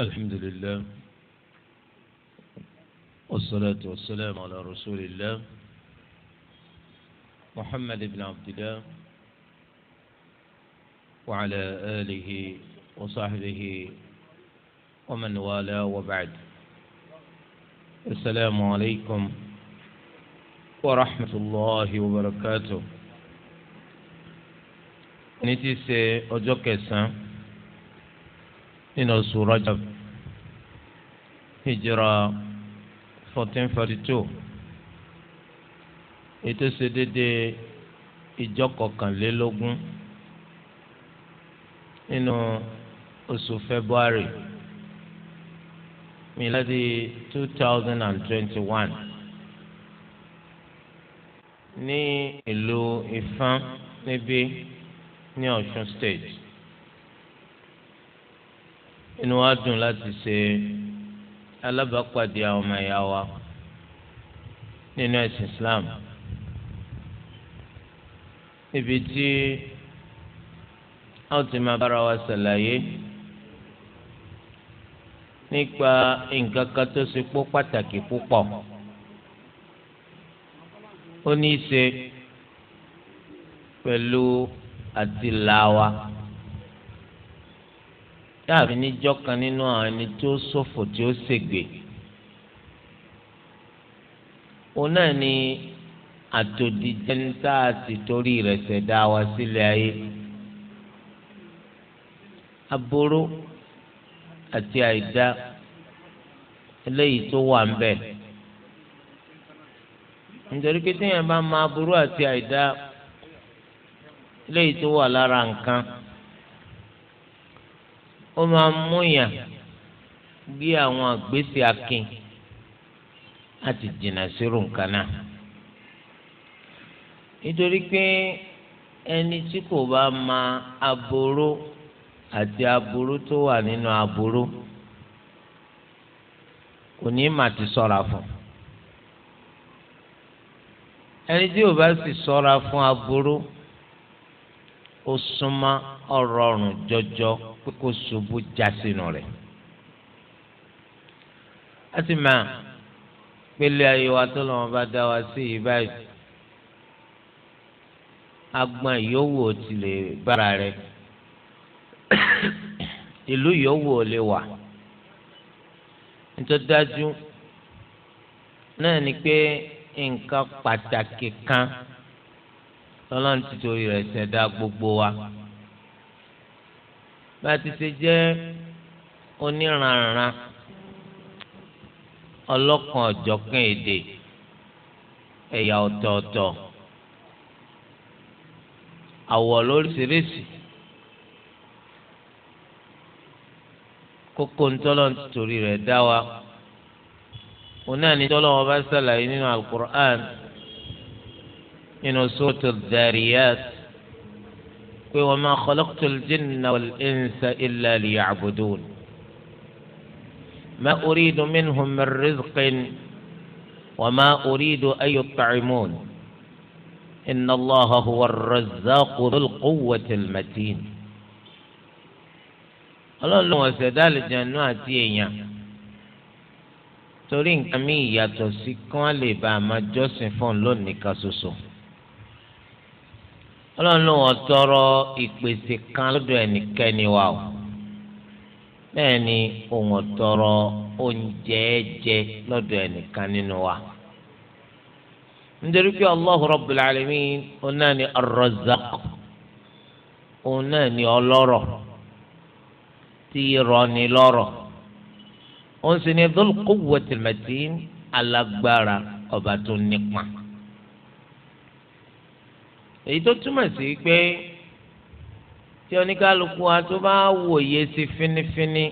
الحمد لله والصلاة والسلام على رسول الله محمد بن عبد الله وعلى آله وصحبه ومن والاه وبعد السلام عليكم ورحمة الله وبركاته نتيسي أجوكي nínú oṣù Rajab hijira fourteen forty two ètò ṣe déédéé ìjọ kọkànlélógún nínú oṣù February miladi two thousand and twenty one ní ìlú Ifán níbí ní Ọ̀ṣun state inú wa dùn láti ṣe alábàápàdé àwọn ọmọ ìyá wa nínú ẹ̀sìn Islam níbi tí a ó ti máa bára wa ṣàlàyé nípa nǹkan kan tó ṣe pó pàtàkì púpọ̀ ó ní í ṣe pẹ̀lú àtìláwa. táàbí níjọ́ kan nínú àwọn ẹni tó ṣòfò tí ó ṣègbè òun náà ni àtòdìjẹnta àti torí rẹ̀ ṣẹ̀dá wa sílẹ̀ ayé aburú àti àìdá eléyìí tó wà ń bẹ nítorí pé téèyàn bá máa aburú àti àìdá eléyìí tó wà lára nǹkan. ó máa ń múyàn gbé àwọn àgbésí akin láti jìnnà sírù nǹkan náà nítorí pé ẹni tí kò bá ma aburú àti aburú tó wà nínú aburú kò ní mà ti ṣọ́ra fún ẹni tí ò bá sì ṣọ́ra fún aburú ó súnmọ́ ọ̀rọ̀ ọ̀rùn jọjọ pé kó ṣubú já sínú rẹ̀ a sì máa pélé ayé wa tó lọ́wọ́ bá dá wa sí yìí báyìí agbọn yòówù ó ti lè bára rẹ̀ ìlú yòówù ó lè wà nítorí dájú náà ni pé nǹkan pàtàkì kan lọ́lọ́run ti torí rẹ̀ ṣẹ̀dá gbogbo wa bá ti ṣe jẹ́ oníranran ọlọ́kan ọ̀jọ̀kan èdè ẹ̀yà ọ̀tọ̀ọ̀tọ̀ àwọ̀ lóríṣiríṣi kókó ńtọ́lọ́ torí rẹ̀ dá wa onáà ní tọ́lọ́ wọn bá ṣàlàyé nínú alukur'an nínú sọ́tò dàríyàtì. pé wọn máa kọlọ́kùtù dínà wọ́n ẹ̀ǹsẹ̀ ilẹ̀ yàgbọ́dún. ma orídu minhu mẹrẹsìkìn wọ́n máa orídu ان الله هو الرزاق ذو القوة المتين الله وسيدا الجنة تينيا تورين كمية تسيكون لبا ما جوسفون لوني كاسوسو ọlọ́run ló wọ́n tọrọ ìpèsè kan lọ́dọ̀ ẹnikẹ́ni wa o bẹ́ẹ̀ ni òun tọrọ oúnjẹ jẹ lọ́dọ̀ ẹnìkan nínú wa nítorí pé Allahu Rabbul Alamin òun náà ni Ar-Razzaq òun náà ni ọlọ́rọ̀ tí rọni lọ́rọ̀ òun sì ni Dhul Quwwatil Matin alágbára ọba tó nípa èyí tó túmọ̀ sí pé tí oníkálukú wa tó bá wòye sí finifini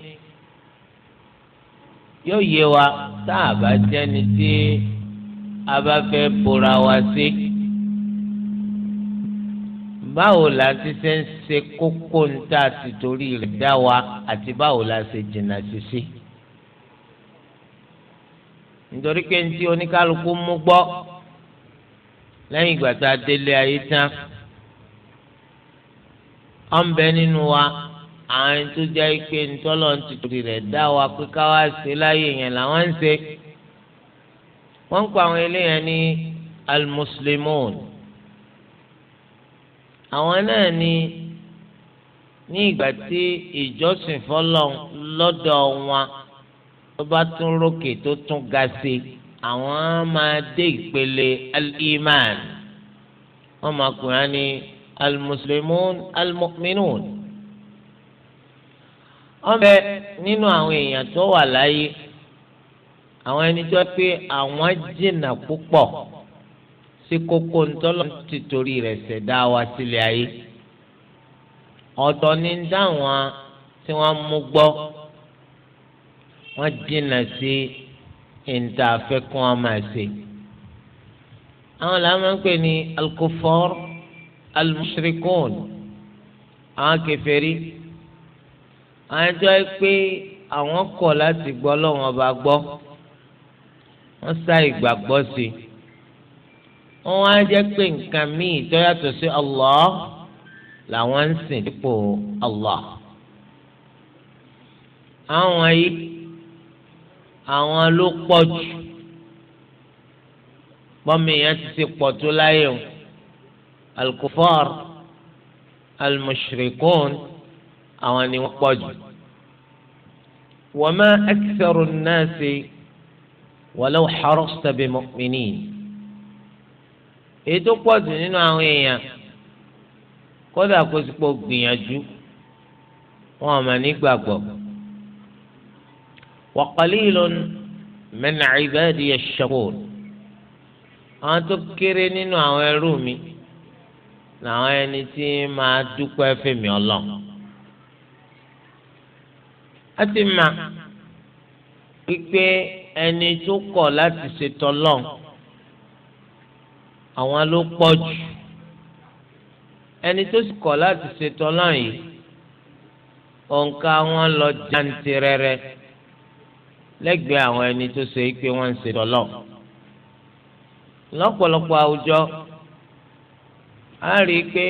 yóò yé wa tá a bá jẹ́ni tí a bá fẹ́ bora wa sí. báwo la ti ṣe ń ṣe kókó ń tà sí torí rẹ̀ dá wa àti báwo la ṣe jìnnà sí sí. nítorí pé ní tí oníkálukú mú gbọ́ lẹ́yìn ìgbà tá a délé ayé tán ọ ń bẹ nínú wa àwọn tó jẹ́ ike ńtọ́lọ̀ ń tìtòrì rẹ̀ dá wa pé ká wá ṣe láyé yẹn làwọn ń ṣe wọ́n ń pa àwọn eléyẹn ní almuslimun àwọn náà ní ní ìgbà tí ìjọsìn fọlọ́n lọ́dọ̀ wọn tó bá tún rókè tó tún ga sí i àwọn máa dé ìpele al-iman wọ́n máa pè wọ́n ní al-muslimun al-mu'minun wọ́n bẹ nínú àwọn èèyàn tó wà láyé àwọn ẹni tó pé àwọn jìnnà púpọ̀ sí kókó ntọ́lọ́ ti torí rẹ̀ ṣẹ̀dá wa sílẹ̀ ayé ọ̀tọ̀ ni dáwọn tí wọ́n mú gbọ́ wọ́n jìnnà sí i ìta afẹ́kùn ọmọ ẹ̀sẹ̀. àwọn làwọn máa ń pè ní alukófọ́r alimusirikóòn àwọn kèfèrí àwọn ẹjọ́ ẹ pé àwọn kọ̀ láti gbọ́ lọ́wọ́n ọba gbọ́ wọ́n sá ìgbàgbọ́ sí i wọ́n á jẹ́ pé nǹkan míì tó yàtọ̀ sí Allah làwọn ń sìn dípò Allah àwọn yìí àwọn ló pọ̀ jù bọ́mọ èèyàn ti ṣe pọ̀ tó láyé o alukufar almushrikun àwọn ni wọ́n pọ̀ jù wa ma aktharu an-nasi walau harasta bi mu'minin èyí tó pọ̀ jù nínú àwọn èèyàn kódà kó sì pọ̀ gbìyànjú wọn ò mà وقليل من عبادي الشكور àwọn tó kéré nínú àwọn ẹrú mi làwọn ẹni tí máa dúpẹ́ fèmí ọlọ́run a ti mà wípé ẹni tó kọ̀ láti ṣètò ọlọ́run àwọn ló pọ̀ jù ẹni tó sì láti ṣètò ọlọ́run yìí òǹkà wọn lọ jantirẹrẹ lẹ́gbẹ̀ẹ́ àwọn ẹni tó ṣe pé wọ́n ń ṣe tọlọ lọ́pọ̀lọpọ̀ àwùjọ a rí i pé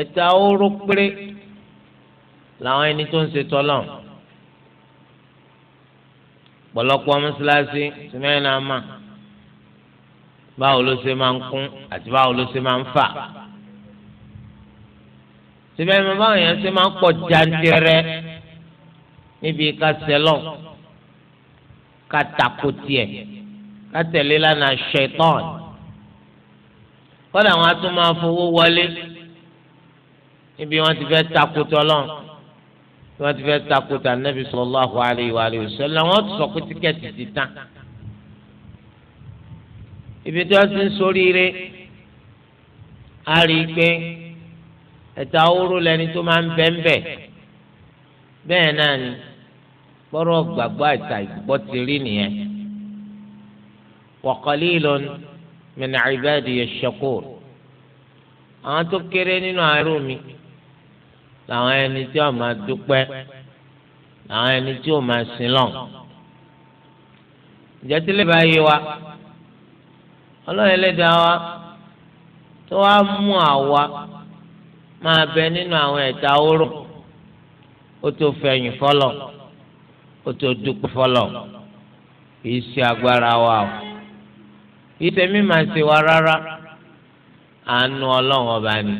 ẹ̀ta oró péré làwọn ẹni tó ń ṣe tọlọ pọ̀lọpọ̀ mọ́sálásí tìmẹ́rin àmà báwo ló ṣe máa ń kún àti báwo ló ṣe máa ń fà tìmẹ́rin báwo yẹn ṣe máa ń pọ̀ jantirẹ níbi ká sẹlọ ká tako tiẹ̀ ká tẹ̀lé lánàá ṣẹtọ́n kọ́dà wọn a tún máa fowó wọlé níbi wọn ti fẹ́ tako tọ́lọ́ tí wọn ti fẹ́ tako tà nẹ́bí sallallahu alaihi wa alihi wasallam wọn sọ pé tíkẹ́ẹ̀tì ti tán ibi tí wọn ti ń soríire a rí i pé ẹ̀ta oró lẹni tó máa ń bẹ́ńbẹ́ bẹ́ẹ̀ náà ni bọ́rọ̀ gbàgbọ́ àti àìgbọ́ ti rí nìyẹn. wa qalilun min ibadiya ash-shakur àwọn tó kéré nínú àárò mi làwọn ẹni tí ó máa dúpẹ́ làwọn ẹni tí ó máa sin lọ́n. ìjẹ́tílẹ̀ bá yé wa ọlọ́run ẹlẹ́dàá wa tó wá mú àwa máa bẹ nínú àwọn ẹ̀ta oró ó tó fẹ̀yìn fọlọ́ ó tó dúpẹ́ fọlọ́ kìí ṣe agbára wa o kìí ṣe mí máa ṣe wa rárá àánú ọlọ́run ọba ni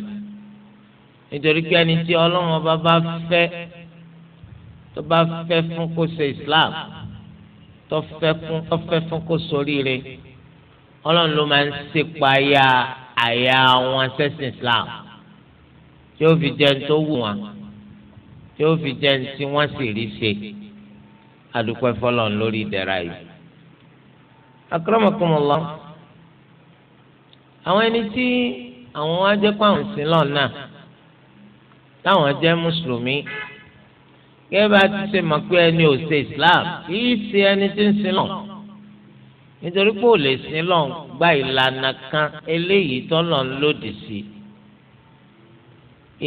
nítorí pé ẹni tí ọlọ́run ọba bá fẹ́ tó bá fẹ́ fún kó ṣe Islam tó fẹ́ fún tó fẹ́ fún kó ṣoríire ọlọ́run ló máa ń ṣèpáyà àyà wọn ṣẹ̀sìn Islam tí ó fi jẹun tó wù wọn tí ó fi jẹun tí wọ́n sì rí ṣe adúpẹ́ fọlọ́n lórí ìdẹ̀ra yìí. akramakumullah àwọn ẹni tí àwọn wá jẹ́ pàrọ̀ sí lọ́nà táwọn jẹ́ mùsùlùmí gẹ́gẹ́ bá ti ṣe mọ̀ pé ẹni ò ṣe islam kì í ṣe ẹni tí ń sin lọ nítorí pé ò lè sin lọ gba ìlànà kan eléyìí tọ́lọ̀ ń lòdì sí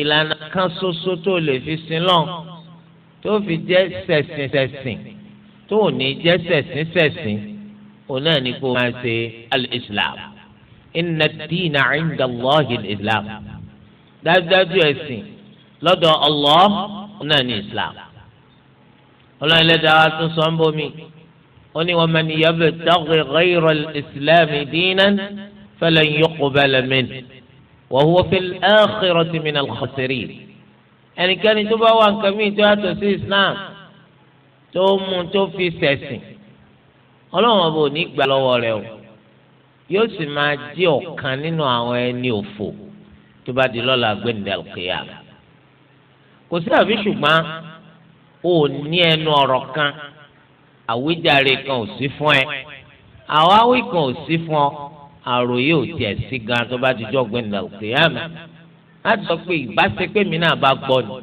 ìlànà kan ṣoṣo tó lè fi sin lọ tó fi jẹ́ sẹ̀sìn sẹ̀sìn tó ò ní jẹ́ sẹ̀sìn sẹ̀sìn òun náà ni kó o naa ni ṣe o al-islam inna diina dina 'inda Allahi al-islam dájúdájú ẹ̀sìn lọ́dọ̀ Allah o náà ni islam ọlọ́run ẹlẹ́dàá tún sọ ń bomi ó ní wọn wa man yabtaghi ghayra al-islam diina fẹlẹ̀ ń yọkọ̀ dinan falan yuqbala minhu wa huwa fil akhirati lọ́kọ̀ khasirin ẹnikẹ́ni tó bá wà nǹkan mìíràn tó yàtọ̀ sí islam. tó mú tó fi ṣẹ̀sìn ọlọ́run ọba ò ní gbà lọ́wọ́ rẹ o yóò sì máa jẹ́ ọ̀kan nínú àwọn ẹni òfò tó bá di lọ́la gbẹ̀ndẹ̀lùkìyà kò sí àbí ṣùgbọ́n ò ní ẹnu ọ̀rọ̀ kan àwíjàre kan ò sí fún ẹ àwáwí kan ò sí fún ọ àròyé ò tiẹ̀ sí gan tó bá di jọ́ gbẹ̀ndẹ̀lùkìyà mi láti sọ pé ìbáṣepé mi náà bá gbọ́ ni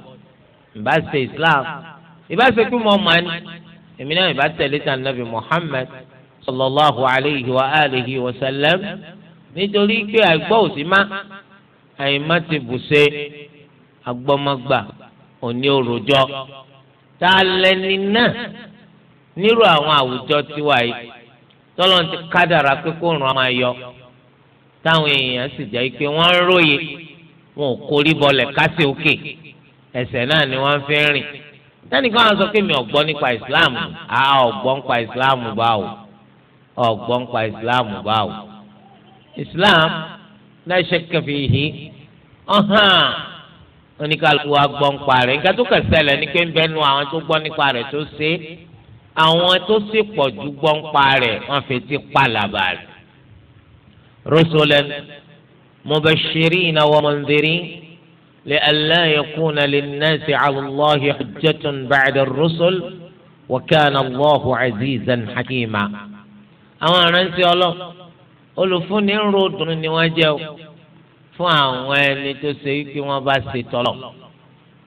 ìbáṣe Islam ìbáṣekú mọ màní èmi náà ìbá tẹ̀lé tàn nàbì Muhammad sallallahu alayhi wa alihi wa sallam nítorí pé àgbọ̀ òsì má àyìnbá ti bùṣe agbọ́mọgbà òní òròjọ́ tá a lẹni náà nírú àwọn àwùjọ tiwa yìí tọ́lọ́n ti kádàrá pé kó ràn máa yọ táwọn èèyàn sì jẹ́ pé wọ́n ń róye wọn ò kórí bọlẹ̀ kásì náà ni wọ́n fi ń rìn tẹnìkan á sọ pé mi ọ̀gbọ́n nípa islam a ọ̀gbọ́n nípa islam báwo ọ̀gbọ́n nípa islam báwo islam náà ṣe kẹfì yìí ọ̀hán oníkàlùkù wa gbọ́ nípa rẹ̀ nǹkan tó kẹsẹ̀lẹ̀ ní pé ń bẹ́ nu àwọn tó gbọ́ nípa rẹ̀ tó ṣe àwọn tó sì pọ̀ ju gbọ́ nípa rẹ̀ wọ́n fi ti pàlàbà rẹ̀ rusulan mubashirina wa mundhirin. لئلا يكون للناس على الله حجة بعد الرسل وكان الله عزيزا حكيما àwọn aránsẹ ọlọ olùfúnni ń ro dùn ni wọ́n jẹ́ o fún àwọn ẹni tó ṣe wípé wọ́n bá ṣe tọlọ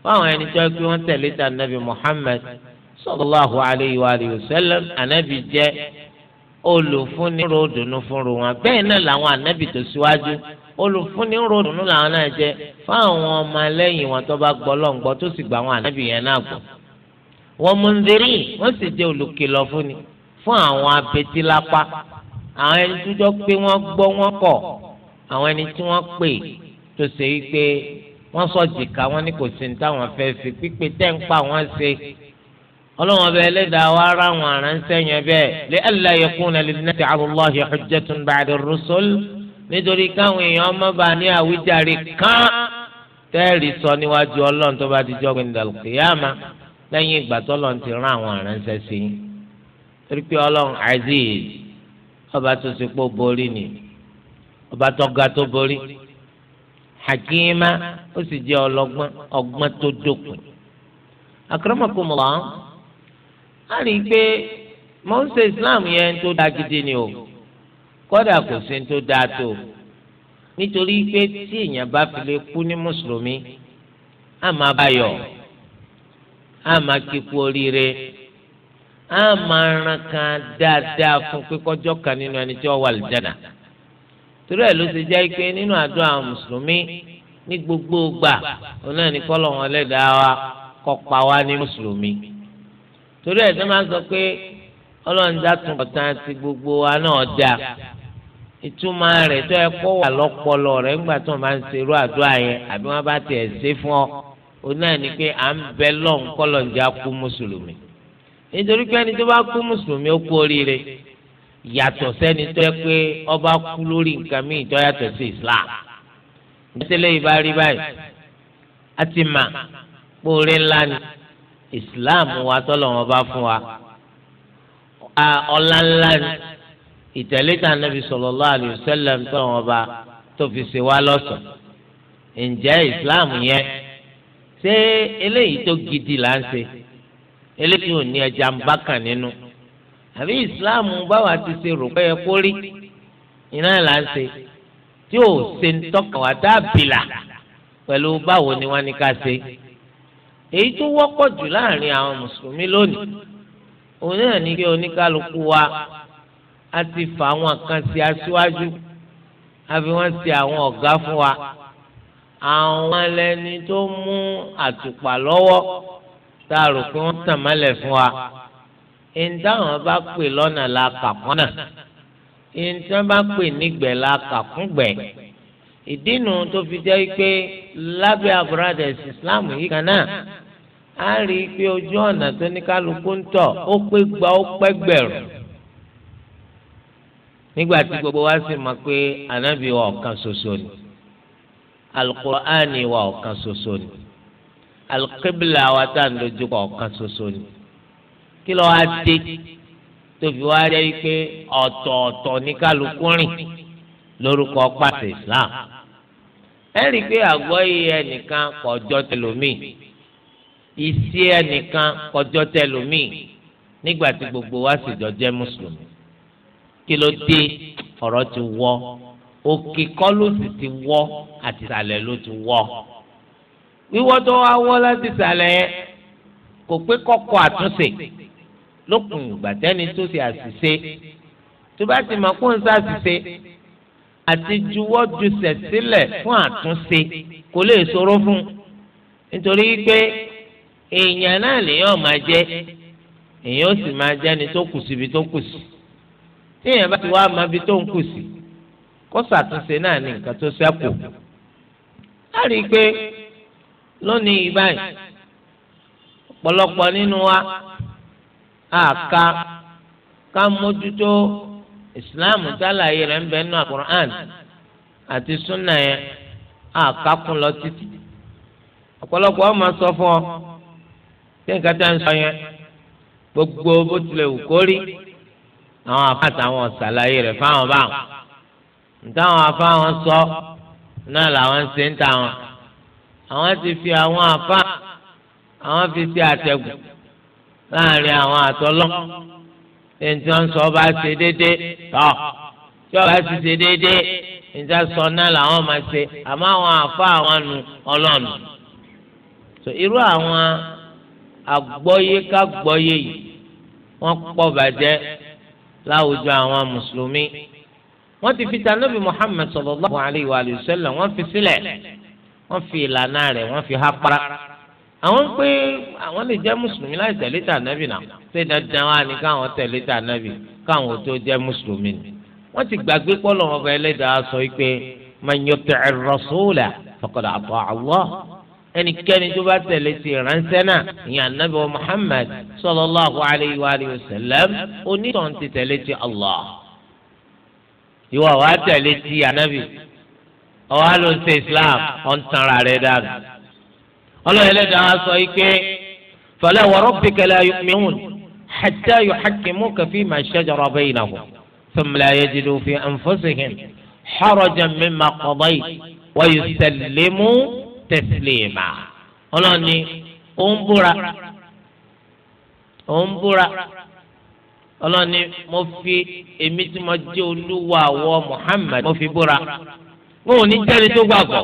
fún àwọn ẹni tó ṣe pé wọ́n tẹ̀lé ta nabi Muhammad sallallahu alayhi wa alihi wa sallam anabi jẹ́ olùfúnni ń ro dùn fún ro wọn bẹ́ẹ̀ náà làwọn anabi tó ṣíwájú olùfúnni ronú làwọn náà jẹ fáwọn ọmọ ẹlẹ́yìn wọn tó bá gbọ́ lọ́ngbọ́ tó sì gbà wọn ànábì yẹn náà gbọ́ wọn mú nzírí wọn sì jẹ olùkìlọ̀ fúnni fún àwọn abetílápá àwọn ẹni tó jọ pé wọn gbọ́ wọn kọ̀ àwọn ẹni tí wọn pè tó ṣe wípé wọn sọ jìkà wọn ní kò sí ní táwọn fẹ́ fi pípé tẹ́ ń pa wọn ṣe ọlọ́wọ́n ọba ẹlẹ́dàá wa ara wọn àránṣẹ́ yẹn bẹ́ẹ̀ lé ẹ̀lá yẹkùn náà lè nítorí káwọn èèyàn ọmọ bá ní àwíjàre kán tẹ́ẹ̀rì sọ níwájú ọlọ́run tó bá ti jọ́ pé nìdàlùkìyàmá lẹ́yìn ìgbà tọ́lọ́run ti rán àwọn aránṣẹ́ sí i torí pé ọlọ́run aziz ọba tó ti pọ̀ borí ni ọba tó ga tó borí hakima ó sì jẹ́ ọlọ́gbọ́n ọgbọ́n tó dókun akramakumullah á rí i pé mọ̀ islam yẹn tó dáa gidi ni o. kódà kò sí ní tó dáa tó nítorí pé tí èèyàn bá fi lè kú ní mùsùlùmí á máa báyọ̀ á máa kíkú oríire á máa ran kan dáadáa fún pé kan nínú ẹni tí wọ́n wà lìjànà torí ẹ̀ ló ti jẹ́ pé nínú àwọn mùsùlùmí ní gbogbo gbà òun náà wọn lẹ́dàá wa pa wá ní mùsùlùmí torí ẹ̀ gbogbo wa náà dáa. ìtumọ̀ rẹ̀ tó ẹ kọ́ wà lọ́pọlọ rẹ̀ ńgbà tó máa ń serú àdúrà yẹn àbí wọ́n bá tiẹ̀ ṣe fún ọ o náà ni pé à ń bẹ lọ́n kọ́lọ̀ ń já kú mùsùlùmí nítorí pé ẹni tó bá kú mùsùlùmí ó kú oríire yàtọ̀ sẹ́ni tó yẹ pé ọba kú lórí nǹkan míì tó yàtọ̀ sí Islam ìdásílẹ̀ yìí bá rí báyìí a ti mà kóore ńlá ni Islam wa tọ́lọ̀ wọn bá fún wa ọlá ni ìtẹ̀lé tá nàbì sallallahu alayhi wa sallam tó wọn bá tó fi ṣe wá lọ́sàn ǹjẹ́ ìsìláàmù yẹn ṣé eléyìí tó gidi là ń ṣe eléyìí ò ní ẹja ń bá kàn nínú àbí ìsìláàmù báwa ti ṣe rò pé ẹ kó rí iná là ń ṣe tí ò ṣe ń tọkàn wá dábìlà pẹ̀lú báwo ni wọ́n ní ká ṣe èyí tó wọ́pọ̀ jù láàrin àwọn mùsùlùmí lónìí òun náà ní kí oníkálukú wa a ti fa àwọn kan sí aṣíwájú a fi wọ́n sí àwọn ọ̀gá fún wa àwọn ẹlẹ́ni tó mú àtùpà lọ́wọ́ tá a rò pé wọ́n tàn mọ́lẹ̀ fún wa ìdáhùn bá pè lọ́nà la kà mọ́nà ìdáhùn bá pè nígbẹ̀ la kà ìdí nu tó fi jẹ́ pé lábẹ́ àbúradà Islam yìí kan náà a rí i pé ojú ọ̀nà tó ní kálukú ń tọ̀ ó pé gba ó pẹ́ gbẹ̀rún nígbà tí gbogbo wa sì mọ̀ pé ànábì wa ọ̀kan ṣoṣo ni alukur'ani wa ọ̀kan ṣoṣo ni alukibla wa tá à ń dojú kọ ọ̀kan ṣoṣo ni kí ló wá dé tóbi wá jẹ́ pé ọ̀tọ̀ọ̀tọ̀ ní kálukú rìn lórúkọ pàṣẹ Islam ẹ rí i pé àgọ́ yìí ẹnìkan kọjọ́ tẹlómìn ìsí ẹnìkan kọjọ́ tẹlómìn nígbà tí gbogbo wa sì jọ jẹ́ mùsùlùmí kí ló dé ọ̀rọ̀ ti wọ́ òkè kọ́ ló sì ti wọ́ àti ìsàlẹ̀ ló ti wọ́ wíwọ́ tó wá wọ́ láti ìsàlẹ̀ yẹn kò pé kọ́kọ́ àtúnṣe lókun ìgbà tẹ́ni tó ṣe àṣìṣe tó bá ti mọ̀ kó ń ṣàṣìṣe àti juwọ́ jùṣẹ̀ sílẹ̀ fún àtúnṣe kò lè ṣòro fún nítorí pé èèyàn náà lèèyàn máa jẹ́ èèyàn ó sì máa jẹ́ni tó kù síbi tó kù sí tí èèyàn bá ti wá máa fi tó ń kù sí kó ṣàtúnṣe náà ní nǹkan tó ṣẹ́kù á rí pé lónìí báyìí ọ̀pọ̀lọpọ̀ nínú wa àka ká mójútó ìsìláàmù sálàyé rẹ̀ ń bẹ nínú àkùrán àti súnà yẹn àka kún lọ títí ọ̀pọ̀lọpọ̀ ọmọ sọ fún ọ kí nǹkan tá à ń sọ yẹn gbogbo bó tilẹ̀ wù kó àwọn afáàtà wọn ṣàlàyé rẹ̀ fáwọn báwọn nǹkan àwọn afáwọn sọ náà làwọn ṣe ń ta wọn àwọn ti fi àwọn afá àwọn fi ṣe àtẹ̀gùn láàrin àwọn àtọ́lọ́ ẹnìtí wọn sọ bá ṣe déédéé tọ́ tí ọba ti ṣe déédéé níta sọ náà làwọn máa ṣe àmọ́ àwọn àfa àwọn nu ọlọ́nu so irú àwọn àgbọ́yé ká yìí wọ́n pọ̀ bàjẹ́ láwùjọ àwọn mùsùlùmí wọ́n ti fi ta nabi muhammed sallallahu alayhi wa sallam wọ́n fi sílẹ̀ wọ́n fi ìlànà rẹ̀ wọ́n fi hápá àwọn pé àwọn lè jẹ́ mùsùlùmí láì tẹ̀lé tà nábì náà ṣé dandan wá ní káwọn tẹ̀lé tà nábì káwọn tó jẹ́ mùsùlùmí ni wọ́n ti gbàgbé pọ́lọ́ ọba ẹlẹ́dàá sọ pé man yuti'ir rasula faqad ata'a Allah ẹnikẹ́ni tó bá tẹ̀lé ti ránṣẹ́ náà ìyẹn anabi wa muhammad sallallahu alayhi wa alihi wa sallam onítàn ti tẹ̀lé ti allah ìwà wa tẹ̀lé ti anabi ọwọ́ àlọ́ ń ṣe islam ọ̀ ń tanra rẹ̀ dànù ọlọ́yìn lẹ́dàá á sọ ike fala wa rabbika la yu'minun hatta yuhakkimuka fima shajara baynahum thumma la yajidu fi anfusihim harajan mimma qadayta wa yusallimu tẹ̀sílẹ̀mà ọlọ́ni ó ń búra ó ń búra ọlọ́ni mo fi èmi tí mo jẹ́ olúwa àwọ̀ Muhammad mo fi búra wọn ò ní jẹ́ni tó gbàgbọ́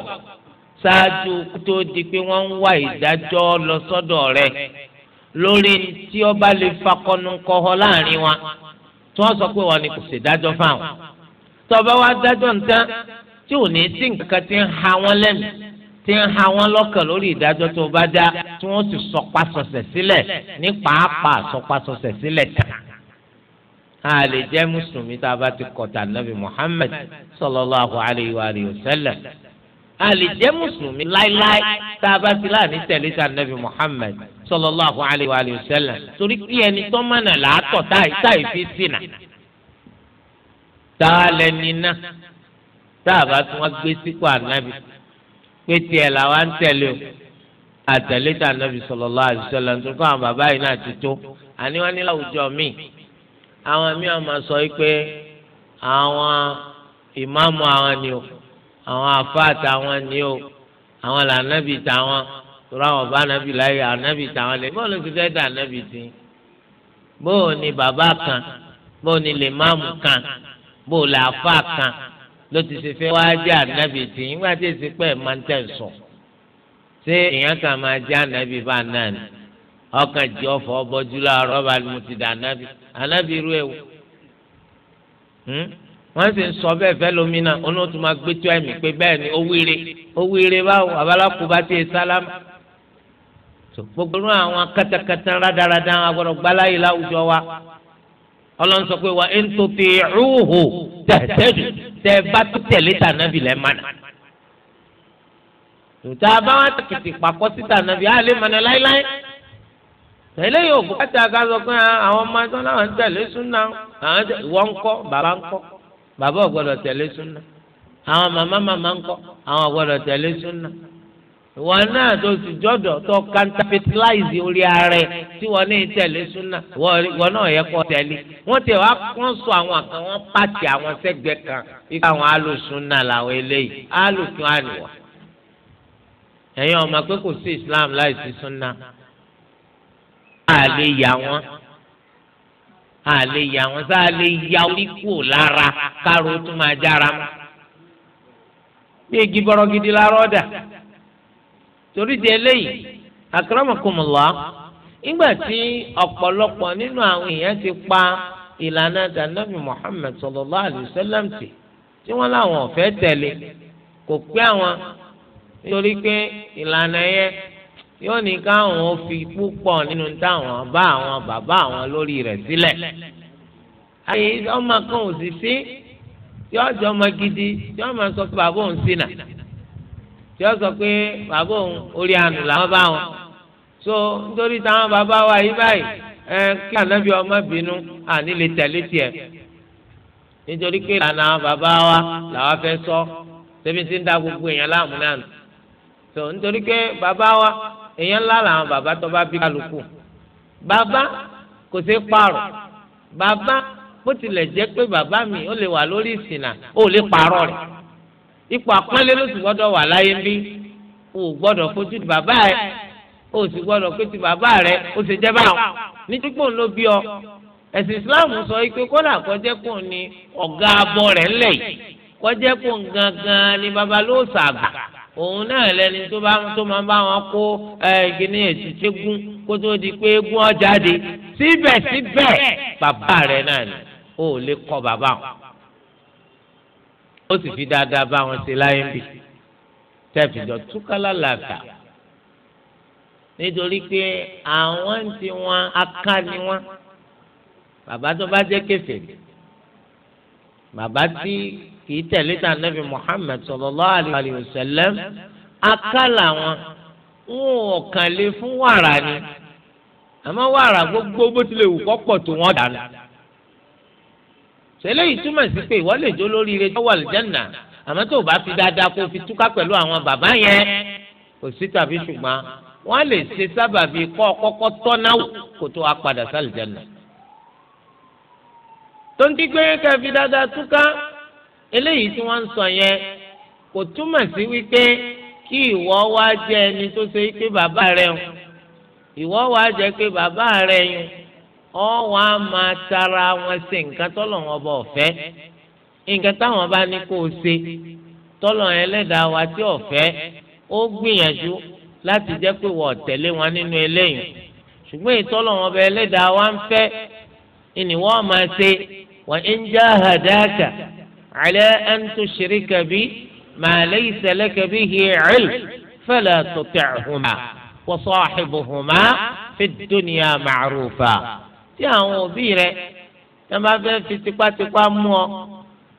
ṣáájú tó di pé wọ́n ń wá ìdájọ́ lọ sọ́dọ̀ rẹ̀ lórí tí ó bá lè fakọnu kọ́họ́ láàrin wa tí wọ́n sọ pé wọ́n ní kò sì dájọ́ fáwọn tọ́ba wa dájọ́ nǹkan tí ò ní sí nǹkan tí ń ha wọ́n lẹ́nu tí ń ha wọn lọ́kàn lórí ìdájọ́ tó bá dá tí wọ́n sì sọpasọ̀sẹ̀ sílẹ̀ ní pàápàá sọpasọ̀sẹ̀ sílẹ̀ tán. a lè jẹ́ mùsùlùmí tá a bá ti kọ̀tà nàbì Muhammad sallallahu alayhi wa alihi wa sallam. a lè jẹ́ mùsùlùmí láíláí tá a bá ti láàánú tẹ̀lé tá nàbì Muhammad sallallahu alayhi wa alihi wa torí kí ẹni tó mọ̀nà làátọ̀ táì fi sínà. tá a lẹ́ni náà tá a bá tún wá gbé sípò ànábì pé tiẹ̀ làwa ń tẹ̀lé o àtẹ̀lé tà nàbì sallallahu alaihi wasallam tó kọ́ àwọn bàbá yìí náà ti tó àní wọ́n ní láwùjọ míì àwọn míì wọ́n máa sọ pé àwọn ìmáàmù àwọn ni o àwọn àfáà tàwọn ni o àwọn làǹnàbì tàwọn tòrọ àwọn bá ànábì láyé ànábì tàwọn lè bọ́ọ̀lù ti fẹ́ dà ànábì I bóò ni bàbá kan bóò ni lèmáàmù kan bóò làáfáà kan ló ti ṣe fẹ́ wáá jẹ́ ànábì tí nígbà tí èsì pẹ́ máa ń tẹ̀ sùn ṣé èèyàn kan máa jẹ́ ànábì bá náà ni ọkàn jẹ́ ọ̀fọ̀ bọ́jú láàárọ̀ ọba ni mo ti dà ànábì ànábì irú ẹ̀ wò hmm? wọ́n sì ń sọ bẹ́ẹ̀ fẹ́ lómi náà ó ní ó tún máa gbé tó ẹ̀mí pé bẹ́ẹ̀ ni ó wíire ó wíire báwo abálákù bá ti sálámà gbogbo àwọn katakata rádaràda àwọn agbọ́dọ̀ gbáláyè láwùjọ wa ọlọ́run sọ pé wa in tuti'uhu tahtadu tẹ bá tó tẹ̀lé tà nàbì lẹ́ mánà. tòtá bá wà tètè pàkọ́ sí tà nàbì á lè mánà láéláé. tẹ̀lé yóò bọ́ láti àga sọ pé àwọn ọmọ ẹ̀sán náà ń tẹ̀lé súnà àwọn ìwọ ń kọ́ bàbá ń kọ́ bàbá ò tẹ̀lé súnà àwọn màmá màmá ń kọ́ àwọn ò tẹ̀lé súnà wọn náà tó ti jọdọ tó kantapitilize orí ààrẹ tí wọn ní tẹ̀lé súnà wọn náà yẹ kó tẹ̀lé wọn tẹ wá kán sọ àwọn kan wọn pàtì àwọn sẹgbẹ kan bí káwọn alùsùnà làwọn eléyìí alùsùn àníwá ẹ̀yin ọmọ pé kò sí islam láì sí súnà àlè yà wọn àlè yà wọn sá àlè yà orí kù lára kárò tó máa jára mọ bí igi bọrọ gidi la rọ torí di eléyìí akramakumullah nígbà tí ọ̀pọ̀lọpọ̀ nínú àwọn èèyàn ti pa ìlànà dànàbì Muhammad sallallahu alayhi wa sallam tì tí wọ́n láwọn ò fẹ́ tẹ̀lé kò pé àwọn nítorí pé ìlànà yẹn yóò ní káwọn ò fi púpọ̀ nínú táwọn bá àwọn bàbá àwọn lórí rẹ̀ sílẹ̀ àyè ọmọ kan ò sì sí tí ọjọ́ ọmọ gidi tí ọmọ sọ pé bàbá òun sí nà tí ó sọ pé bàbá òun orí àánú làwọn bá wọn so nítorí táwọn bàbá wa yí báyìí ẹ kí ànábì ọmọ bínú àní lè tẹ̀lé tiẹ̀ nítorí pé lànà àwọn bàbá wa làwọn fẹ́ sọ tẹ́bí ti ń da gbogbo èèyàn láàmú náà nù so nítorí pé bàbá wa èèyàn ńlá làwọn bàbá tó bá bí kálukú bàbá kò sí pààrọ̀ bàbá bó tilẹ̀ jẹ́ pé bàbá mi ó lè wà lórí ìsìnà ó lè pààrọ̀ rẹ̀ ipò àpọ́nlé ló sì gbọ́dọ̀ wà láyé ń bí o ò gbọ́dọ̀ fojú di bàbá rẹ o sì gbọ́dọ̀ pé ti bàbá rẹ o sì jẹ́ báwọn nítorí pé ló bí ọ ẹ̀sìn Islam sọ pé kódà kọjá kò ní ọ̀gá abọ́ rẹ̀ ńlẹ̀ yìí kọjá kò gangan ni babalóòsà àgbà òun náà lẹni tó bá tó máa bá wọn kó ẹ̀gíní ètùtégún kó tó di pé égún ọ̀jáde síbẹ̀síbẹ̀ bàbá rẹ̀ náà ni o ò lè kọ́ bàbá wọn ó sì fi dáadáa bá wọn ṣe láyé ń bì tẹ́ẹ̀fì jọ túkálà làgà nítorí pé àwọn tí wọn aká ni wọn bàbá tó bá jẹ́ kèfèrí bàbá tí kìí tẹ̀lé tà nàbì Muhammad sallallahu alaihi wasallam aká làwọn wọn ò kàn lè fún wàrà ni àmọ́ wàrà gbogbo bó tilẹ̀ wù kọ́ pọ̀ tó wọ́n dànù sẹlẹ yìí túmọ̀ sí pé ìwọ lè jó lórí ire tó wà lìjánà àmọ́ tó o bá fi dáadáa kó o fi túká pẹ̀lú àwọn bàbá yẹn kò sí tàbí ṣùgbọ́n wọ́n lè ṣe sábàbí kọ́ kọ́kọ́ tọ́ná kó tó a padà sálìjánà. tó ń dígbé kẹfì dáadáa túká eléyìí tí wọ́n ń sọ yẹn kò túmọ̀ sí wípé kí ìwọ wá jẹ́ ẹni tó ṣe pé bàbá rẹ̀ ìwọ wá jẹ́ pé bàbá rẹ̀ yẹn ọwọ́ á máa tara wọn ṣe nǹkan tọ́lọ̀ wọn bọ̀ ọ̀fẹ́ nǹkan táwọn bá ní kó o ṣe tọ́lọ̀ ẹlẹ́dàá wa tí ọ̀fẹ́ ó gbìyànjú láti jẹ́ pé wọ́n tẹ̀lé wọn nínú eléyìí ṣùgbọ́n ìtọ́lọ̀ wọn bẹ ẹlẹ́dàá wa ń fẹ́ ìníwọ́ máa ṣe wa in jahadaka ala an tushrika bi ma laysa laka bihi ilm fala tuti'huma wa sahibuhuma fid dunya ma'rufa tí àwọn òbí rẹ yẹn bá fẹ́ fi tipátipá mú ọ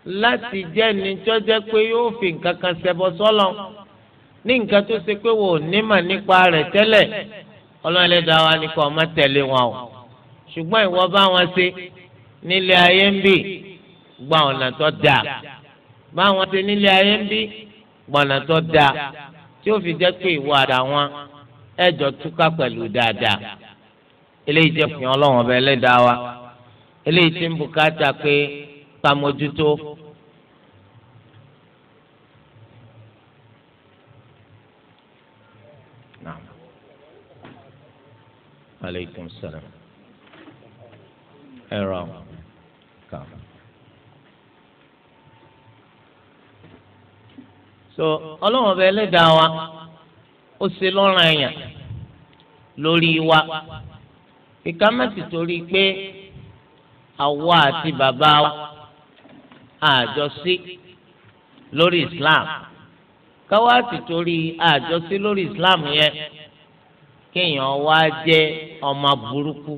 láti jẹ́ ni tó jẹ́ pé yóò fi nǹkan kan ṣẹbọ sọ́lọ̀ ní nǹkan tó ṣe pé wò nímọ̀ nípa rẹ̀ tẹ́lẹ̀ ọlọ́run ẹlẹ́dàá wa ni kò má tẹ̀lé wọn o ṣùgbọ́n ìwọ bá wọn ṣe nílé ayé ń bì gba ọ̀nà tó dáa bá wọn ṣe nílé ayé ń bì gba ọ̀nà tó dáa tí ó fi jẹ́ pé ìwọ àdá wọn ẹ̀jọ̀ túká pẹ̀lú dáadáa. eléyìí jẹ́ fìyàn ọlọ́run ọba ẹlẹ́dàá wa eléyìí ti ń bùkátà pé pamójútó ẹrọ so ọlọ́wọ́n bẹ ẹlẹ́dàá wa ó ṣe lọ́rùn ẹ̀yàn lórí wa ìka má sì torí pé àwa àti bàbá wa àjọsí lórí islam káwá sì torí àjọsí lórí islam yẹn kéèyàn wá jẹ ọmọ burúkú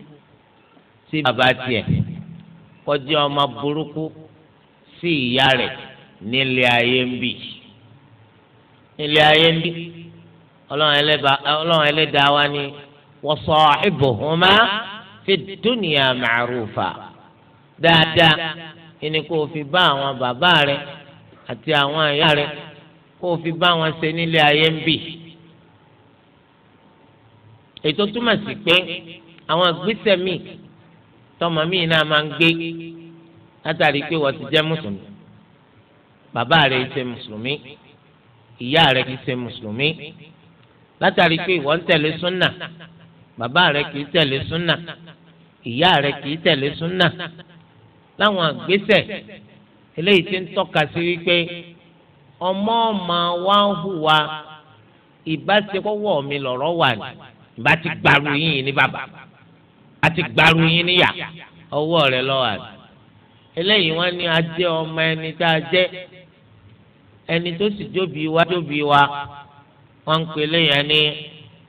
sí bàbá tiẹ̀ kó jẹ́ ọmọ burúkú sí ìyá rẹ̀ nílé ayé ń bì nílé ayé ń bì ọlọ́run ẹlẹ́dàá wa ni. وصاحبهما في الدنيا معروفا dáadáa ẹni kò fi bá àwọn bàbá rẹ àti àwọn àyà rẹ kò fi bá wọn ṣe nílé ayé ń bì ètò túmọ̀ sí pé àwọn ìgbésẹ̀ míì tọmọ míì náà máa ń gbé látàrí pé wọ́n ti jẹ́ mùsùlùmí bàbá rẹ kì í ṣe mùsùlùmí ìyá rẹ kì í ṣe mùsùlùmí látàrí pé ìwọ ń tẹ̀lé súnà bàbá rẹ kì í tẹ̀lé súnà ìyá rẹ kì í tẹ̀lé súnà láwọn àgbésẹ̀ eléyìí ti ń tọ́ka sí wípé ọmọ ọmọ wa ń hùwà ìbáṣepọ̀wọ̀ mi lọ̀rọ̀ wà ní ìbá ti gbàrú yín ní bàbá àti gbàrú yín níyà ọwọ́ rẹ lọ́wọ́ àná eléyìí wọ́n ní ajẹ́ ọmọ ẹni tá a jẹ́ ẹni tó sì jóbi wa jóbi wa wọ́n ń pè léyìn ẹni.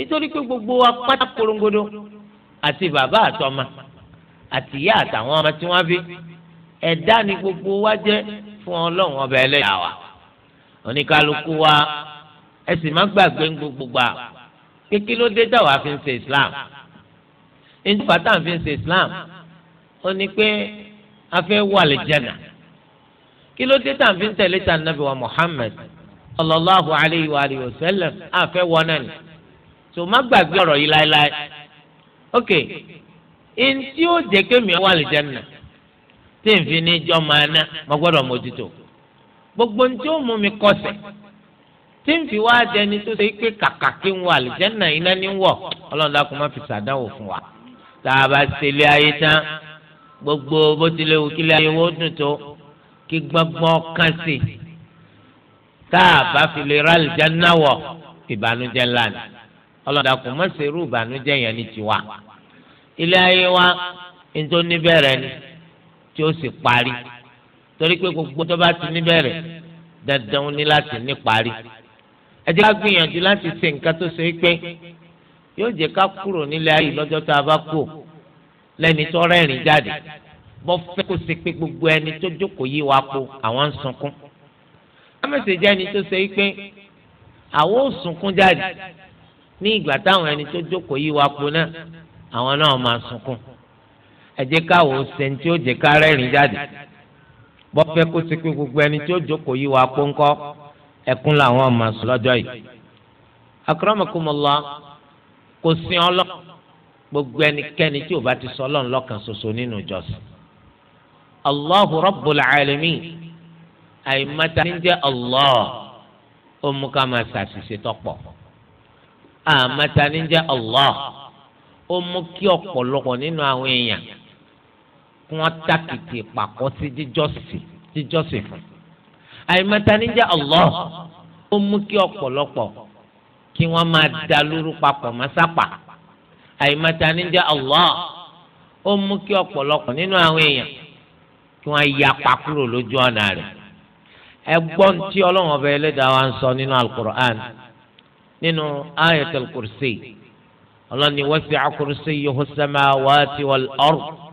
nítorí pé gbogbo wa pátá korongodo àti bàbá àtọmọ àti ìyá àtàwọn ọmọ tí wọ́n bí ẹ̀dá ni gbogbo wa jẹ́ fún Ọlọ́run ọba ẹlẹ́yà wa oníkálukú wa ẹ sì má gbàgbé gbogbo gbà kékeré ló dé táwa fi ń ṣe Islam ní pátá fi ń ṣe Islam ó ní pé a fẹ́ wà lè jẹ̀nà kí ló dé táwa fi ń tẹ̀lé ta nàbẹ̀wá Muhammad sallallahu alayhi wa sallam a fẹ́ wọ náà ni so má gbàgbé ọ̀rọ̀ yìí láéláé ok ntí ó jẹ́ kémi wà lè jẹ́nà tí n fi ní jọ́ máa ná mo gbọ́dọ̀ mójútó gbogbo ntí ó mú mi kọsẹ̀ tí n fi wá jẹni tó ṣe pé kàkà kí n wà lè jẹ́nà iná ní wọ̀ ọlọ́run dákun má fi sàdánwò fún wa tá a bá ṣẹlẹ̀ ayé tán gbogbo bó tilẹ̀ wù kílẹ̀ ayé wọ́n dùn tó kí gbọ́ngbọ́n kan sí tá a bá fi lè ra àlìjáná wọ̀ ìbànújẹ́ ńlá ni ọlọ́dà kò má ṣe irú ìbànújẹ́ yẹn ní tiwa ilé ayé wa ní tó níbẹ̀rẹ̀ ni tí ó sì parí torí pé gbogbo tó bá ti níbẹ̀rẹ̀ dandan ni láti ní parí ẹ jẹ́ ká gbìyànjú láti ṣe nǹkan tó ṣe pé yóò jẹ́ ká kúrò nílé ayé lọ́jọ́ tá a bá kú lẹ́ni tó rẹ́rìn jáde bọ́ fẹ́ kó ṣe pé gbogbo ẹni tó jókòó yí wa po àwọn ń sunkún. ká mẹ́sẹ̀ jẹ́ ẹni tó ṣe pé àwọn ò sunkún jáde ní ìgbà táwọn ẹni tó jókòó yìí wá po náà àwọn náà máa sunkún ẹ jẹ́ káwọ sẹni tí ó jẹ́ ká rẹ́rìn jáde bọfẹ kó ti pé gbogbo ẹni tí ó jókòó yìí wá po ńkọ́ ẹkún làwọn máa sùn lọ́jọ́ yìí akramakumullah kò sí ọlọ gbogbo ẹnikẹ́ni tí ó bá ti sọ Ọlọ́run lọ́kàn ṣoṣo nínú ìjọsìn allahu rabbul alamin àyèmọta ní jẹ́ allah ó mú ká máa ṣàṣìṣe tọpọ. àmàtà ní jẹ́ Allah ó mú kí nínú àwọn èèyàn kí wọ́n tàkìtì pàkọ́ sí jíjọ́sìn fún àìmàtà ní Allah ó mú kí kí máa da lóru papọ̀ mọ́sápà àìmàtà ní Allah ó mú kí nínú àwọn èèyàn kí ya pa lójú ọ̀nà tí ọba ẹlẹ́dàá wa ń sọ nínú nínú ayatul kursi Allah ni wasi'a kursiyyuhu as-samawati wal-ard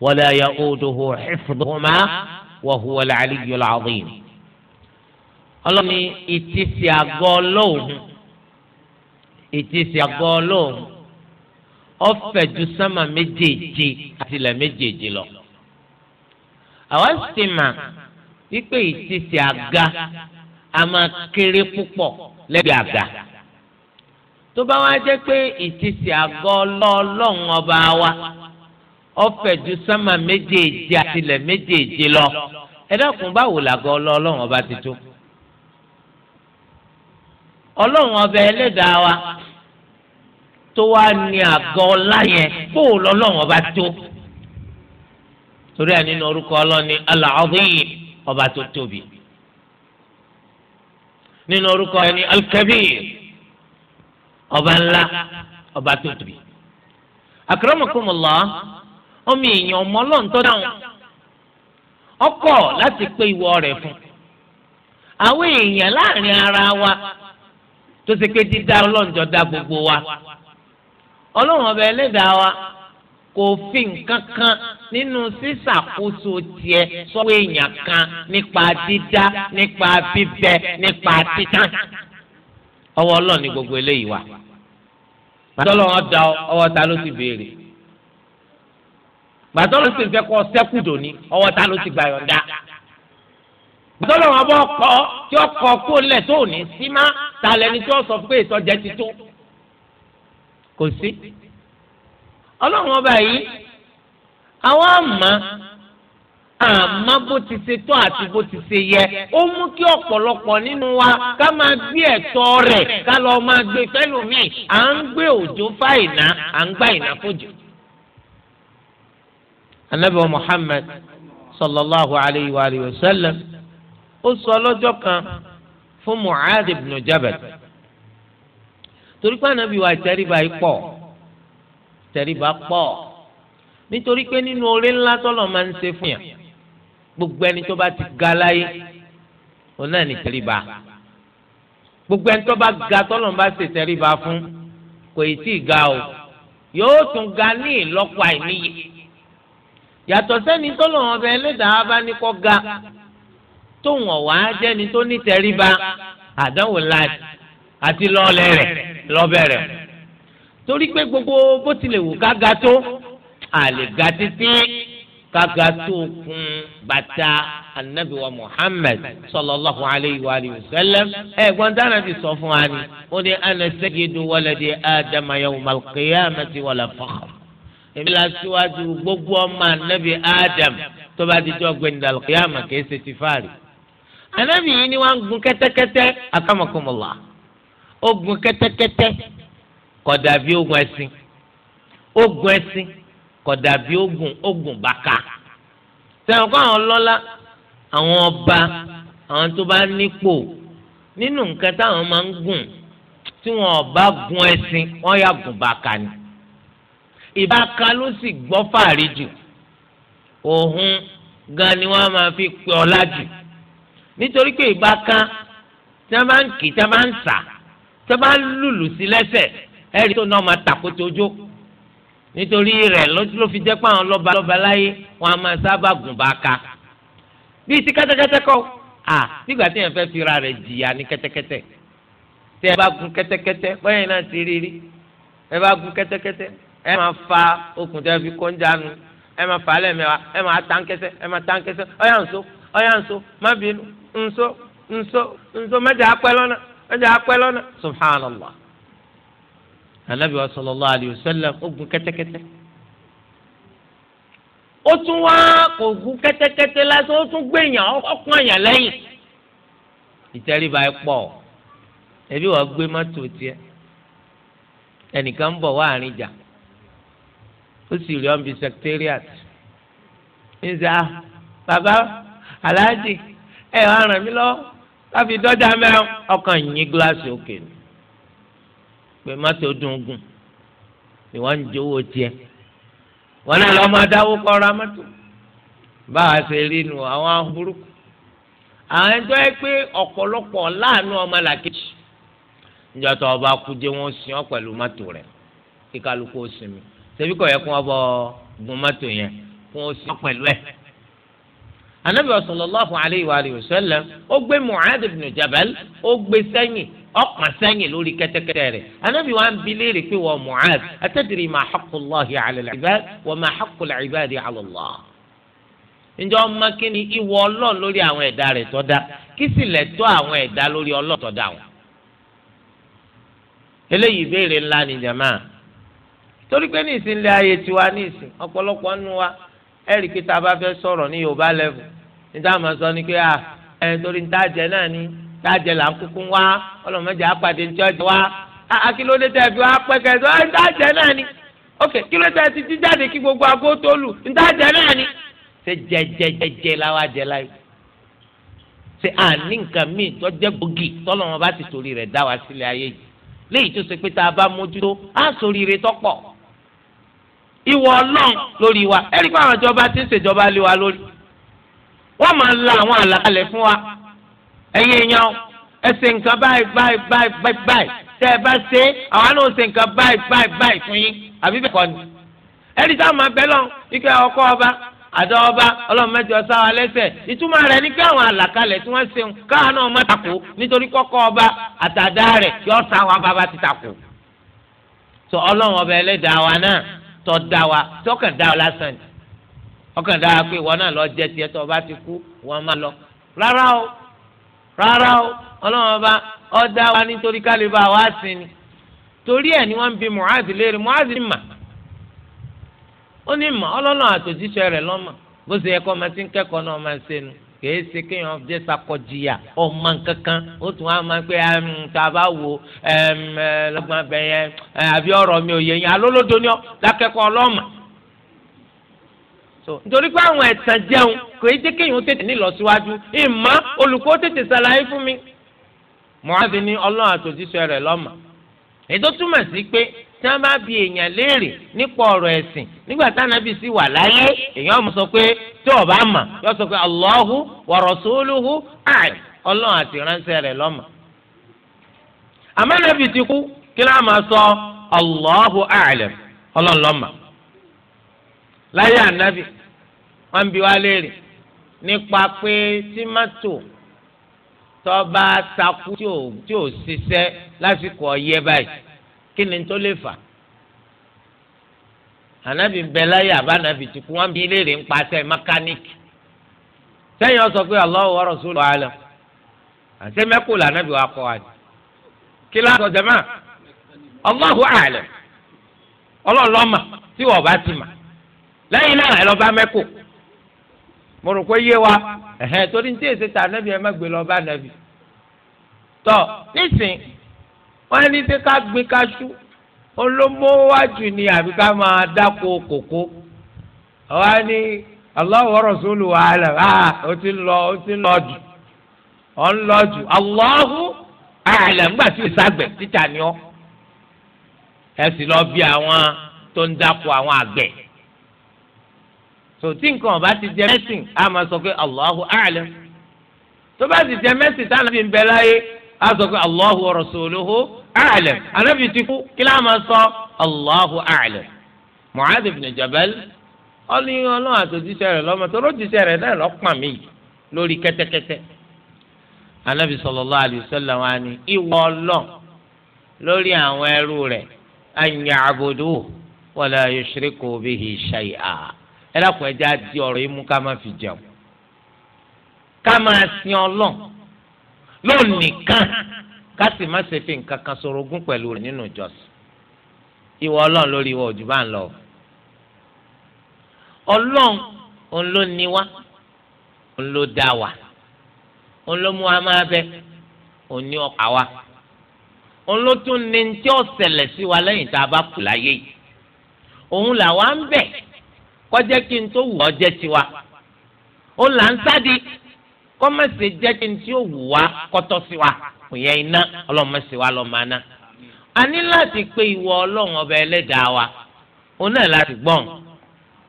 wa la ya'uduhu hifdhuhuma wa huwa al-'aliyyul 'azim. Allah ni ìtìsí àgọ́ lóhùn ìtìsí àgọ́ lóhùn ọ̀fẹ́ ju sámà méjèèje àti ilẹ̀ méjèèje lọ. àwa sì mà wípé ìtìsí àga a máa kéré púpọ̀. lẹ́gbẹ̀ẹ́ àga tó bá wá jẹ́ pé ìtìsí àgọ́ ọlọ́ọ̀lọ́hún ọba wa ọ̀fẹ́ ju sánmà méjèèje àtìlẹ̀ méjèèje lọ ẹ dákun báwo làgọ́ ọlọ́ọ̀lọ́hún ọba ti tó ọlọ́run ọba ẹlẹ́dàá wa tó wá ní àgọ́ ọlá yẹn bóò lọ́lọ́run ọba tó torí ẹ̀ nínú orúkọ ọlọ́ni Al-Azim ọba tó tóbi. nínú orúkọ ẹni alkabir ọba ńlá ọba tó tóbi akramakumullah ọmọ èèyàn ọmọ ọlọ́run dáhùn lati láti pé ìwọ fún àwọn èèyàn láàrin ara wa tó ṣe pé dídá ọlọ́run gbogbo wa ọlọ́run ọba ẹlẹ́dàá wa. kò fi nǹkan kan nínú sísàkóso tiẹ̀ sọ́wọ́ èèyàn kan nípa dídá nípa bíbẹ nípa títàn ọwọ́ Ọlọ́run ni gbogbo eléyìí wà gbàtọ́lọ́ wọn da ọwọ́ ta ló ti béèrè gbàtọ́lọ́ sì fẹ́ kọ́ sẹ́kù dòní ọwọ́ ta ló ti gbà yọ̀ǹda gbàtọ́lọ́ wọn bọ́ kọ́ tí ó kọ́ kó lẹ̀ tó ní símá ta lẹni tí ó sọ pé ìtọ́jẹ ti tó kò sí. ọlọ́run ọba yìí àwọn àmọ́ ma bó ti ṣe tọ́ àti bó ti ṣe yẹ ó mú kí ọ̀pọ̀lọpọ̀ nínú wa ká máa gbé ẹ̀tọ́ rẹ̀ ká lọ́ọ́ máa gbé fẹ́lòmíì à ń gbé òjò fáìná à ń gbá ìná fòjò. anabi muhammad sallallahu alayhi wa alihi wa sallam ó sọ lọ́jọ́ kan fún ibn torí pé tẹríba pọ̀ nítorí pé nínú oore ńlá tọ́lọ̀ máa ń ṣe fún yàn gbogbo ẹni tó bá ti ga láyé òun náà ní tẹríba gbogbo ẹni tó bá ga tọ́lọ̀ bá ṣe tẹríba fún kò ì tí ì ga o yóò tún ga ní ìlọ́pọ̀ àìníye yàtọ̀ sẹ́ni tọ́lọ̀ wọn bẹ bá ní kọ́ ga tóun ọ̀wá jẹ́ni tó ní tẹríba àdánwò láti àti lọ́ọ̀lẹ́ rẹ̀ lọ́bẹ̀ rẹ̀ torí pé gbogbo bó tilẹ̀ wù ká ga tó àlè ga títí kága tó kun bàtà anabi wa muhammed sallallahu alayhi wa alihi wa sallam ẹ gbọ́n dáná ti sọ fún wa ni ó ní ana sayyidu waladi adama yawmal qiyamati wala fakhr èmi la síwájú gbogbo ọmọ anabi adam tó bá ti jọ gbẹndàlù qiyama kìí ṣe ti fàárì anabi yìí ni wọn gun kẹ́tẹ́kẹ́tẹ́ akamakumullah ó gun kẹ́tẹ́kẹ́tẹ́ kódà bí ogun ẹ̀sìn ogun ẹ̀sìn kódà bí ogun ogun bàkà sẹ́wọ̀n kọ́ àwọn ọlọ́lá àwọn ọba àwọn tó bá nípò nínú nǹkan táwọn máa ń gùn tí wọn ọba gun ẹ̀sìn wọn yà gùn bàkà ni ìbáka ló sì gbọ́ fàárí jù òun gan ni wọ́n máa fi pè ọlá jù nítorí pé ìbáka tí wọ́n bá ń kì í tí wọ́n bá ń sà tí wọ́n bá ń lùlù sí lẹ́sẹ̀ ẹ̀rí tó náà máa tàkótó nítorí rẹ̀ ló fi jẹ́ pé àwọn wọn a máa sábà gùn bá ka bíi ti kẹ́tẹ́kẹ́tẹ́ kọ́ à nígbà tí fẹ́ fira rẹ̀ jìyà ní kẹ́tẹ́kẹ́tẹ́ tẹ́ ẹ bá gun kẹ́tẹ́kẹ́tẹ́ bẹ́ẹ̀ náà ti rí rí ẹ bá gun kẹ́tẹ́kẹ́tẹ́ ẹ máa fa okùn tẹ́ fi kó ń jánu ẹ máa lẹ́mẹ̀wá ẹ máa tán kẹ́sẹ́ ẹ máa tán kẹ́sẹ́ anabi wa sallallahu alayhi wa sallam ó gun kẹ́tẹ́kẹ́tẹ́ ó tún wá kò gun kẹ́tẹ́kẹ́tẹ́ lásán ó tún gbẹ̀yàn ọkàn yàn lẹ́yìn ìtẹríba ẹ pọ̀ ẹbí wàá gbé mọ́tò tiẹ̀ ẹnìkan ń bọ̀ wá àárín ìjà ó sì rí ọ́n bíi secretariat níta ah, bàbá aláàjì ẹ wàá ràn mí lọ láfi dọ́jà mẹ́rin ọkàn yín gíláàsì òkè ni pé mọ́tò dùn gùn ìwọ ń jowó tiẹ̀ wọn náà lọ́ọ́ máa dáwó kọ́ ra mọ́tò báwa ṣe rí nu àwọn burúkú àwọn ẹjọ́ ẹ pé ọ̀pọ̀lọpọ̀ láàánú ọmọ làkejì níjọ́ tó ọba kújẹ wọn sìn ọ́ pẹ̀lú mọ́tò rẹ̀ kí kálukú ó sinmi ṣebí kò yẹ kó wọn bọ gun mọ́tò yẹn kó wọn sìn ọ́ pẹ̀lú ẹ̀. anabi sallallahu alayhi wa sallam ó gbé Mu'adh ibn Jabal ó gbé sẹ́yìn ọkàn sẹ́yìn lórí kẹ́tẹ́kẹ́tẹ́ rẹ̀ anábì wa ń bi léèrè pé wọ́n Mu'adh atadri ma haqqullahi 'ala al-'ibad wa ma haqqul 'ibadi 'ala Allah ǹjẹ́ ọmọ kí ni ìwọ ọlọ́run lórí àwọn ẹ̀dá rẹ̀ tó dá kí sì lẹ́tọ́ àwọn ẹ̀dá lórí ọlọ́run tó dá wọn. eléyìí ìbéèrè ńlá ni jàmá torí pé ní ìsìnlẹ̀ ayé tiwa ní ìsìn ọ̀pọ̀lọpọ̀ nínú wa ẹ̀rì kí bá fẹ́ sọ̀rọ̀ ní Yorùbá level ní táwọn sọ ni pé à ah, ẹ̀ torí ní tá jẹ náà ni dájẹ là ń kúkú wá ọlọmọdé apàdé ní chọọchì wá akílódé tẹ fi wá pẹkẹ sọ ẹ dájẹ náà ni ok kílódé tẹ ti ti jáde kí gbogbo aago tó lù ń dájẹ náà ni ṣe jẹjẹjẹjẹ làwa jẹ láyé ṣe àní nǹkan míì tó jẹ gbòógì tọlọmọ bá ti torí rẹ̀ dá wa sílẹ̀ ayé yìí léyìí tó ṣe pé tá a bá mójútó á ṣoríire tọ́pọ̀ ìwọ Ọlọ́run lórí wa ẹrí pé àwọn ìjọba ti ń ṣèjọba lé wa lórí wọn máa ń la àwọn àlàkalẹ̀ fún wa ẹ̀yin èèyàn ẹ ṣe nǹkan báyìí báyìí báyìí báyìí báyìí tẹ́ ẹ bá ṣe àwọn náà ṣe nǹkan báyìí báyìí báyìí fún yín àbí bẹ́ẹ̀ kọ́ ni. ẹ̀rí táwọn máa bẹ́ lọ ike ọkọ ọba àdá ọba ọlọ́mọdé ọ̀sá wa lẹ́sẹ̀ ìtumọ̀ rẹ̀ ni pé àwọn àlàkalẹ̀ tí wọ́n ṣeun káwọn náà má takò nítorí kọ́kọ́ ọba àtàdá rẹ̀ yọ sá wa bàbá ti takò. sọ ọlọ́run ọba ẹlẹ́dàá wa náà tọ́ da wa tí ọkàn da wa lásán ni ọkàn da wa pé ìwọ náà lọ jẹ tiẹ̀ tó ọba ti kú wọn má lọ rárá o rárá o ọlọ́run ọba kaliba wa nítorí kálíbà wa sí ni torí ẹ̀ ni wọ́n ń bi Mu'adh léèrè Mu'adh ní mà ó ní mà ọlọ́run àtòjíṣẹ́ rẹ̀ lọ́mà bó ṣe yẹ kó ọmọ tí ń kẹ́kọ̀ọ́ náà máa ṣe nu kìí ṣe kéèyàn jẹ́ sakọjìyà ọmọ kankan ó tún á máa pé tàbá wo lọ́gbọ̀n àbí ọ̀rọ̀ mi ò yẹ yẹn alólódo ni ọ dákẹ́kọ̀ọ́ ọlọ́mà nítorí pé àwọn ẹ̀sán jẹun kò í jẹ́ kéèyàn tètè ní ìlọsíwájú ìmọ̀ olùkọ́ tètè ṣàlàyé fún mi. mọ́àbí ní ọlọ́run àtòjíṣẹ́ rẹ̀ lọ́mọ. ètò túmọ̀ sí pé tí wọ́n bá bi èèyàn léèrè nípa ọ̀rọ̀ ẹ̀sìn nígbà tánábì sì wà láyé èèyàn mọ̀ sọ pé tí ò bá mọ̀ yọ sọ pé Allahu wa rasuluhu àì ọlọ́run àti ránṣẹ́ rẹ̀ lọ́mọ. àmọ́ nábì ti kú kí máa sọ ọlọ́run lọ́mọ. láyé ànábì wọ́n ń bi wá léèrè nípa pé tímátò tọ́ba takú tí ò ṣiṣẹ́ lásìkò ọyẹ́ báyìí kí ni tó lè fà ànábì ń bẹ láyé àbánábì ti kú wọ́n ń bi léèrè ń paṣẹ mẹkáníìkì sẹ́yìn ọ̀sọ̀ pé Allahu wa rasuluhu alam àti mẹ́kù lànàbì wa kọ́ wa ni kí lásán jẹ́mọ́ Allahu alam ọlọ́ọ̀lọ́mà tí wọ́n bá ti mà. lẹ́yìn náà ẹ lọ bá mẹ́kù mo rò pé yé wa ẹ̀hẹ́n torí ní tí èsì tà nẹ́bí ẹ má gbé lọ bá nẹ́bí tọ́ nísìn wọ́n ní tí ká gbin kaṣú olómọ́wájú ni àbí ká máa dáko kòkó wọ́n ní Allahu wa rasuluhu a'lam ó ti lọ ó ti lọ jù ó ń lọ jù Allahu a'lam nígbà tí ìsàgbẹ̀ títà ni ọ́ ẹ sì lọ bí àwọn tó ń dáko àwọn àgbẹ̀ tòtí nǹkan ọba ti jẹ mẹ́sìn á máa sọ pé Allahu a'lam tó bá ti jẹ mẹ́sìn táwọn fi ń bẹ láyé á sọ pé Allahu wa rasuluhu a'lam anábì ti kú kí láà máa sọ Allahu a'lam Mu'adh ibn Jabal ọlọ́yin ọlọ́run àtòjíṣẹ́ rẹ̀ lọ́mọ tó lójíṣẹ́ rẹ̀ náà lọ́pàá mi lórí kẹ́tẹ́kẹ́tẹ́ anábì sallallahu alayhi wa ni ìwọ ọlọ́run lórí àwọn ẹrú rẹ̀ an ya'buduhu wa la yushriku bihi shay'a ẹ dákun ẹja di ọ̀rọ̀ yìí mú ká má fi jẹun ká máa sin ọlọ́n lónìkan ká sì má ṣe fi nǹkan kan sorogún pẹ̀lú rẹ̀ nínú ìjọsìn ìwọ ọlọ́n lórí ìwọ òjò bá ń lọ ọlọ́n òun ló ní wá òun ló dá wa òun ló mú wa máa bẹ òun ní ọ̀pá wa òun ló tún ní tí ó ṣẹlẹ̀ sí wa lẹ́yìn tá a bá kù láyé òun làwa ń bẹ̀ kọjá kí n tó wù ọ jẹ́ tiwa ó là ń sáde kọ́mọ̀sì jẹ́ kí n tí ó wù wá kọ́tọ́ sí wa kò yẹ iná ọlọ́mọ̀sì wa lọ́ọ́ máa ná. a ní láti pé ìwọ ọlọ́run ọba ẹlẹ́dàá wa ó náà láti gbọ́n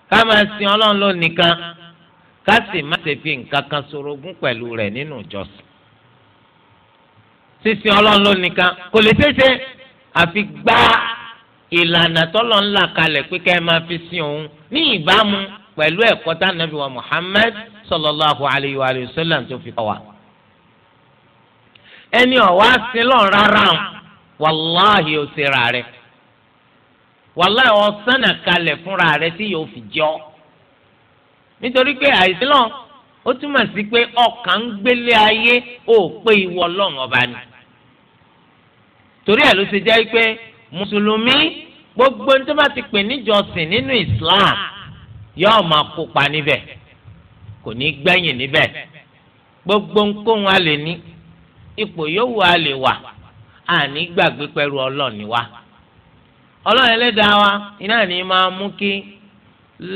ká máa sin ọlọ́run ló nìkan ká sì má ṣe fi nǹkan kan sorogún pẹ̀lú rẹ̀ nínú ìjọsìn. sísin ọlọ́run ló nìkan kò lè ṣeéṣe àfi gbáà ìlànà tọ́lọ̀ ńlá kalẹ̀ pé ká ẹ máa fi sin òun ní ìbámu pẹ̀lú ẹ̀kọ́ tá nàbí wa Muhammad sallallahu alayhi wa sallam tó fi kọ́ wa. ẹni ọ̀wá sílọ̀ rárá o wàláhì ó ṣe ra rẹ̀ wàláhì ó sànà kalẹ̀ fúnra rẹ̀ tí yóò fi jọ́ nítorí pé àìsílọ̀ ó túmọ̀ sí pé ọkàn ń gbélé ayé ó pé ìwọ ọlọ́run ọba ni torí ẹ̀ ló ṣe jẹ́ pé mùsùlùmí gbogbo ní tó bá ti pè níjọsìn nínú Islam yóò máa kópa níbẹ̀ kò ní gbẹ̀yìn níbẹ̀ gbogbo nkóhun a lè ní ipò yòówù a lè wà àní gbàgbé pẹ̀lú ọlọ́ọ̀ni wa ọlọ́ọ̀ni ẹlẹ́dàá wa iná ni máa mú kí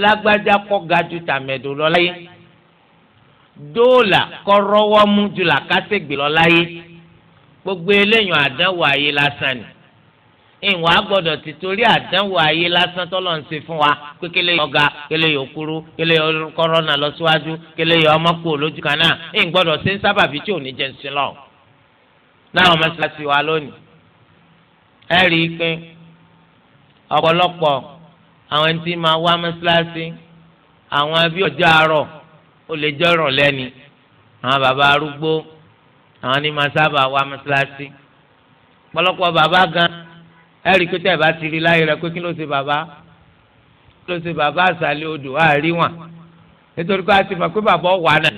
lágbájá kọ́ ga ju tàmẹ̀dò lọ láyé dóòlà kọ́ rọ́wọ́ mú ju làkàtẹ́gbè lọ láyé gbogbo eléyàn àdánwò ayé lásán ni ìwọ̀n agbọ́dọ̀ ti torí àdánwò ayé lásán tọ́lọ̀ ń ṣe fún wa pé kele yọ ga kele yọ kúrú kele yọ kọ́rọ́nà lọ síwájú kele yọ ọmọkùn lójú kan náà ìgbọ́dọ̀ ṣe ń sábàbí tí ò ní jẹ́ ń sin lọ. láwọn mọ́ṣáláṣí wa lónìí ẹ rí pé ọ̀pọ̀lọpọ̀ àwọn tí máa wá mọ́ṣáláṣí àwọn abí ọjọ́ àárọ̀ ó lè jẹ́ ọ̀rọ̀ lẹ́ni àwọn bàbá arúgbó àwọn ni máa sábà wá mọ́ṣáláṣí ọ̀pọ̀lọpọ̀ ẹ rí i pé tẹ́ ẹ bá ti rí láyé rẹ pé kí ló ṣe bàbá kí ló ṣe bàbá àṣàlẹ̀ odò àárí wọn nítorí pé a ti mọ̀ pé bàbá wà náà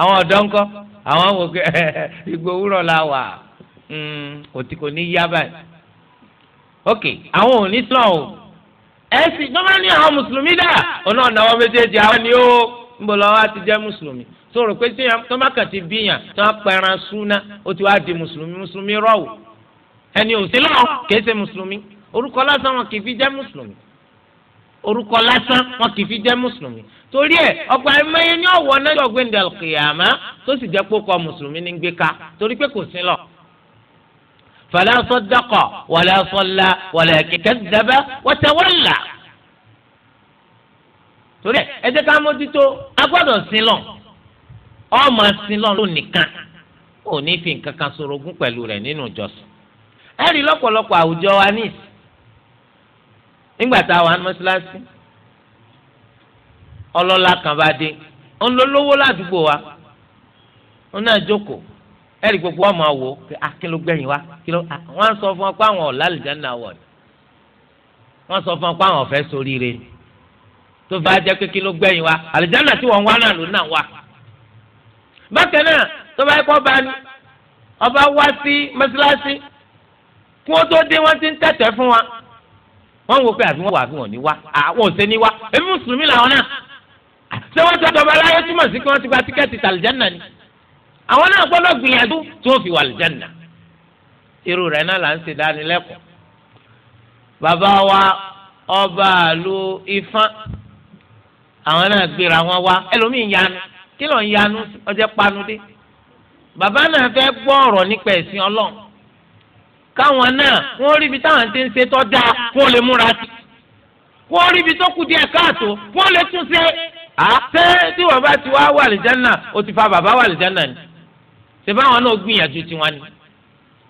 àwọn ọ̀dọ́ ńkọ́ àwọn wò pé ìgbò wúrọ̀ la wà hmm, kò tí kò ní yá báyìí. ok àwọn ò ní sàn o ẹ sì gbọ́dọ̀ ní àwọn mùsùlùmí dà ọ̀nà ọ̀nà àwọn méjèèjì àwọn ni ó ń bọ̀ lọ́wọ́ àti jẹ́ mùsùlùmí tó pé tí wọ́n bá kàn ti bíyàn tí wọ́n pẹran súná ó ti wá di mùsùlùmí mùsùlùmí rọ̀ wò ẹni òsín lọ́wọ́ kìí ṣe mùsùlùmí orúkọ lásán wọn kìí fi jẹ́ mùsùlùmí orúkọ lásán wọn kìí fi jẹ́ mùsùlùmí torí ẹ ọgbà ẹmẹyẹ ní ọwọ́ náírà ọgbẹndẹ kìyàmá tó sì jẹ́ pókọ mùsùlùmí ní gbé ká torí pé kò sí lọ. fala saddaqa wala salla walakin kazzaba wa tawalla torí ẹ ẹ jẹ́ ká mójútó agbọ́dọ̀ sin lọ ọmọ sin lọ lónìí ò ní fi nǹkan kan sorogún pẹ̀lú rẹ̀ nínú ìjọsìn ẹ rí awụjọ àwùjọ wa ní ìsìn nígbà tá a wà ní mọ́ṣáláṣí kan bá dé ń lówó ládùúgbò wa ń náà jókòó ọmọ wò pé akínlógbẹ̀yìn ah, wa ah, wọ́n sọ fún ọ pé àwọn ọ̀la àlùjáná wọ̀ ni wọ́n sọ fún ọ pé àwọn ọ̀fẹ́ soríire ni tó fi ajẹ́ ló wa àlùjáná tí wá kí wọ́n tó dé wọ́n ti ń tẹ̀tẹ̀ fún wa wọ́n wò pé àfi wọ́n wà àfi wọ́n ní wá àwọn ò ṣe ní wá èmi mùsùlùmí làwọn náà ṣé wọ́n ti dọ̀bà láyé túmọ̀ sí kí wọ́n ti gba tíkẹ́ẹ̀tì tàlìjánà ni àwọn náà gbọ́dọ̀ gbìyànjú tó fi wà lìjánà irú rẹ̀ náà là ń ṣe dánilẹ́kọ̀ọ́ bàbá wa ọba àlù ifán àwọn náà gbéra wọn wá ẹlòmíì yanu kí ló ń yanu ọjọ́ panudé bàbá náà fẹ́ gbọ́ ọ̀rọ̀ nípa ẹ̀sìn ọlọ́run káwọn náà wọ́n rí ibi táwọn ti ń ṣe tọ́ da kó lè múra sí wọ́n rí ibi tó kù díẹ̀ káàtó kó lè tún ṣe. àṣẹ tí wọ́n bá ti wá wà lìjánà ó ti fa bàbá wà lìjánà ni ṣe báwọn náà gbìyànjú tiwọn ni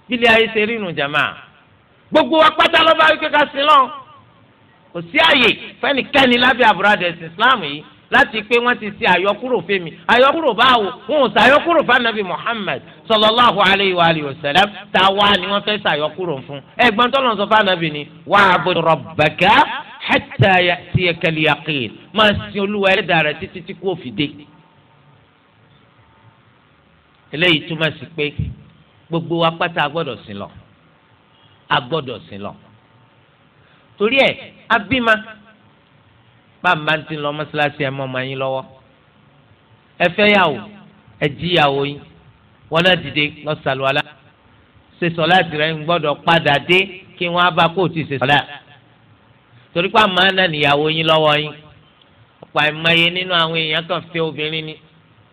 bílẹ̀ ayé ṣe rí inú jàmáà gbogbo wa pátá lọ́ba wípé ká sí lọ́n kò sí àyè fẹ́nikẹ́ni lábẹ́ àbúradà ẹ̀sìn Islam yìí láti pé wọ́n ti ṣe àyọkúrò fẹ́mi àyọkúrò báwo wọn ò ṣàyọkúrò fanabi muhammed sallallahu alayhi wa alayhi wa sallam tá a wá ni wọ́n fẹ́ ṣàyọkúrò fún ẹ̀gbọ́n tó lọ sọ fanabi ni wa'budu rabbaka hatta ya'tiyaka al-yaqin máa sin olúwa ẹlẹ́dà rẹ̀ títí tí kò fi dé. eléyìí túmọ̀ sí pé gbogbo wa pátá a lọ a gbọ́dọ̀ lọ torí ẹ̀ abímá bàbá ń ti lọ mọ́ṣáláṣí ẹ̀ mọ́ ọmọ yín lọ́wọ́ ẹ fẹ́ yàwó ẹ jíyàwó yín wọn náà dìde lọ sàlùwàlá ṣe sọlá tìrẹ ń gbọ́dọ̀ padà dé kí wọ́n á bá kó o ti ṣe sọlá torí pé àmọ́ náà níyàwó yín lọ́wọ́ yín ọ̀pọ̀ àìmọye nínú àwọn èèyàn kan fẹ́ obìnrin ni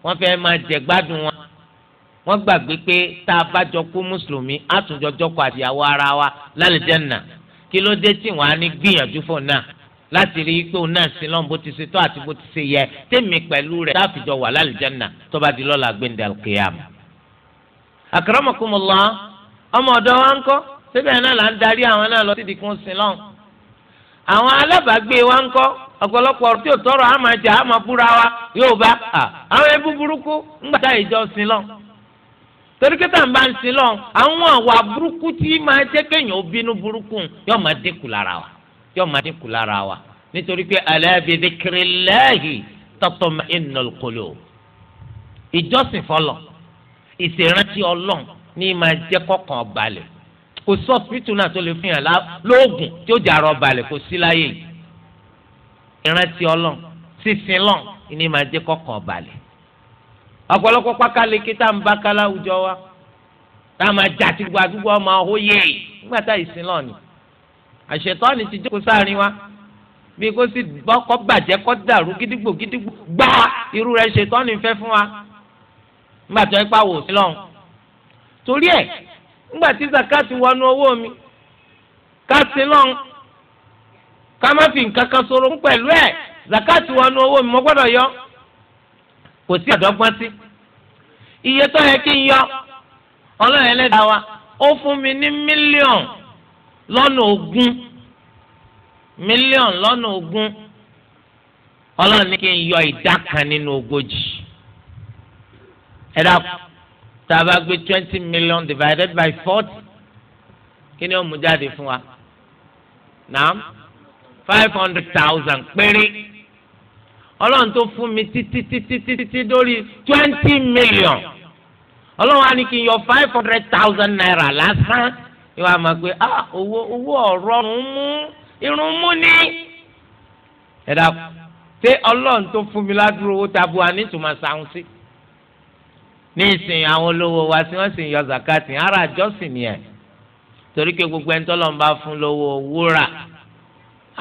wọ́n fẹ́ máa jẹ gbádùn wọn wọ́n gbàgbé pé tá a bá jọ kú mùsùlùmí á tún jọ ara wa lálẹ́ jẹ́ nà kí ló dé tí wọ́n á ní gbìyànjú fún náà láti rí i òun náà lọ́n bó ti tó àti bó ti yẹ tèmi pẹ̀lú rẹ̀ táàfìjọ wà lálùjánnà tó di lọ́la gbẹ̀ndẹ̀ al-qiyam. ọmọ ọ̀dọ́ wa ń kọ́ síbẹ̀ náà là ń darí àwọn náà lọ sí ìdìkún àwọn alábàágbé wa ń kọ́ ọ̀pọ̀lọpọ̀ tí ò tọrọ àmà àmà wa yóò bá àwọn burúkú ìjọ lọ́n ń sin àwọn burúkú tí máa yóò máa dínkù lára wa nítorí pé ala bi dhikrillahi tatma'innul qulub ìjọsìn fọlọ ìṣèrántí Ọlọ́run ní máa jẹ́ kọ́kàn balẹ̀ kò sí ọsibítù náà tó lè fi hàn lóògùn tí ó jàrọ balẹ̀ kò sí láyé yìí ìrántí Ọlọ́run sísin lọ ní máa jẹ́ kọ́kàn balẹ̀ ọ̀pọ̀lọpọ̀ pákáleke tá ń bá ká láwùjọ wa tá a máa jà tí ọmọ ọhó yé nígbà tá ìsìn lọ ni àṣetọ́ ni ti jókòó sáàrin wa bí kò sí bọ́kọ́ bàjẹ́ kọ́ dàrú gidigbo gidigbo gbá irú rẹ̀ ṣetọ́ ni fẹ́ fún wa nígbà tó ẹ pa wò sí lọ́hùn torí ẹ̀ nígbà tí zakati wọnú owó mi ká sí lọ́hùn ká má fi nǹkan kan sọ̀rọ̀ ń pẹ̀lú ẹ̀ zakati wọnú owó mi mo gbọ́dọ̀ yọ kò sí àdọ́gbọ́n sí iye tó yẹ kí n yọ ọlọ́run ẹlẹ́dàá wa ó fún mi ní mílíọ̀nù lọ́nà ogún mílíọ̀nù lọ́nà ogún ọlọ́run ní kí n yọ ìdá kan nínú ogójì ẹ dákun tá a bá gbé twenty million divided by forty kí ni ó mú jáde fún wa naam five hundred thousand péré ọlọ́run tó fún mi títí títí títí dórí twenty million ọlọ́run á ní kí n yọ five hundred thousand naira lásán ìwà àmà pé ah owó owó ọ̀rọ̀ ń mú irun mú ni. ẹ dàpọ̀ ṣé ọlọ́run tó fún mi ládùúró owó tabu wa nítumọ̀ sàún sí. ní ìsìn àwọn olówó wa tí wọ́n sì ń yọ zakati ara àjọsìn nìyẹn torí pé gbogbo ẹni tọ́lọ́ ń bá fún lówó wúrà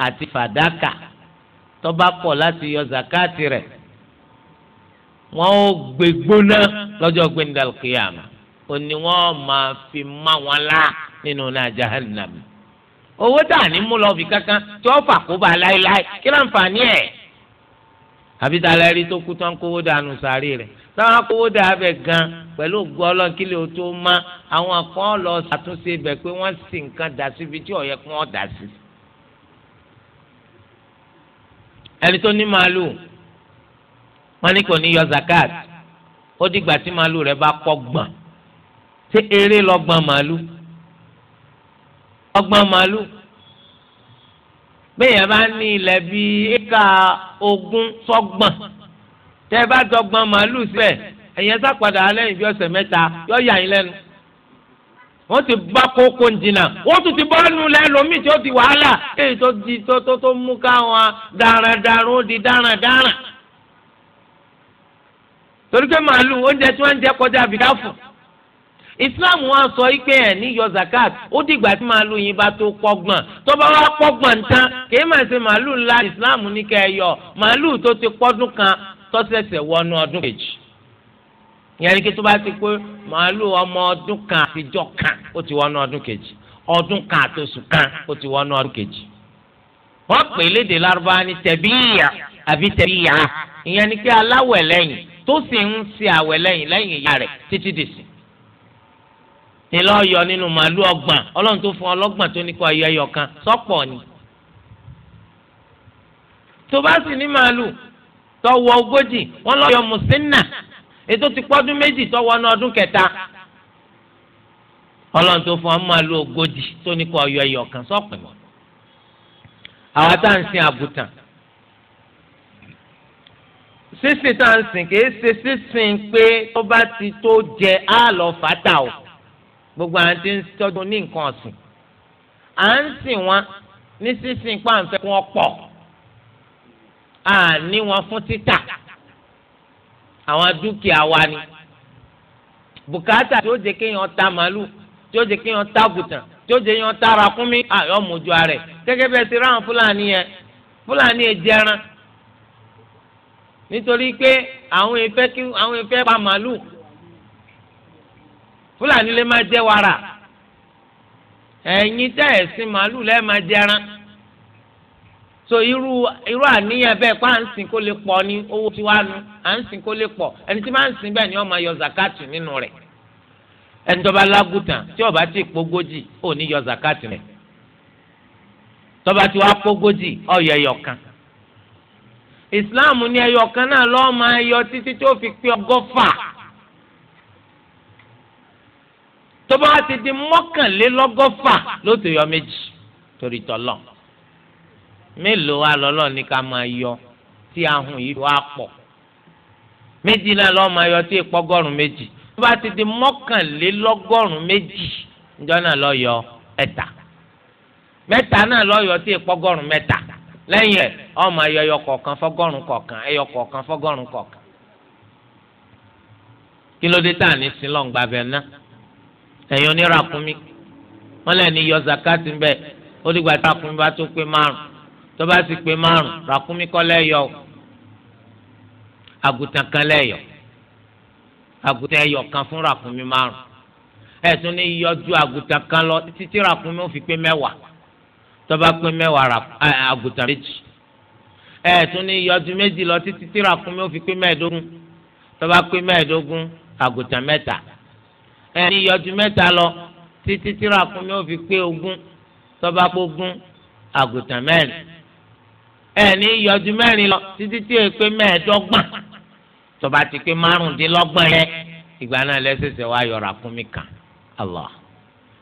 àti fàdákà tó bá láti yọ zakati rẹ̀ wọ́n ó gbégbóná lọ́jọ́ gbẹ̀ndàlùkìyàmù òní wọ́n máa fi má wọn lá nínú náà jahannam owó tá a ní mú lọ fi kankan tí wọ́n fà kó bá láéláé kí ló ń fà ní ẹ̀ àbí tá a lè rí tó kú tán kówó dànù sàárè rẹ̀ táwọn akówó dà bẹ̀ gan pẹ̀lú ògùn ọlọ́ọ̀kílẹ̀ ó tó má àwọn kan lọ ṣàtúnṣe bẹ̀ pé wọ́n sì nǹkan dà síbi tí ọ̀yẹ́ kí wọ́n dà sí. ẹni tó ní màálù wọn ní kò ní yọ zakat ó dìgbà tí màálù rẹ̀ bá kọ́ gbọ̀n ṣé eré lọ gbọ̀n màálù ọgbọ́n màálù bẹ́ẹ̀ yẹn bá ní ilẹ̀ bíi éka ogún sọ́gbọ̀n tẹ́ ẹ bá dọ́gbọ́n màálù sílẹ̀ ẹ̀yẹn sàpàdà alẹ́ ìbí ọ̀sẹ̀ mẹ́ta yọ yà yín lẹ́nu wọ́n ti bá kókó jìnnà wọ́n tún ti bọ́ nù lẹ́lòmíì tí ó di wàhálà èyí tó di tó tó tó mú káwọn darandaran ó di darandaran torí pé màálù oúnjẹ tí wọ́n ń jẹ kọjá àbíká fún un islam wọn sọ pé ẹ níyọ zakat ó dìgbà tí màálù yín bá tó pọgbọn tó bá wá pọgbọn tán kì í mà ṣe màálù ńlá islam ní kẹ ẹ yọ màálù tó ti pọdún kan tó wọnú ọdún kejì ìyẹn ni kí tó bá ti pé màálù ọmọ ọdún kan àtijọ́ kan ó ti wọnú ọdún kejì ọdún kan àtòsù kan ó ti wọnú ọdún kejì wọ́n pè lédè lárúbáwá ní tẹ̀bíyà àbí tẹ̀bíyà ìyẹn ni kí aláwẹ̀ lẹ́yìn tó sì ń ṣe àwẹ̀ lẹ́yìn lẹ́yìn ìyá rẹ̀ títí dìsìn ni lọ́ọ́ yọ nínú màálù ọgbọ̀n ọlọ́run tó fún ọlọ́gbọ̀n tó ní kọ́ ayé ẹyọ kan sọ́pọ̀ ni. tó bá sì ní màálù tọwọ́ ogójì wọ́n lọ́ọ́ yọ mùsínà ètò ti pọ́dún méjì tọwọ́ ní ọdún kẹta ọlọ́run tó fún ọ màálù ogójì tó ní kọ́ ayé ẹyọ kan sọ́pọ̀ ni. àwa tá à ń sin àgùntàn sísìn tá à ń sìn kì í ṣe sísìn pé tó bá ti tó jẹ á fàtà o gbogbo àwọn tí ń tọ́jú ní nǹkan ọ̀sìn à ń sìn wọn ní sísìn páǹfẹ́ kí pọ̀ à ní wọn fún títà àwọn dúkìá wa ni bùkátà tí ó jẹ́ kéèyàn ta màálù tí ó jẹ́ kéèyàn ta gùtàn tí ó jẹ́ kéèyàn ta ràkúnmí àyọ mọjú arẹ gẹ́gẹ́ bẹ́ẹ̀ ti ráhùn fúlàní yẹn fúlàní yẹn jẹran nítorí pé àwọn ìfẹ́ kí àwọn ìfẹ́ pa màálù fúlàní lè máa jẹ wàrà ẹ̀yin tẹ́ ẹ̀ sin màálù lẹ́ẹ̀ máa jẹran so irú irú àníyàn bẹ́ẹ̀ pa à ń sìn kó lè pọ̀ ní owó tí wàá nu à ń sìn kó lè pọ̀ ẹni tí máa ń sìn bẹ́ẹ̀ ni wọ́n máa yọ zakati nínú rẹ̀ ẹni tó lágùtàn tí ó bá ti pógójì ò ní yọ zakati rẹ̀ tó ti wá pógójì ó yọ ẹyọ Islam ní ẹyọ kan náà lọ́ọ́ máa yọ títí tó fi pé ọgọ́fà. tó bá ti di mọ́kànlélọ́gọ́fà ló yọ méjì torí tọ́lọ̀ mélòó wa lọ́lọ́ yọ tí ahùn yìí wá pọ̀ méjì náà ma yọ tí ìpọ́gọ́rùn méjì tó bá ti di mọ́kànlélọ́gọ́rùn méjì níjọ́ náà yọ ẹ̀ta mẹ́ta náà yọ tí ìpọ́gọ́rùn mẹ́ta lẹ́yìn ẹ̀ ọ́ yọ ẹyọ kọ̀ọ̀kan fọ́gọ́rùn kọ̀ọ̀kan ẹyọ kọ̀ọ̀kan fọ́gọ́rùn kọ̀ọ̀kan kí ló dé ẹ̀yin onírakúnmí wọ́n lẹ́ni yọ zakati ń bẹ̀ ó dìgbà tí rakúnmí bá tó pé márùn tó bá sì pé márùn rakúnmí kọ́ lẹ́yọ àgùntàn kan lẹ́yọ àgùntàn ẹyọ kan fún rakúnmí márùn ẹ̀sùn ní yọjú àgùntàn kan lọ títí tí rakúnmí ó fi pé mẹ́wàá tó bá pé mẹ́wàá àgùntàn méjì ẹ̀sùn ní yọjú méjì lọ títí tí rakúnmí ó fi pé mẹ́ẹ̀ẹ́dógún tó bá pé mẹ́ẹ̀ẹ́dógún àgùntàn mẹ́ta ẹni yọjú mẹ́ta lọ títí tíra fún mi ó fi pé ogún tọ́ba gbógún àgùntàn mẹ́rin ẹni yọjú mẹ́rin lọ títí tí èyí pé mẹ́ẹ̀ẹ́dọ́gbọ̀n tọ́ba ti pé márùndínlọ́gbọ̀n yẹn ìgbà náà lẹ́sẹ̀sẹ̀ wá yọra fún mi kàn Allah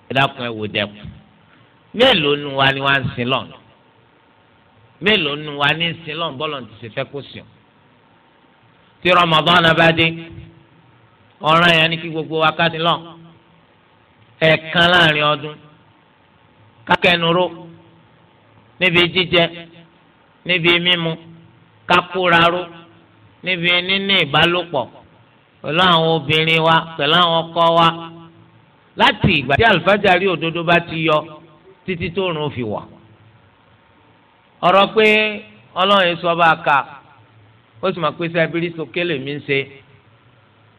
ẹ ẹ wò dẹ́kun mélòó nu wa ni wá ń sin lọ́nà mélòó nu wa ní sin lọ́nà bọ́lọ̀ ti ṣe fẹ́ kó sùn tí Ramadan bá dé ọ̀ràn yẹn ni kí gbogbo wa ká lọ ẹ̀ẹ̀kan láàrin ọdún kákẹ́nuró níbi jíjẹ níbi mímu kákúraró níbi níní ìbálòpọ̀ pẹ̀lú àwọn obìnrin wa pẹ̀lú àwọn ọkọ wa láti ìgbà tí àlùfájàrí òdodo bá ti yọ títí tó rùn fi wọ̀ ọ̀rọ̀ pé ọlọ́run sọ bá a kà ó sì sókè lèmi ń ṣe.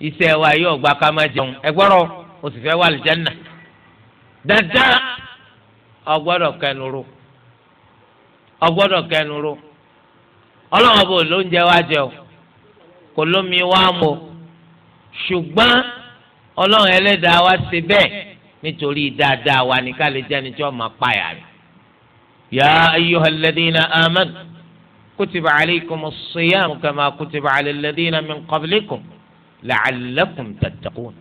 iṣẹ́ wa yóò gba ká má jẹun ẹgbọ́rọ̀ o sì fẹ́ wà lìjánà dandan ọgbọ́dọ̀ kẹnuru ọgbọ́dọ̀ kẹnuru ọlọ́wọ́n bò jẹ o kò lómi wa mọ ṣùgbọ́n ọlọ́run ẹlẹ́dàá wa ṣe bẹ́ẹ̀ nítorí dáadáa wa ní ká lè jẹ́ni tí ya ladina amanu kutiba alaykumus kama min la'allakum tattaqun.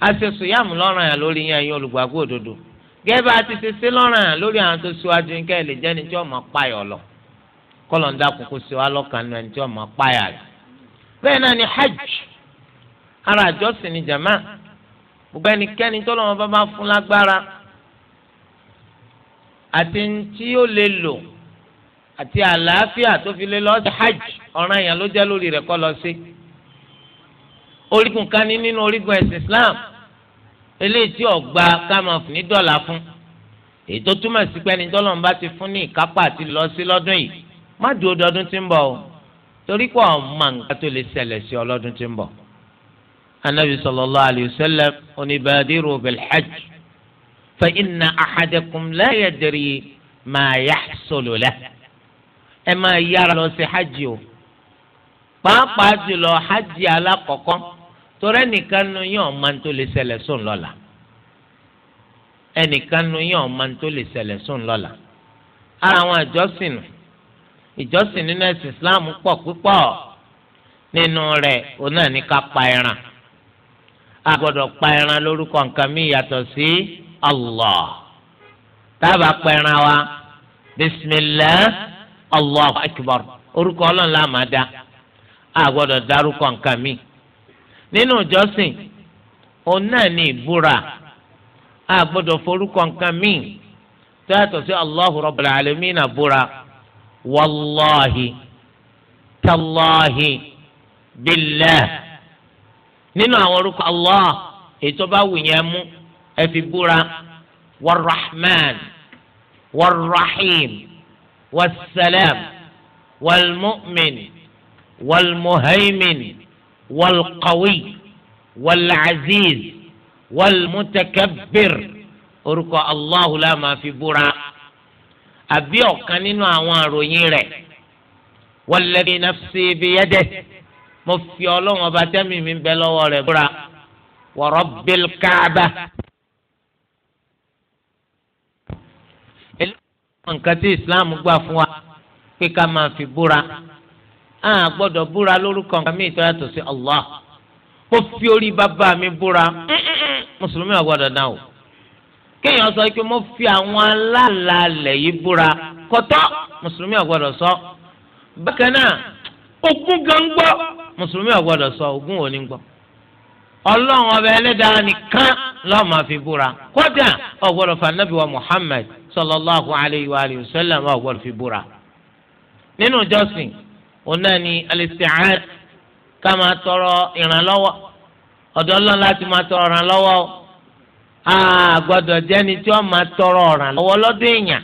a ṣe sùyàmù lọ́ràn yàn lórí yẹn yín olùgbàgbọ́ òdodo gẹ́gẹ́ bá a ti ṣe sí lọ́ràn yàn lórí àwọn tó ṣíwájú yín kẹ́ ẹ̀ lè jẹ́ ni tí wọ́n máa payọ̀ lọ kọ́lọ̀ ń dákun kó ṣe wá lọ́kàn ní ẹni tí wọ́n máa payà rẹ̀. bẹ́ẹ̀ náà ni hajj ara àjọsìn ni jama gbogbo ẹnikẹ́ni tó lọ́wọ́ bá fún lágbára àti tí ó lè lò àti àlàáfíà tó fi lè lọ hajj ọ̀ràn yàn ló jẹ́ lórí rẹ̀ kọ́ lọ sí orígun kan ní nínú orígun ẹ̀sìn Islam eléyìí tí ọ̀gba ká máa fún ní dọ́là fún èyí tó túmọ̀ sí pé ẹni tọ́lọ́run bá ti fún ní ìkápá àti lọ sí lọ́dún yìí má dúró dọdún tí ń bọ̀ o torí pé ọ̀n máa ń ká tó lè ṣẹlẹ̀ sí ọ lọ́dún tí ń bọ̀. anabi sallallahu alayhi wa sallam onibadiru bil hajj fa inna ahadakum la yadri ma yahsulu ẹ máa yára lọ sí hajj o pàápàá jùlọ hajj alákọ̀ọ́kọ́ torí ẹnìkan nu ma ọ̀ma tó lè ṣẹlẹ̀ sùn lọ́la ẹnìkan nu yín ọ̀ma tó lè ṣẹlẹ̀ sùn lọ́la ara àwọn ìjọsìn Islam pọ̀ púpọ̀ nínú rẹ̀ òun náà ní ká pa ẹran a gbọ́dọ̀ pa ẹran lórúkọ nǹkan mi yàtọ̀ sí Allah tábà pa ẹran wa bismillah orúkọ Ọlọ́run la máa nínú ìjọsìn òun náà ní ìbúra a gbọ́dọ̀ forúkọ nǹkan míì tó yàtọ̀ sí Allahu Rabbul Alamin àbúra wàláhi tàláhi billah nínú àwọn orúkọ Allah ètò bá wù yẹn mú ẹ fi búra wàrrahman wàrrahim wàsálàm wàlmùmìn wàlmùhàìmìn. والقوي والعزيز والمتكبر orúkọ Allahu la máa fi búra àbí ọ̀kan nínú àwọn àròyìn rẹ̀ walladhi nafsi biyadihi mo fi ọlọ́run ọba tẹ́mi mi bẹ lọ́wọ́ rẹ̀ búra wa rabbil Kaaba. nǹkan tí Islam gbà fún wa pé ká máa fi búra a gbọ́dọ̀ búra lórúkọ nǹkan míì tó yàtọ̀ sí Allah kó fi orí bàbá mi búra mùsùlùmí ò gbọ́dọ̀ náà o kéèyàn sọ pé mo fi àwọn aláàlálẹ̀ yìí búra kọ́tọ́ mùsùlùmí ò gbọ́dọ̀ sọ bákan náà ogún gan gbọ́ mùsùlùmí ò gbọ́dọ̀ sọ ogún ò ní gbọ́ ọlọ́run ọba ẹlẹ́dàá nìkan lọ́ọ́ fi búra kódà ò gbọ́dọ̀ fanabi wa Muhammad sallallahu alayhi wa sallam ò fi búra nínú jọ́sìn. òun ni al k'a ma tọrọ ma láti tọrọ a gbọ́dọ̀ tí tọrọ ìrànlọ́wọ́ lọ́dọ̀ èèyàn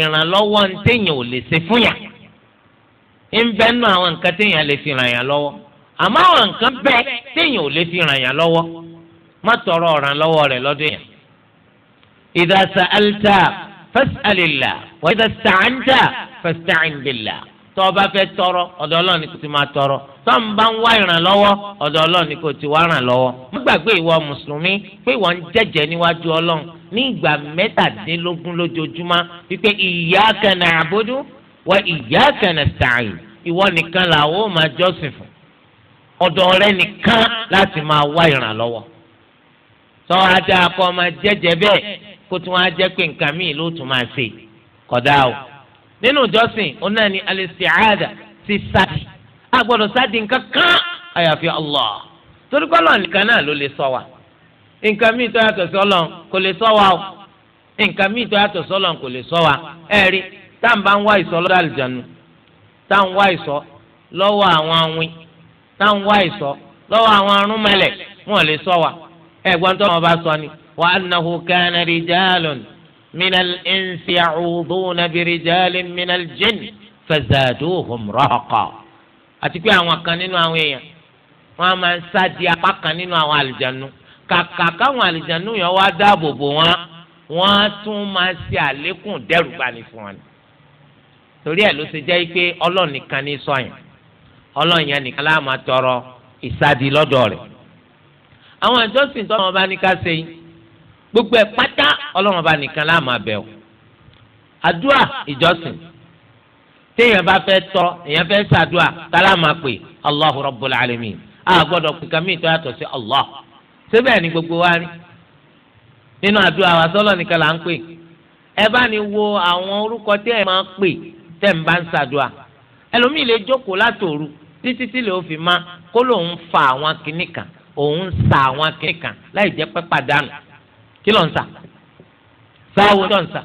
ìrànlọ́wọ́ ń ò lè ṣe fún àwọn nǹkan lè fi ràn yàn lọ́wọ́ àmọ́ àwọn nǹkan bẹ́ẹ̀ téèyàn ò lè fi ràn yàn lọ́wọ́ má tọrọ ìrànlọ́wọ́ wa tó bá fẹ́ tọrọ ọ̀dọ̀ Ọlọ́run ni kò ti máa tọrọ tó ń bá ń wá ìrànlọ́wọ́ ọ̀dọ̀ ni kò ti wá ìrànlọ́wọ́. má gbàgbé ìwọ mùsùlùmí pé ìwọ ń jẹ́jẹ́ níwájú Ọlọ́run ní mẹ́tàdínlógún lójoojúmọ́ wípé wa iyyaka nasta'in ìwọ nìkan làwọn ò máa jọ́sìn fún ọ̀dọ̀ rẹ nìkan láti máa wá ìrànlọ́wọ́. sọ nínú ìjọsìn òun ni al si ti sáàdì a gbọ́dọ̀ sáàdì nǹkan kan àyàfi Allah torí pé Ọlọ́run nìkan náà ló lè sọ wa nǹkan míì tó yàtọ̀ sí nwa kò lè sọ wa o nǹkan míì tó yàtọ̀ sí Ọlọ́run kò lè sọ wa ẹ̀rí tá à ń bá ń wá ìsọ lọ́dọ̀ àlùjánu tá wá ìsọ lọ́wọ́ àwọn awin tá wá ìsọ lọ́wọ́ àwọn wọn lè sọ wa ẹ̀gbọ́n tó wọn bá sọ ni wa annahu kana من الإنس يعوضون برجال من الجن فزادوهم رهقا àti pé àwọn kan nínú àwọn èèyàn wọn a máa ń sáàdì apá kan nínú àwọn àlìjánu kàkà káwọn àlìjánu yẹn wá dáàbò bò wọn wọn á tún máa ṣe àlékún dẹ́rùbani fún wọn. torí ẹ̀ ló ṣe jẹ́ pé ọlọ́run nìkan ní sọ́yìn ọlọ́run yẹn nìkan láà máa tọrọ ìsáàdì lọ́dọ̀ rẹ̀. àwọn ìjọsìn tó wọn bá ní ká ṣe yìí gbogbo ẹ̀ pátá ọlọ́run bá nìkan láàmú abẹ́ o àdúà ìjọsìn téèyàn bá fẹ́ tọ́ èèyàn fẹ́ ṣàdúà tálámà pé Allahu Rabbul Alamin a gbọ́dọ̀ pé kàmí ìtọ́ yàtọ̀ sí Allah síbẹ̀ ni gbogbo wa rí nínú àdúà wa sọ́lọ́ nìkan là ń pè ẹ bá ní wo àwọn orúkọ tẹ́ ẹ máa pè tẹ́ ẹ bá ń ṣàdúà ẹlòmíì lè jókòó látòru títí tí lè fi má kó lòun fa àwọn kinní kan òun sa àwọn kinní kan láì jẹ́ pẹ́ pàdánù kí ló ń sà sáwo tó ń sà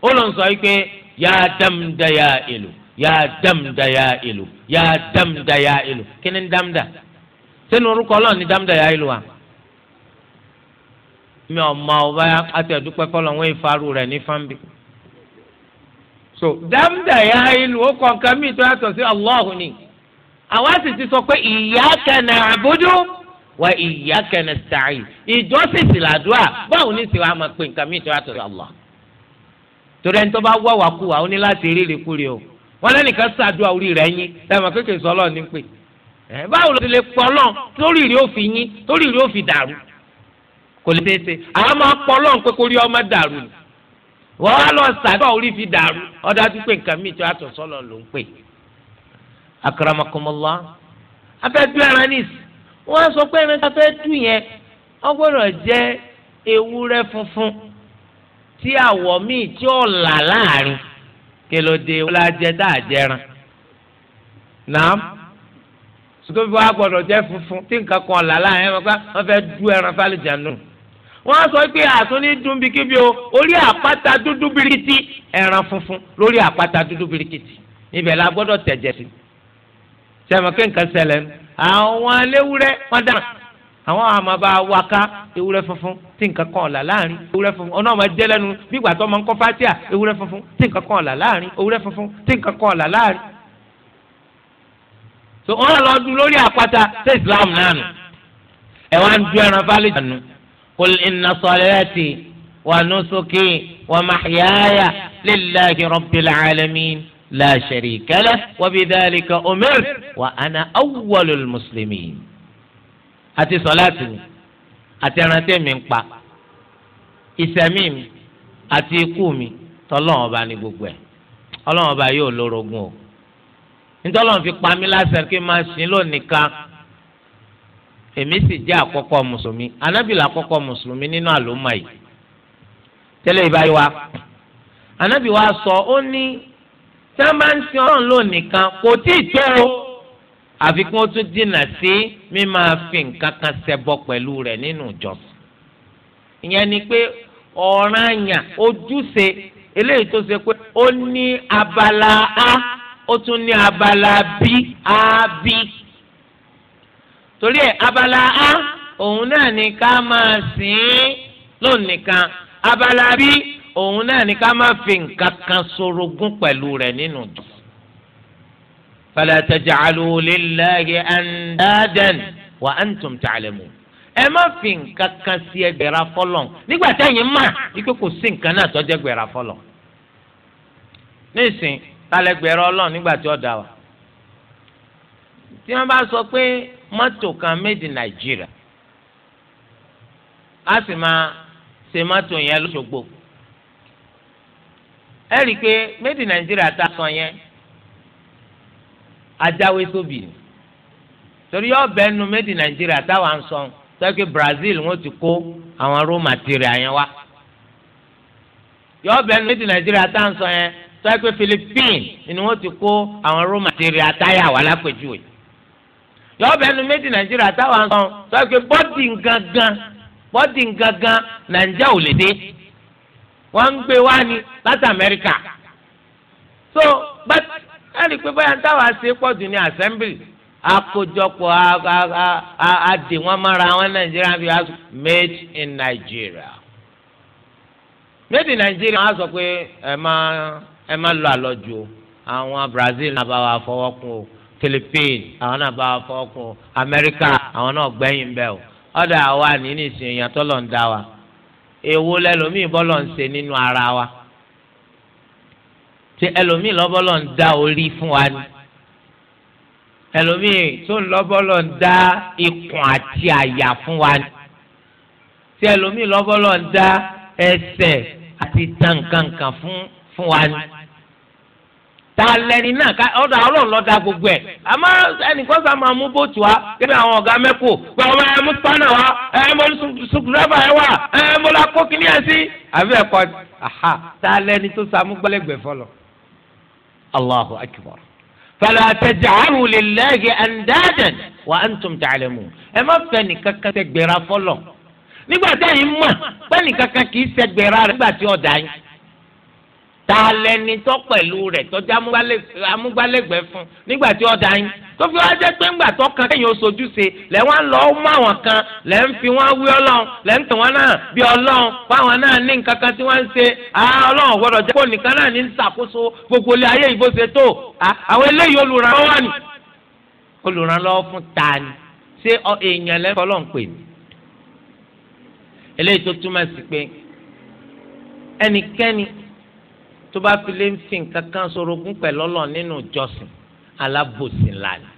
ó ló ń sọ yìí pé yá dámdá yá èlò yá dámdá yá èlò yá dámdá yá èlò kí ni dámdá sínú orúkọ ọlọ́run ni dámdá yá èlò wa mi ò mọ ọba àtẹ̀dúpẹ́ kọ́lọ̀ wọ́n ìfarú rẹ̀ ní fáńbì so dámdá yá èlò ó kọ̀ nǹkan mi tó yàtọ̀ sí Allahu ni àwa sì ti sọ pé iyyaka na'budu wa iyyaka nasta'in ìjọsìn ìsìlàdúrà báwo ní ìsìwà máa pe nǹkan mìíràn àtọ̀ Allah torí ẹni tó bá wá wà kú wa ó ní láti rí ìrìkúrì o wọn lẹ́nìkan ṣàdúrà orí rẹ̀ yín ẹ̀mọ́ kékeré sọ́lọ́ ní pè báwo ló ti lè pọ̀ lọ́n torí ìrì òfin yín torí ìrì òfin dàrú kò lè tètè àwọn máa pọ̀ lọ́n pé kórí ọmọ dàrú ni wọ́n wá lọ ṣàdúrà orí fi dàrú ọ̀dájú pé nǹkan mìíràn àtọ̀ sọ́lọ́ wọ́n sọ pé ẹran tá a fẹ́ dùn yẹn wọ́n gbọ́dọ̀ jẹ́ ewúrẹ́ funfun tí àwọ̀ míì tí ò là láàrin kèlòdè wọlé ajẹ tá a jẹran nàám sùkúrú bí wọ́n gbọ́dọ̀ jẹ́ funfun tí nǹkan kan là láàrin ẹ̀ wọ́n fẹ́ du ẹran fálìjà nù wọ́n sọ pé àtúní dùn bíkíbi o orí àpáta dúdú birikiti ẹran funfun lórí àpáta dúdú birikiti ibẹ̀ la gbọ́dọ̀ tẹ̀jẹ̀ sí sẹ́mi kí nǹkan ṣẹlẹ̀ nù àwọn aléwúrẹ́ wọ́n dára àwọn àmọ́ bá wa ká ewúrẹ́ funfun tí nǹkan kan ọ̀la láàrin ewúrẹ́ funfun ọ̀nà ọmọ jẹ́ lẹ́nu bí ìgbà tó ọmọ ń kọ́ fátíà ewúrẹ́ funfun tí nǹkan kan ọ̀la láàrin ewúrẹ́ funfun tí nǹkan kan ọ̀la láàrin. so wọn lọ dún lórí àpáta sí Islam náà nù ẹ wá ń ju ẹran fálẹ̀ jànú kul inna salati wa nusuki wa mahyaya lillahi rabbil alamin la sharika lah wa bidhalika umirtu wa ana awwalul muslimin. àti sọláàtì mi àti ẹrántí mi ń pa ìsẹ̀mí mi àti ikú mi tọ́lọ́wọ́n ọba ní gbogbo ẹ̀ ọlọ́wọ́n ọba yóò lórogún o nítọ́lọ́wọ́n fi pa mí lásán kí n máa sin lónìí kan èmi sì jẹ́ àkọ́kọ́ mùsùlùmí anábìlà àkọ́kọ́ mùsùlùmí nínú àlùmọ́ yìí tẹ́lẹ̀ ìbáyìí wa anábì wa sọ ó ní tí wọ́n bá ń sin ọlọ́run lónìí kan kò tí ì tó o àfi kí wọ́n tún dínà sí mímá fi nǹkan kan ṣẹbọ pẹ̀lú rẹ̀ nínú ìjọsìn ìyẹn ni pé ọ̀ranyàn ojúṣe eléyìí tó ṣe pé ó ní abala a ó tún ní abala b a b torí ẹ̀ abala a òun náà ni ká máa sìn ín lónìí kan abala b òun náà ní ká má fi nǹkan kan sorogún pẹ̀lú rẹ̀ nínú jù. fala taj'alu lillahi andadan wa antum ta'lamun. ẹ má fi nǹkan kan sí ẹgbẹ̀rà fọlọ̀ nígbà táyìn mà wípé kò sí nǹkan náà tọ́jú ẹgbẹ̀rà fọlọ̀. nísìn tálẹ̀ gbẹ̀rẹ̀ ọlọ́run nígbà tí ó dá wa. tí wọ́n bá sọ pé mọ́tò kan made in Nigeria a sì máa ṣe mọ́tò yẹn lóṣogbo ẹ pé made in Nigeria ta sọ yẹn ajáwé tóbi ni torí ọbẹ̀ nu made in Nigeria ta sọ sẹ́kì Brazil wọ́n ti kó àwọn raw material yẹn wá yọọbẹ̀ nu made in Nigeria sọ yẹn sẹ́kì Philippines ni wọ́n ti kó àwọn raw material táyà wà lápèjúwe yọọbẹ̀ nu made in Nigeria sọ sẹ́kì bọ́dì gangan bọ́dì gangan Nàìjíríà ò lè dé. wọ́n ń gbé wá ní láti Amẹ́ríkà so but pé báyà táwọn pọ̀ jù ní assembly àkójọpọ̀ àdè mọ́ra àwọn Nàìjíríà made in Nigeria made in Nigeria á sọ pé ẹ ẹ má lọ àwọn Brazil náà bá wà fọwọ́ kún àwọn náà bá wà America àwọn náà gbẹ̀yìn bẹ́ẹ̀ ọ̀dọ̀ àwa èwo lẹlòmíì bọ́lọ̀ ń ṣe nínú ara wa ṣe ẹlòmíì lọ́bọ́lọ̀ ń dá orí fún wa ni ẹlòmíì tó ń lọ́bọ́lọ̀ ń dá ikùn àti àyà fún wa ni ṣe ẹlòmíì lọ́bọ́lọ̀ ń dá ẹsẹ̀ àti tankankan fún fún wa ni ta lẹni náà ká ọ̀dọ̀ ọlọ́run lọ́ọ́ da gbogbo ẹ̀ àmọ́ ẹnìkan sá máa mú bóòtù wa kébé àwọn ọ̀gá mẹ́kò pé ọmọ ẹ mú spanà wa ẹ mú sukùrẹ́bà ẹ wà ẹ mú lakó kíní ẹ sí. àbí ẹ̀kọ́ aha ta lẹni tó sàmú gbọ́lẹ́gbẹ̀ẹ́ fọlọ́ Allahu akbar fala taj'alu lillahi andadan wa antum ta'lamun ẹ má fẹ́ nìkan kan tẹ gbéra fọlọ́ nígbà tẹ́yìn mọ̀ pẹ́ nìkan kan kì í ta lẹni tọ́ pẹ̀lú rẹ̀ tọ́jú amúgbálẹ́gbẹ̀ẹ́ fún nígbà tí ó da yín tó fi wá jẹ́ pé ńgbà tó kan kéèyàn oṣooju ṣe lẹ́ wọ́n lọ mú àwọn kan lẹ́ ń fi wọ́n wí ọlọ́run lẹ́ ń tàn wọ́n náà bí ọlọ́run fáwọn náà ní nǹkan kan tí wọ́n ń ṣe ọlọ́run gbọ́dọ̀ jẹ́ kó nìkan náà ní ṣàkóso gbogbo ilé ayé ìbò ṣe tó àwọn eléyìí olùrànlọ́wọ́ ni olùrànlọ́wọ́ fún ta ni ṣé èèyàn lẹ́kọ̀ọ́ lọ́n pè mí eléyìí tó túmọ̀ sí pé ẹnikẹ́ni tó bá fi lè ń fi nǹkan kan sorogún pẹ̀lú Ọlọ́run nínú ìjọsìn alábòsìn lánàá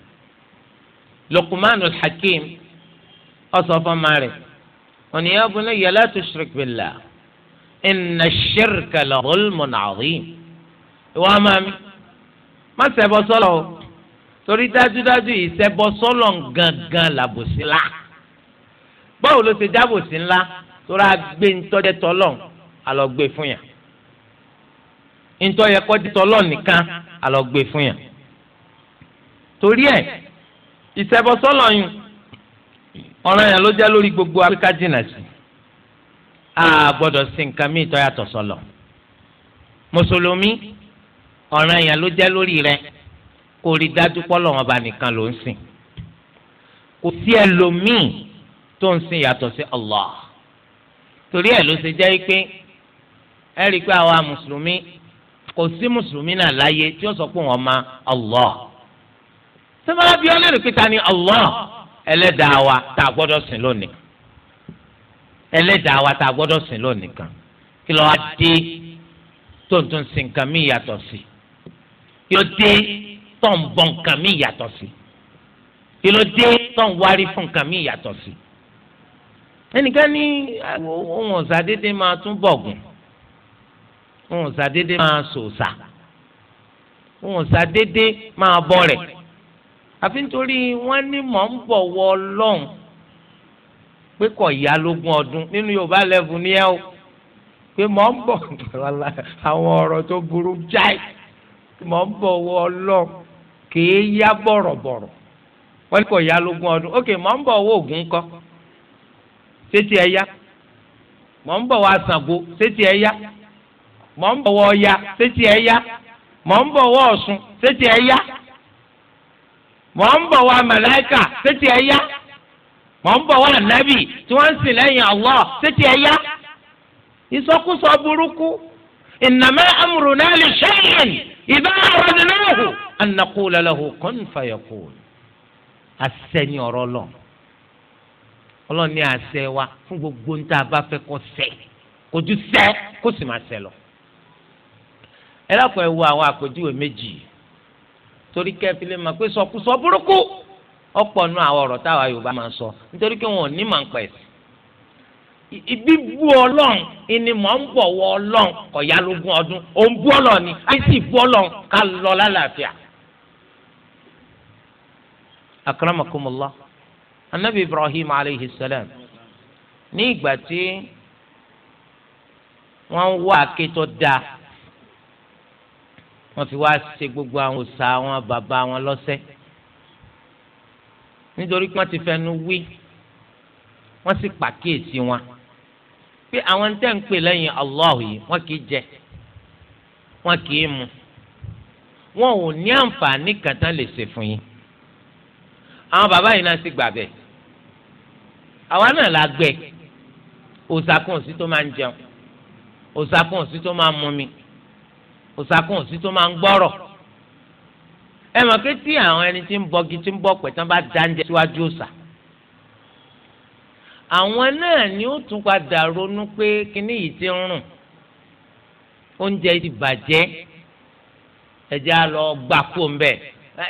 Luqmanu Hakim ọsọ fọmọ rẹ òní ya bunayya la tushrik billah inna ash-shirka la dhulmun adhim ìwọ ọmọ mi má ṣẹbọ sọlọ o torí dájúdájú ìṣẹbọ sọlọ gangan làbòsí la báwo ló ṣe jábòsí ńlá tó rà gbé ń tọ́jẹ́ tọ́lọ̀ àlọ́ gbé fún yàn ntọ́ yẹ kọ́ ditọ́ lọ́ọ̀ nìkan àlọ́ gbé fún yàn. torí ẹ̀ ìṣẹ́bọsọ́lọ̀ yùn ọ̀ràn yẹn ló jẹ́ lórí gbogbo abíká jìnnà sí a gbọ́dọ̀ sí nǹkan mí ìtọ́ yàtọ̀ sọ́lọ̀ mùsùlùmí ọ̀ràn yẹn ló jẹ́ lórí rẹ kó rí dájú pọ́lọ̀ wọn bá nìkan ló ń sìn kò sí ẹlòmíì tó ń sìn yàtọ̀ sí Allah torí ẹ̀ ló ṣe jẹ́ pé ẹ rí i pé àwa mùsùlùmí kò sí mùsùlùmí náà láyé tí ó sọ pé wọn ma Allah sọmọlá bíi ọlẹ́rìí pé ni Allah ẹlẹ́dàá wa tá a gbọ́dọ̀ sìn lónìí ẹlẹ́dàá wa tá a gbọ́dọ̀ sìn lónìí kan kí lọ́ọ́ dé tó ń tún sìn nǹkan mí yàtọ̀ sí kí ló dé tó ń mí yàtọ̀ sí kí ló dé tó fún nǹkan mí yàtọ̀ sí ẹnìkan ní ohun ọ̀sà dédé máa tún bọ̀gùn wọn ṣàdédé máa sòòṣà wọn ṣàdédé máa bọ rẹ àfi nítorí wọn ní mọ̀ ń bọ̀ wọ ọlọ́run pé kọ̀ ya lógún ọdún nínú yorùbá lẹ́fù ní ẹ o pé mọ̀ ń bọ̀ àwọn ọ̀rọ̀ tó burú jáì mọ̀ ń bọ̀ wọ ọlọ́run kìí yá bọ̀rọ̀bọ̀rọ̀ wọ́n ní kọ̀ ya lógún ọdún ókè mọ̀ ń bọ̀ wọ ògún kọ́ sétí ẹ yá mọ̀ ń bọ̀ wọ àṣàgbò sétí ẹ yá. mọ ń bọ̀wọ̀ ọya sétí ẹ̀ yá mọ̀ ń bọ̀wọ̀ ọ̀ṣun sétí ẹ̀ yá mọ̀ ń bọ̀wọ̀ amàláìkà sétí ẹ̀ yá mọ̀ ń bọ̀wọ̀ ànábì tí wọ́n ń sìn lẹ́yìn Allah sétí ẹ̀ yá ìsọkúsọ burúkú innama amruna li shay'in idha aradnahu an naqula lahu lọ ọlọni wa fún gbogbo ń tá a bá fẹ́ kó ṣẹ kó ju kó sì máa lọ. ẹ iwu ẹ wo àwọn àpèjúwe méjì torí kẹfì lè máa pé sọkúsọ burúkú ọ̀pọ̀ nù àwọn ọ̀rọ̀ táwa Yorùbá máa sọ nítorí pé wọn ò ní ibi bu Ọlọ́run ìní mọ̀ ń bọ̀ wọ Ọlọ́run ọdún òun bu Ọlọ́run ni àìsí bu Ọlọ́run ká lọ lálàáfíà. anabi Ibrahim alayhi salam ní ìgbà tí wọ́n ń wọ́n fi wá ṣe gbogbo àwọn òòṣà àwọn bàbá wọn lọ́sẹ̀ nítorí pé wọ́n ti fẹnu wí wọ́n sì pàkíyèsí wọn pé àwọn ń tẹ́ ń pè lẹ́yìn Allah yìí wọ́n kì í jẹ wọ́n kì í mu wọn ò ní àǹfààní kan tán lè ṣe fún yín àwọn bàbá yìí náà sì gbà bẹ́ẹ̀ àwa náà la gbẹ òòṣà kan òsì tó máa ń jẹun òòṣà kan òsì tó máa ń mumi òsàkùn òsì tó máa ń gbọ́rọ̀ ẹ mọ̀ pé tí àwọn ẹni tí ń bọgi tí ń bọ̀ pẹ̀ bá dáńjẹ síwájú òsà àwọn náà ni ó tún padà ronú pé kíní yìí ti ń rùn oúnjẹ ti bàjẹ́ ẹ̀jẹ̀ á lọ gbà kó ń bẹ̀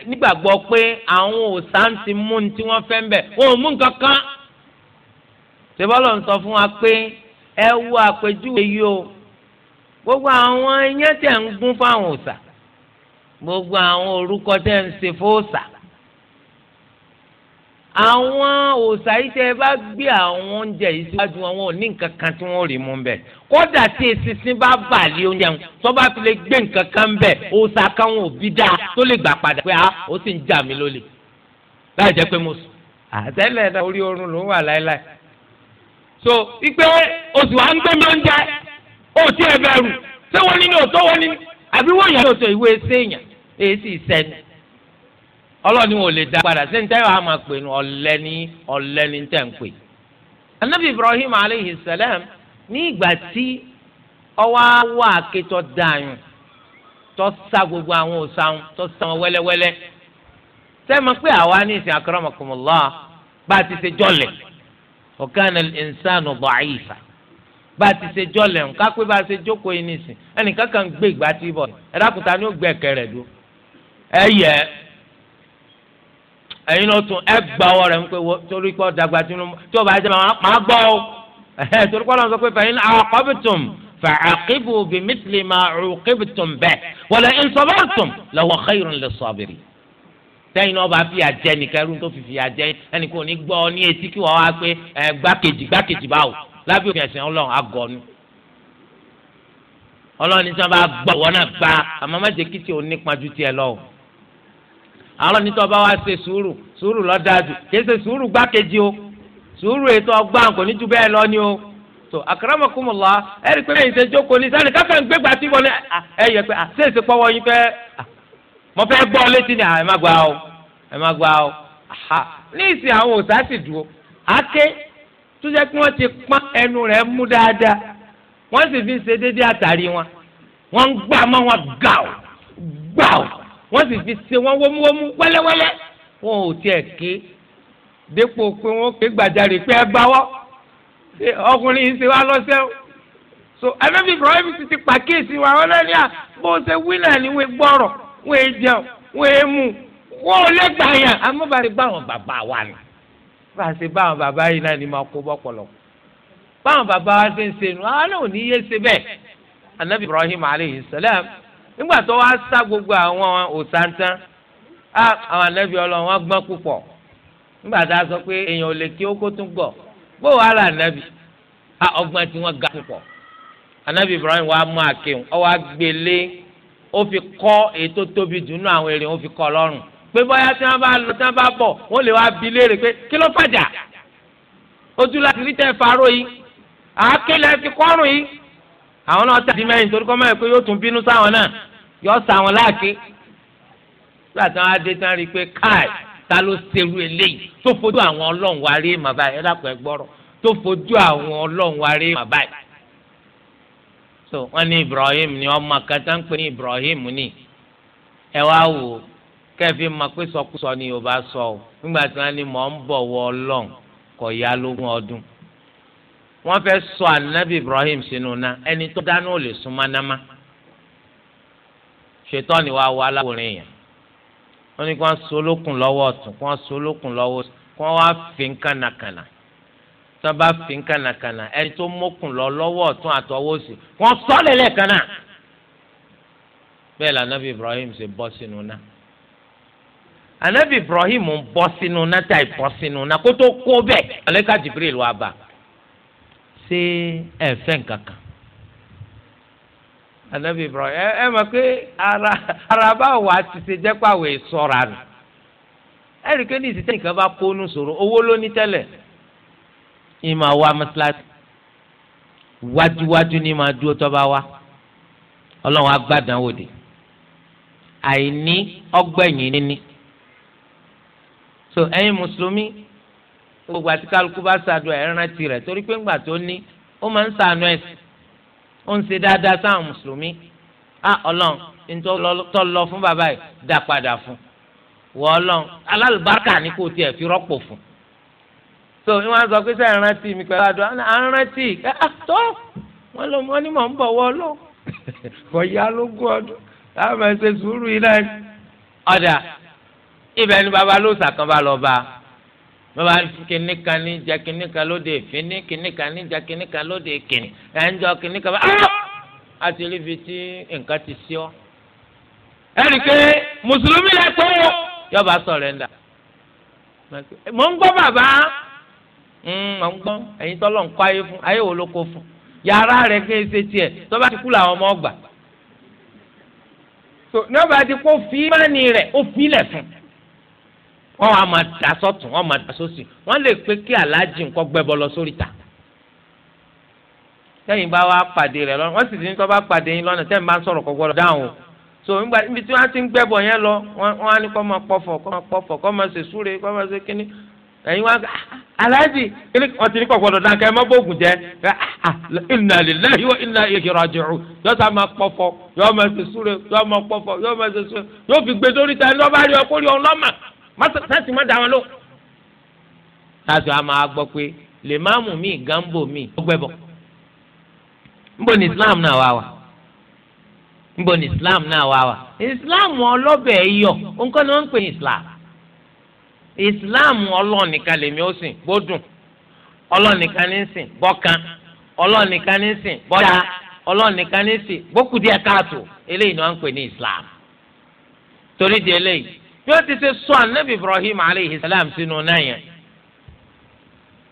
nígbàgbọ́ pé àwọn òsà ń ti mú ní tí wọ́n fẹ́ ń bẹ̀ wọn ò mú nǹkan kan ṣèbọ́lọ̀ ń sọ fún wa pé ẹ wo àpèjúwe yìí o gbogbo àwọn iyán tẹ̀ ń gún fáwọn òòṣà gbogbo àwọn orúkọ tẹ̀ ń ṣe fóòṣà àwọn òòṣà yìí tẹ́ ẹ bá gbé àwọn oúnjẹ yìí síwájú wọn wọn ò ní nǹkan kan tí wọ́n rí mú bẹ́ẹ̀ kódà tí eṣinṣin bá bà lé oúnjẹ wọn tó bá fi lè gbé nǹkan kan bẹ́ẹ̀ òòṣà kan wọn ò bí dáa tó lè gbà padà pé ah, ó sì ń jà mí lólè láì jẹ́ pé mo sùn àtẹ́lẹ̀ náà orí oorun ló wà láéláé so ìpè oṣù wa ń gbé mi oúnjẹ otu ti ẹ̀ bẹ̀rù ṣé wọ́n ní ní òótọ́ wọ́n ní àbí wọ́n yàn lóòótọ́ ìwé sèèyàn èyí sì sẹ́ni ọlọ́ni wọn ò lè dá padà sẹ́ni táyọ̀ máa pè ní ọ̀lẹ́ni ọ̀lẹ́ni tẹ̀ ń pè. anabi ibrahim aleyhi salam ní ìgbà tí ọwọ́ wà akétọ́ dààyàn tó sá gbogbo àwọn òsàn tó sá wọn wẹ́lẹ́wẹ́lẹ́ sẹ́mi pé àwa ní ìsìn akramakumullah bá a ti ṣe jọlẹ̀ wa kana al-insanu bá a ti ṣe jọlẹ̀ ń kápẹ́ bá a ṣe jókòó yìí nìsín ẹnìkan kan gbé ìgbà tí bọ̀ ẹ dákúta ni ó gbé ẹ̀kẹ́ rẹ̀ dúró ẹ yẹ ẹyin náà tún ẹ gbà ọ rẹ ń pé wọ torí pé ọ̀dàgbà Tinubu tí ọba ajẹ́ máa gbọ́ ọ torí pé ọlọ́run sọ pé fẹ̀yìn àkọ́bìtùm fàákìbù bí mítìlì máa rùkìbìtùm bẹ́ẹ̀ wọlé ìsọ̀bọ̀tùm lọ́wọ́ xeyìrún lè sọ abiri náà bá fi àjẹ nìkan tó fi fi àjẹ ẹnì kò ní gbọ́ ọ ní etí kí wọ́n wá pé gbákejì gbákejì báwò lábẹ́ òfin ẹ̀sìn ọlọ́run àgọ́nu ọlọ́run ní sábà gbọ́ wọn náà gbá àmọ́ má jẹ́ kí tí o nípa ju tiẹ̀ lọ. àwọn onítọ̀ bá wá ṣe sùúrù sùúrù lọ́dáàdù kì í ṣe sùúrù gbákejì o sùúrù ètò ọgbà kò ní ju bẹ́ẹ̀ lọ ni o. tó akramakumullah ẹ rí i pé ẹ̀yin ṣe jókòó ní sani káfíń ń gbégbá tí wọn ẹ yẹ pé ṣé èsì pọ́wọ́ yín fẹ́ mo fẹ́ gbọ́ létí ni ẹ má gbà o ẹ má gbà o ní ìsìn àwọn òṣà sì tó jẹ́ pé wọ́n ti pọ́n ẹnu rẹ̀ mú dáadáa wọ́n sì fi ṣe déédéé àtàrí wọn wọ́n ń gbà mọ́ wọn gàù gbàù wọ́n sì fi ṣe wọn wómúwómú wẹ́lẹ́wẹ́lẹ́ wọn ò tiẹ̀ ké dépò pé wọ́n ké gbàjarè pé ẹ gbáwọ́ ọkùnrin yìí ṣe wá lọ́sẹ̀ so anábì ibrahim ti ti pàkíyèsí wa wọn lẹ́ni à bó ṣe wí náà ni wọ́n e gbọ́rọ̀ wọ́n e jẹun wọ́n e mu wọ́n ò lẹ́gbàá yẹn amúbàrí bá wọn bàbá wa nù bá a ṣe bá àwọn bàbá yìí náà ni máa kó bọ́pọ̀lọ̀ báwọn bàbá wa ṣe ń ṣe nu àwọn ò ní yé ṣe bẹ́ẹ̀ anabi ibrahim aleyhi salam nígbà tó wá sá gbogbo àwọn òsántán àwọn anabi ọlọ́run wọn gbọ́n púpọ̀ nígbà tá a sọ pé èèyàn ò lè kí ó kó tún gbọ̀ bó wàá là anabi ọgbọ́n tí wọ́n ga púpọ̀ anabi ibrahim wa mú àkéwọn ọwọ́ agbélé ó fi kọ́ èyí tóbi jù nínú àwọn èrè ó fi kọ́ lọ́rùn pé bóyá tí wọ́n bá lọ tí wọ́n bá bọ̀ wọ́n lè wá bi léèrè pé kí ló fàjà ojú láti rí tẹ́ faró yìí àáké lẹ́ fi kọ́rùn yìí àwọn náà tàbí mẹ́rin torí kọ́ mẹ́rin pé yóò tún bínú sáwọn náà yọ sáwọn láàké nígbà tí wọ́n á dé tí wọ́n rí i pé káì ta ló ṣerú eléyìí tó fojú àwọn ọlọ́run wa rí màbá ẹ dàpọ̀ ẹ gbọ́rọ̀ tó fojú àwọn ọlọ́run wa rí màbá ẹ. so wọ́n ní Ibrahim ni ọmọ kẹta ń pè ní Ibrahim ni ẹ wá wò ó kẹfì mọ̀ pé sọkúsọ ni yorùbá sọ o nígbà tí wọ́n ní mọ̀ ń bọ̀ wọ ọlọ́run kò yá lógún ọdún wọ́n fẹ́ sọ anabi ibrahim sínú náà ẹni tó dáná ò lè sún mánámá ṣètọ́ ni wàá wọ aláwòrán èèyàn wọ́n ní kí wọ́n so olókùn lọ́wọ́ ọ̀tún kí wọ́n so olókùn lọ́wọ́ kí wọ́n wá fi ń kànàkànà tí wọ́n bá fi ń ẹni tó mókùn lọ lọ́wọ́ ọ̀tún àtọwọ́ sí wọ́n sọ lẹ́lẹ̀ kan náà bẹ́ẹ̀ lànàbí ibrahim ṣe bọ́ sínú náà anabi ibrahim ń bọ́ sínú náta ìbọ́ sínú náà kó tó kó jibril wá bá ṣé ẹ fẹ́ nǹkan kan anabi ibrahim ẹ ẹ mọ̀ pé ara ara bá wà á ti ṣe jẹ́ pàwé sọ̀ra nù ẹ rí i pé ní ìsìtẹ́ nìkan bá kónú sọ̀rọ̀ owó ló ní tẹ́lẹ̀ ìmọ̀ àwa mọ́sálásí wájúwájú ní máa dúró tó bá wá ọlọ́run agbádàn òde àìní ọgbẹ̀yìn níní so ẹ̀yin mùsùlùmí gbogbo àti kálukú bá ṣàdúrà ẹ rántí rẹ̀ torí pé ńgbà tó ní ó máa ń ṣàánú ẹ̀sìn ó ń ṣe dáadáa sáwọn mùsùlùmí á ọlọ́run ntọ́ lọ fún bàbá yìí dá padà fún wọ́ ọlọ́run alálùbáríkà ni kò tiẹ̀ fi rọ́pò fún so wọ́n sọ pé sẹ́yìn rántí mi pẹ̀lú àdúrà à ń rántí tó wọ́n lọ wọ́n ní mọ̀ ń bọ̀ wọ́ lọ kọ̀ọ̀yà lógún ọdún láwọn ẹ̀ṣẹ̀ sùúrù yìí náà ọ̀dà ibẹ̀ ni baba ló sàkán bá lọ bá baba kìnnì kan ní jẹ kìnnì kan lóde ìfínní kìnnì kan ní jẹ kìnnì kan lóde ìkìnnì ẹ̀ ń jọ kìnnì kan bá ah! a ti rí fi tí nǹkan ti sí ọ. ẹnì pé mùsùlùmí lè pé o yọba sọ̀rẹ́ndà mọ̀ ń gbọ́ bàbá mọ̀ hmm, ń gbọ́ ẹ̀yin tọ́lọ̀ ń kọ́ ayé fún ayé wo ló kó fún yàrá rẹ̀ kí ṣe tiẹ̀ tó ti kú làwọn ọmọ ọgbà. so ní ọba ti kó fi ìmánì rẹ̀ ó fi ilẹ̀ fún un wọ́n wá máa dà sọ́tún wọ́n máa dà sósì wọ́n lè pé kí aláàjì nǹkan gbẹ́bọ lọ sórí ta tẹ́yìn bá wá pàdé rẹ̀ lọ́nà wọ́n sì ti ní tó bá pàdé yín lọ́nà tẹ́yìn bá ń sọ̀rọ̀ kó gbọ́dọ̀ dáhùn o so nígbà níbi tí wọ́n ti ń gbẹ́bọ yẹn lọ wọ́n á ní kó máa pọ̀fọ̀ kó máa pọ̀fọ̀ kó máa ṣe súre kó máa ṣe kíní ẹ̀yin wá ah, aláàjì kíní wọ́n ti ní kó gbọ́dọ̀ dáhùn kẹ́ mọ́ bóògùn jẹ́ ah, ah, inna lillahi wa inna ilayhi raji'un yóò sá máa pọ̀fọ̀ yóò máa ṣe súre yóò máa pọ̀fọ̀ yóò máa ṣe súre yóò fi gbé dórí ta ẹni wọ́n bá rí ọkùnrin ọlọ́mà sátì ma dá wọn lò. sátì wa máa gbọ́ pé lè má mú mi gánbò mi ọgbẹ́bọ̀ níbo ni islam náà wà wá ni islam náà wà islam ọlọ́bẹ̀ yọ nǹkan ni wọ́n ń pè islam islam ọlọ́ọ̀nìkan lèmi ó sìn bó dùn ní sìn bọ́kan ní sìn ní sìn bí ó ti ṣe sọ anabi ibrahim aleyhi salam sínú náà yẹn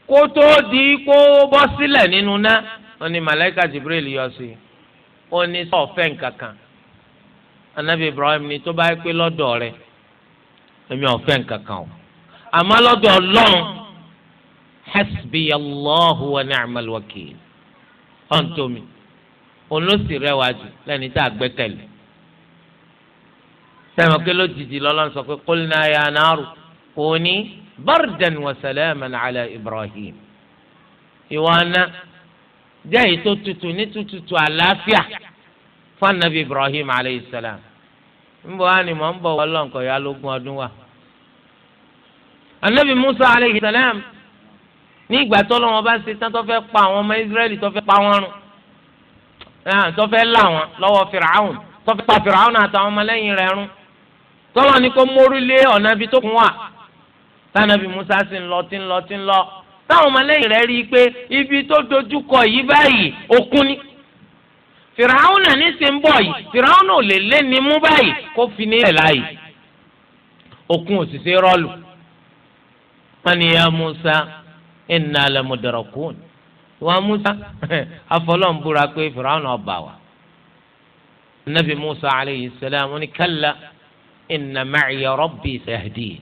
kó tó di kó bọ́ sílẹ̀ nínú náà ó ní malaika jibril yọ sí i ó ní sọ ọ̀fẹ́ nkankan anabi ibrahim ni tó bá pé lọ́dọ̀ rẹ̀ èmi ọ̀fẹ́ nkankan o àmọ́ lọ́dọ̀ ọlọ́run hasbi allahu wa ni'mal wakil ọ̀n tómi òun ló sì rẹwà jù lẹ́ni tá a gbẹ́kẹ̀lé sẹ́wọ̀n kí ló jìjì lọ́lọ́n sọ pé qulna ya naru kuni bardan wa salaman ala Ibrahim ìwọ aná jẹ́ èyí tó tutù ní tututu àlàáfíà fún anabi Ibrahim alayhi salam ń bọ̀ wá ni mò ń bọ̀ wọ́n lọ́nkọ̀ ya lógún ọdún wa. anabi Musa alayhi salam ní ìgbà tó lọ́wọ́ bá ṣe tán tó fẹ́ pa àwọn ọmọ Israẹli tó fẹ́ pa wọ́n run ah, tó fẹ́ là wọ́n lọ́wọ́ Firaun tó fẹ́ pa Firaun àtàwọn ọmọlẹ́yìn rẹ̀ run tọ́lọ́ ní kó mórí lé ọ̀nà ibi tó kún wà tánàbí Musa sì ń lọ tí ń lọ tí ń lọ táwọn ọmọlẹ́yìn rẹ̀ rí i pé ibi tó dojúkọ yìí báyìí òkun ni fìràhùn náà ní sí bọ̀ yìí fìràhùn ò lè lé ní mú báyìí kó fi ní ẹ̀ láàyè òkun òṣìṣẹ́ rọ́ọ̀lù wọn ni ya Musa inna la mudrakun wa Musa afọlọ́nbúra pé fìràhùn náà bà wá nabi Musa alayhi salam ní kálá inna ma'iya rabbi sahdin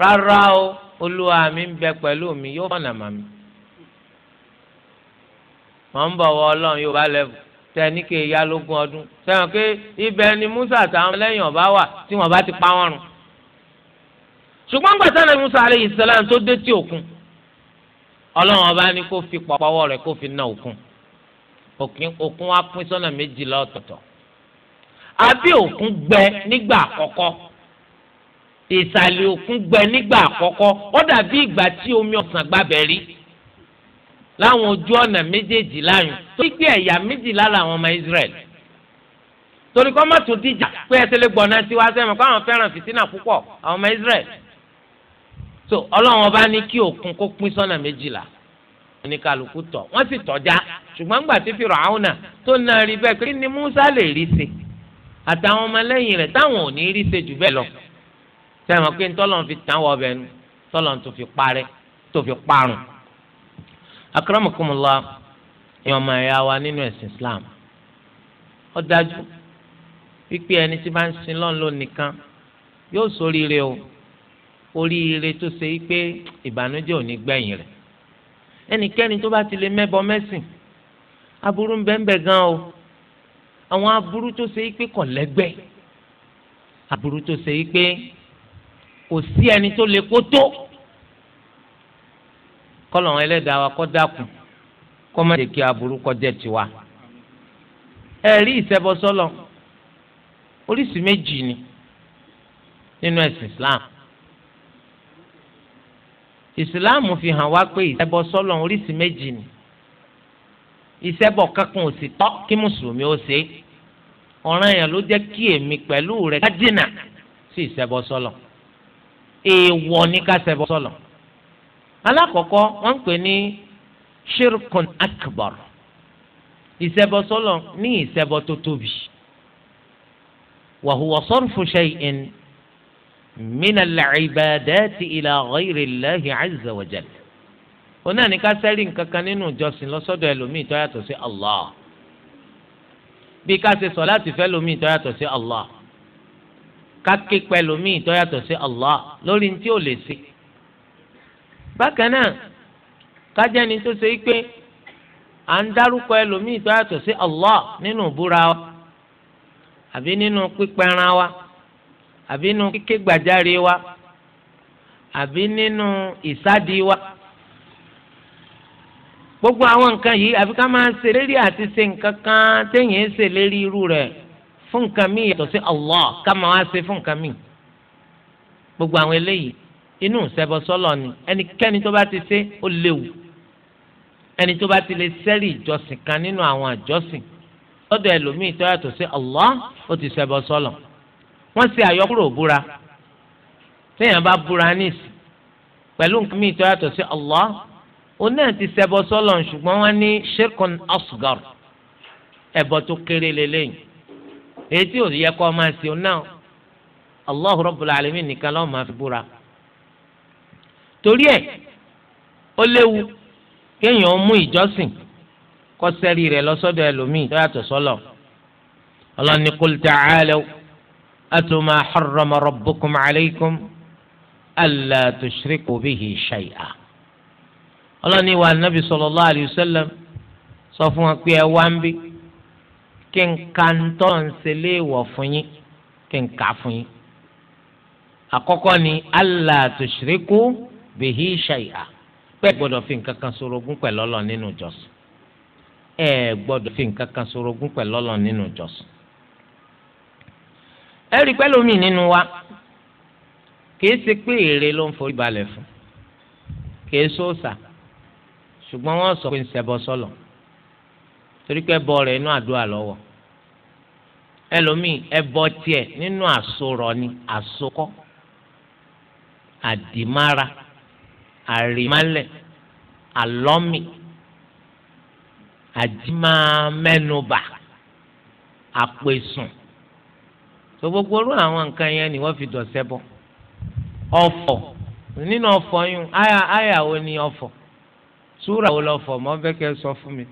rárá o olúwa mi ń bẹ pẹ̀lú mi yóò fọ̀nà mà mí. mọ̀ ń bọ̀ wọ ọlọ́run yóò bá lẹ́bù tẹ́ni kì í ya lógún ọdún sẹ́wọ̀n pé ibẹ̀ ni musa àtàwọn lẹ́yìn ọba wà tí wọ́n bá ti pa wọ́n rùn. ṣùgbọ́n gbàtà náà musa alayhi salam tó dé tí òkun ọlọ́run ọba ní kó fi pọ̀pọ̀wọ́ rẹ̀ kó fi ná òkun òkun wa pín sọ́nà méjìlá ọ̀tọ̀ọ̀tọ̀ abẹ́ òkun gbẹ nígbà àkọ́kọ́ ìsàlẹ̀ òkun gbẹ nígbà àkọ́kọ́ ó dàbí ìgbà tí omi ọ̀sán gbàbẹ̀ rí láwọn ojú ọ̀nà méjèèjì láyùn tó gbé ẹ̀yà méjìlá làwọn ọmọ Israẹli torí kọ́ má tún pé ẹ tẹ́lẹ̀ gbọ̀nà sí wa sẹ́wọ̀n káwọn fẹ́ràn fìtínà púpọ̀ àwọn ọmọ Israẹli so ọlọ́run ọba ní kí òkun kó pín sọ́nà méjìlá oníkàlùkù tọ̀ wọ́n sì tọ́já ṣùgbọ́n gbà tí Fíráúnà tó náà rí bẹ́ẹ̀ kí ni Musa lè rí sí i àtàwọn ọmọlẹ́yìn rẹ̀ táwọn ò ní rí ṣe jù bẹ́ẹ̀ lọ sẹ́wọ̀n pé ntọ́lọ́n fi tàn wọ́ bẹ́ẹ̀ nu tọ́lọ́n tó fi parẹ́ tó fi parun. akramakumullah ìwọ̀n ọmọ ẹ̀yà wa nínú ẹ̀sìn Islam ó dájú wípé ẹni tí bá ń sin lọ́n ló nìkan yóò ṣoríire o oríire tó ṣe wípé ìbànújẹ́ ò ní gbẹ̀yìn rẹ̀ ẹnikẹ́ni tó bá ti lè mẹ́bọ mẹ́sìn aburú ń bẹ́ẹ̀ bẹ́ẹ̀ gan o àwọn aburú tó ṣe pé kò lẹ́gbẹ́ aburú tó ṣe pé kò sí ẹni tó lè kó tó kọ́lọ̀ wọn ẹlẹ́dàá wa kọ́ dákun kọ́ má lè aburú kọ́ jẹ́ tiwa ẹ̀rí ìṣẹbọ sọ́lọ̀ oríṣi méjì ni nínú ẹ̀sìn Islam Islam fi hàn wá pé ìṣẹbọ sọ́lọ̀ oríṣi méjì ni ìṣẹbọ kankan ò sì tọ́ kí mùsùlùmí ó ṣe é ọ̀ràn yẹn ló jẹ́ kí èmi pẹ̀lú rẹ̀ ká dínà sí ìṣẹbọ sọ́lọ̀ èèwọ̀ ní ká ṣẹbọ sọ́lọ̀ alákọ̀ọ́kọ́ wọ́n ń pè ní shirkun akbar ìṣẹbọ sọ́lọ̀ ní ìṣẹbọ tó tóbi wa huwa sarfu shay'in min al-ibadati ila ghayri Allahi azza wa jalla onáà ní ká sẹ́rí nǹkan nínú ìjọsìn lọ́sọ́dọ̀ ẹlòmíì tó yàtọ̀ sí Allah bí ká ṣe lati fẹ́ lomi tó yàtọ̀ sí Allah ká ké pẹ́ lómi tó yàtọ̀ sí Allah lórí ní tí ò lè ṣe. bákan náà kájẹ́ni tó ṣe pé à ń dárúkọ ẹlòmíì tó sí Allah nínú ìbúra wa àbí nínú pípẹ́ran wa àbí nínú kíké gbàjáre wa àbí nínú ìsádi wa. gbogbo àwọn nǹkan yìí àfi ká máa ṣèlérí àti ṣe nǹkan kan téèyàn ń ṣèlérí irú rẹ̀ fún nǹkan míì yàtọ̀ sí Allah ká máa wá ṣe fún nǹkan míì gbogbo àwọn eléyìí inú ìṣẹbọ sọlọ ni ẹnikẹ́ni tó bá ti ṣe ó léwu ẹni tó bá ti lè sẹ́rì ìjọsìn kan nínú àwọn àjọsìn lọ́dọ̀ ẹlòmíì tó yàtọ̀ sí Allah ó ti ṣẹbọ sọlọ wọ́n ṣe àyọkúrò búra téèyàn bá búra níìsì pẹ̀lú nǹkan míì tó yàtọ̀ sí Allah òun náà ti ṣẹbọ sọlọ ṣùgbọ́n wọ́n ní shirkun asgar ẹbọ tó kéré lélẹyìn èyí tí òun yẹ kó máa ṣe òun náà allahu rabbul alamin nìkan lọ́wọ́ máa fi búra torí ẹ̀ ó léwu kéèyàn mú ìjọsìn kó sẹ́rí rẹ̀ lọ́sọ́dọ̀ ẹlòmíì tó yàtọ̀ sọlọ ọlọ́ni qul ta'alaw atuma harrama rabbukum alaykum alla tushriku bihi shay'a ọlọ́ni ìwà nàbì sallallahu alayhi wa sallam sọ fún wọn pé ẹ wá ń bí kí n ka ń tọ́ ń ṣe léèwọ̀ fún yín kí n kà fún yín. àkọ́kọ́ ni alla tushriku bihi shay'a pé ẹ gbọ́dọ̀ fi nǹkan kan sorogún pẹ̀lú Ọlọ́run nínú ìjọsìn ẹ gbọ́dọ̀ fi nǹkan kan sorogún pẹ̀lú Ọlọ́run nínú ìjọsìn. ẹ rí pẹ́ lómi nínú wa kì í ṣe pé èrè ló ń forí balẹ̀ fún kì í sóòsà. So ṣùgbọ́n wọ́n sọ pé ń ṣẹbọ sọlọ torí pé ẹbọ rẹ̀ inú àdúrà lọ́wọ́ ẹlòmíì ẹbọ tiẹ̀ nínú àsorọ ni àsokọ àdìmára àrìmálẹ̀ àlọ́mì àdìmámẹ́nubà àpèsùn tó gbogbo orú àwọn nǹkan yẹn ni wọ́n fi dọ̀sẹ́ bọ́ ọ̀fọ̀ nínú ọ̀fọ̀ yún àyà àyà wo ni ọ̀fọ̀ súrà wo lọ́fọ̀ mọ́ bẹ́ẹ̀ kẹ́ sọ fún mi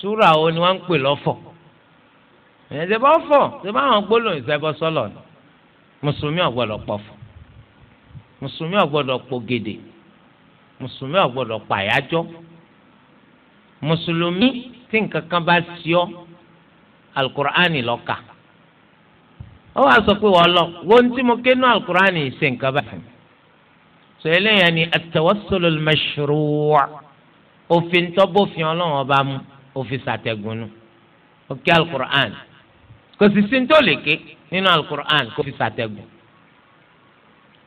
súrà wo ni wọ́n ń pè lọ́fọ̀ ẹ̀yìn ṣe bá fọ̀ ṣe bá àwọn gbólóhùn ìṣẹ́bọ sọ́lọ̀ ni mùsùlùmí ọ̀gbọ́dọ̀ pọ̀fọ̀ mùsùlùmí ọ̀gbọ́dọ̀ pògèdè mùsùlùmí ọ̀gbọ́dọ̀ pàyájọ́ mùsùlùmí tí nǹkan kan bá sí ọ alukur'ani lọ́ka ó wàá sọ pé wọ́n lọ wọ́n tí mo ké nú alukur'ani ṣe nǹkan báyìí sọ eléyàn ni at-tawassul òfin tọ́bọ̀fin ọlọ́run ọba mu òfin sàtẹ̀gùnú ó ké alukur'an kò sì sí tó lè ké nínú alukur'an kó fi sàtẹ̀gùn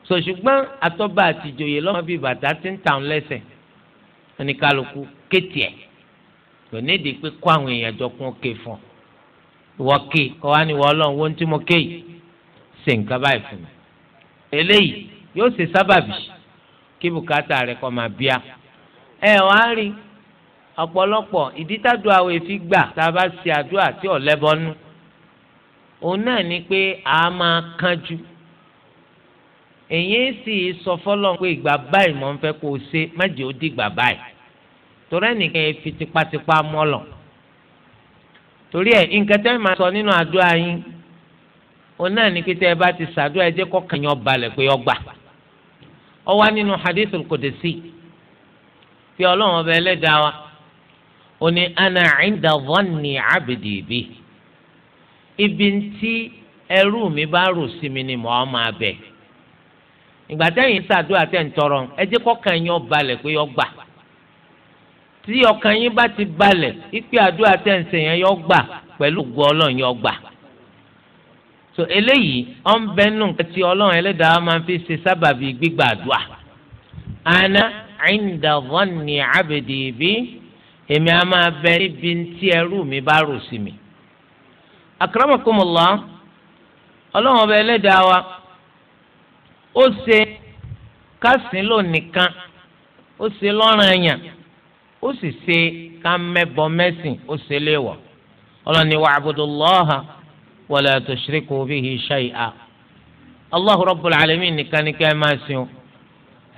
so ṣùgbọ́n atọ́ba àtijọ́yè lọ́mọ bíi bàtà ti ń tàn lẹ́sẹ̀ oníkálukú kéètì ẹ̀ kò nídìí pé kó àwọn èèyàn jọ kún òkè fún ọ ìwọ ké kọ́ wá ní ìwọ ọlọ́run wo ń tí mo ké yìí ṣe nǹkan báyìí fún mi eléyìí yóò ṣe sábàbí kí bùkátà rẹ kọ́ máa bíá ẹ wá rí ọ̀pọ̀lọpọ̀ ìdí tádùn àwọn èfi gbà tá a bá ṣe àdúrà tí ò lẹ́bọnú òun náà ni pé a máa kánjú èyí sì sọ fọlọ́n pé ìgbà báyìí mọ̀ ń fẹ́ kó o ṣe méje ó dìgbà báyìí torí ẹnìkan yẹn fi tipátipá mọ́lọ̀ torí ẹ̀ nǹkan tẹ́ máa sọ nínú àdúrà yín òun náà ni pé tẹ́ ẹ bá ti ṣàdúrà ẹ jẹ́ kọ́kàn yín ó balẹ̀ pé ó gbà ó wà nínú hadithul qudsi pé ọlọ́run ọba ẹlẹ́dàá wa ó ní ana inda dhanni abdi bi ibi tí ẹrú mi bá rò sí mi ni mò ń máa bẹ̀ ìgbà tẹ́yìn ṣàdúrà tẹ́ ń tọrọ ẹ jẹ́ kọ́kàn yín ó balẹ̀ pé ó gbà tí ọkàn yín bá ti balẹ̀ ìpè àdúrà tẹ́ yẹn ó gbà pẹ̀lú ògo ọlọ́run ó gbà so eléyìí ọ̀n bẹ́ẹ̀ nù tí ọlọ́run ẹlẹ́dàá máa fi ṣe sábàbí gbígbà àdúrà àná. ẹ̀ńdà vọ́ọ̀nì àbèdì bí èmi á máa bẹ níbi tí ẹrú mi bá rò sí mi. akramakumullah ọlọ́run ọba ẹlẹ́dàá wa ó ṣe kásìn lò nìkan ó ṣe lọ́rùn ẹ̀yàn ó sì ṣe ká mẹ́bọ mẹ́sìn ó ṣe léwọ̀ ọlọ́ni wa'budullaha wala tushriku bihi shay'a Allahu rabbul alamin nìkan ni ká ẹ máa sìn o.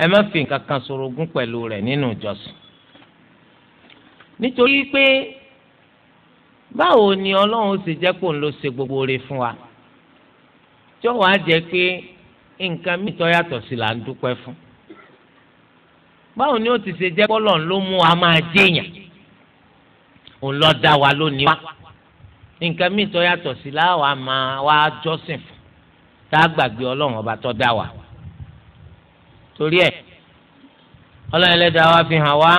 ẹ má fi nǹkan kan sorogún pẹ̀lú rẹ̀ nínú ìjọsìn nítorí pé báwo ni ọlọ́run ṣe jẹ́ kó ń lọ ṣe gbogbo oore fún wa tí ó wàá jẹ́ pé nǹkan mi tó yàtọ̀ sí là ń dúpẹ́ fún báwo ni ó ti ṣe jẹ́ kọ́lọ̀ ló mú wa máa jẹ́yàn òun ló dá wa lónìí wá nǹkan mi tó yàtọ̀ sí láwa máa wá jọ́sìn fún tá a gbàgbé ọlọ́run ọba tó dá wa torí ẹ̀ ọlọ́run ẹlẹ́dàá wa fi hàn wá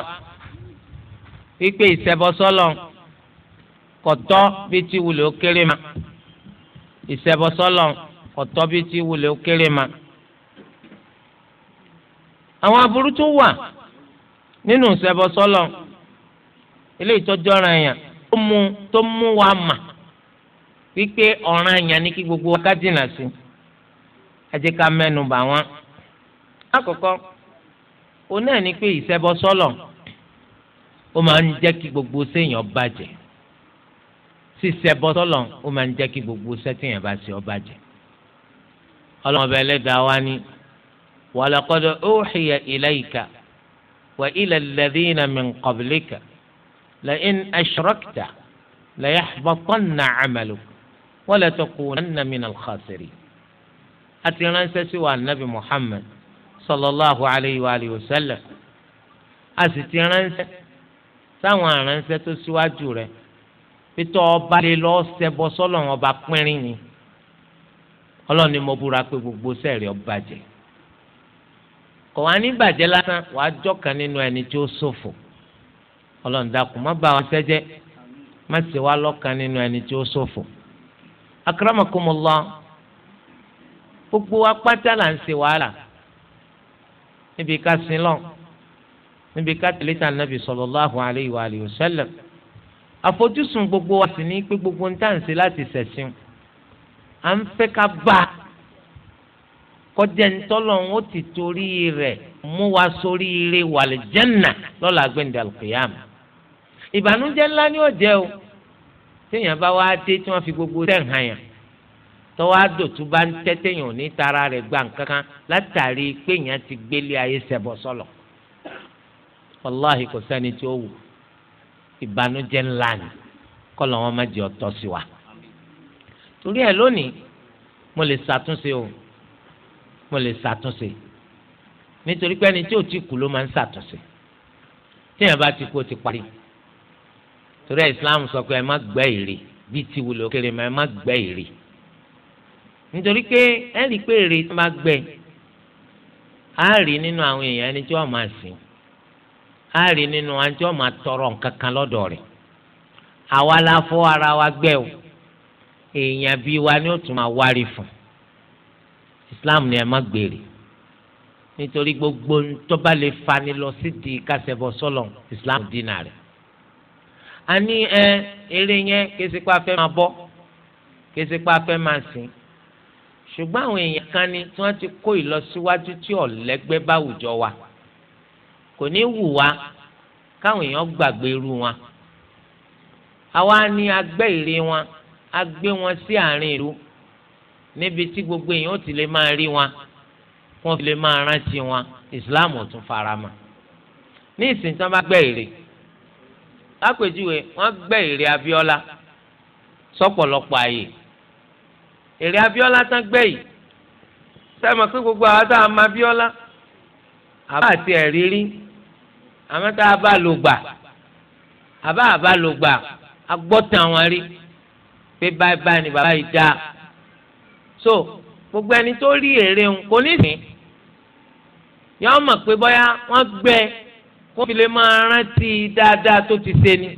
wípé ìṣẹbọ sọ́lọ̀ kọ̀tọ́ bí ti wulẹ̀ ó kéré ma ìṣẹbọ sọ́lọ̀ kọ̀tọ́ bí ti wulẹ̀ ó kéré ma. àwọn aburú tún wà nínú ìṣẹbọ sọ́lọ̀ ilé ìtọ́jú ọ̀ràn èèyàn tó mú tó mú wa mà wípé ọ̀ràn èèyàn ní kí gbogbo wa ká jìnnà sí ajẹ́ká mẹ́nu bà wọ́n àkọ́kọ́ òun náà ni pé ìṣẹbọ sọ́lọ̀ ó máa ń jẹ́ kí gbogbo séèyàn bàjẹ́ síṣẹbọ sọ́lọ̀ ó máa ń jẹ́ kí gbogbo sẹ́tìyàn bá ṣe ọ bàjẹ́ ọlọ́mọbẹ ẹlẹ́dàá wa ni walaqad uhiya ilayka wa ila alladhina min qablika la'in ashrakta layahbatanna 'amaluka wa latakunanna minal khasirin àti ránṣẹ́ sí wa nabi Muhammad sallallahu alayhi wa alihi wa sallam a sì ti ránṣẹ́ sáwọn aránṣẹ́ tó síwájú rẹ̀ pété ọba lè lọ ṣẹbọ sọ́lọ́run ọba pínrín ni Ọlọ́run ni mo búra pé gbogbo sẹẹrì ọba jẹ kò wá ní bàjẹ́ lásán wàá jọ̀kan nínú ẹni tí ó ṣòfò Ọlọ́run má bà wá sẹ́jẹ́ má sì wá lọ́kan nínú ẹni tí ó ṣòfò akramakumullah gbogbo wa là ń ṣe wàhálà níbi ká sílọ̀ níbi ká tẹ̀lé tà nàbì sallallahu alayhi wa alihi wa sallam àfojúsùn gbogbo wa sì ní pé gbogbo ń tàǹsí láti ṣẹ̀sìn à ń fẹ́ ká bá a kọjá ntọ́lọ́n ó ti torí rẹ̀ mú wa sórí ire wàlẹ̀ jẹ́nà lọ́la gbẹ̀ndẹ̀ alùpùpù ìbànújẹ́ ńlá ni ó jẹ́ o téèyàn bá wá dé tí wọ́n fi gbogbo tẹ̀ yàn tọ́wọ́ àdòtú bá ń tẹ́tẹ́ yàn ní tara rẹ̀ gba nǹkan látàrí pé yẹn ti gbélé ayé sẹ́bọ̀ sọ̀lọ̀ wàláhì kò sẹ́ni tí ó wù ìbànújẹ́ ńlá ni kọ́lọ̀ wọn má jẹ́ ọ̀tọ̀ sí wa torí ẹ̀ lónìí mo lè ṣàtúnṣe o mo lè ṣàtúnṣe nítorí pé ẹni tí ò ti kú ló máa ń ṣàtúnṣe tí yẹn bá ti kú ó ti parí torí ẹ̀ Islam sọ pé ẹ má gbẹ́ èrè bíi tiwulẹ̀ òkèrè mà ẹ má gbẹ́ èrè nítorí pé ẹ rí i pé èrè tó máa gbẹ á rí nínú àwọn èèyàn ẹni tí wọ́n máa sìn á rí nínú àwọn tí wọ́n máa tọrọ nǹkan kan lọ́dọ̀ rẹ̀ àwa la fọ́ ara wa gbẹ o èèyàn bíi wa ni ó tún máa wárí fún Islam ni ẹ má gbèrè nítorí gbogbo tó bá lè fani lọ sídìí kásẹ̀bọ̀ sọ́lọ̀ Islam dínà rẹ̀ a ní ẹ eré yẹn késepa fẹ́ máa bọ́ késepa fẹ́ máa sìn ṣùgbọ́n àwọn èèyàn kan ni tí wọ́n ti kó ìlọsíwájú tí ọ̀lẹ́gbẹ́ bá àwùjọ wa kò ní wù wá káwọn èèyàn gbàgbé irú wọn àwa ni agbẹ́ ìrè wọn a gbé wọn sí àárín ìlú níbi tí gbogbo èèyàn ó ti lè máa rí wọn wọn fi lè máa rántí wọn ìsìláàmù ò tún fara mọ́ ní ìsìn tí wọ́n bá gbẹ́ ìrè lápèjúwe wọ́n gbẹ́ ìrè Abíọ́lá sọ́pọ̀lọpọ̀ àyè. So èrè Abíọ́lá tán gbẹ yìí sẹ́mi pé gbogbo àwọn tá a ma Abíọ́lá àbá àti ẹ̀rírí àmọ́ tá a bá lò gbà àbá àbá lò gbà a gbọ́ tàn wọ́n rí pé báyìí báyìí ni bàbá yìí dá so gbogbo ẹni tó rí èrè ń kò ní sìn yọọ mọ̀ pé bóyá wọ́n gbẹ kó fi lè máa rántí dáadáa tó ti ṣe ni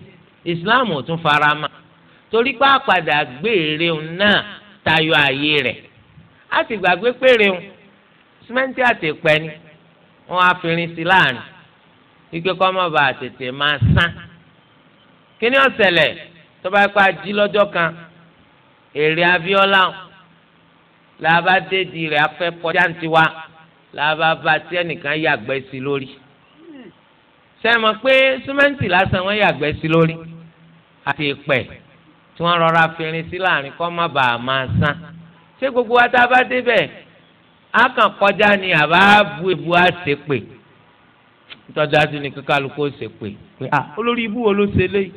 Islam ò tún fara mọ́ torí pé àpàdà gbé èrè ń náà tayọ ààyè rẹ̀ á sì gbàgbé péré ń símẹ́ǹtì àtẹ̀pẹ́ ni wọ́n á fìrin sí láàrin ike kọ́ mọ́ bá tètè máa sán kí ni ó ṣẹlẹ̀ tó bá pa jí lọ́jọ́ kan èrè Abíọ́lá làbá dédi rẹ̀ afẹ́ kọjá ní tiwa làbá bá tí ẹnìkan yàgbẹ́ sí lórí sẹ́mọ̀ pé símẹ́ǹtì lásán wọ́n yàgbẹ́ sí lórí àti tí wọ́n rọra fìrin sí láàrin kọ́ má bàa máa sán ṣé gbogbo wa tá a bá débẹ̀ á kàn kọjá ni àbá bu ebu á ṣe pè nítorí àti ní kíkálukú ó ṣe pè pé à ah, olórí ibú wo ló ṣe léyìí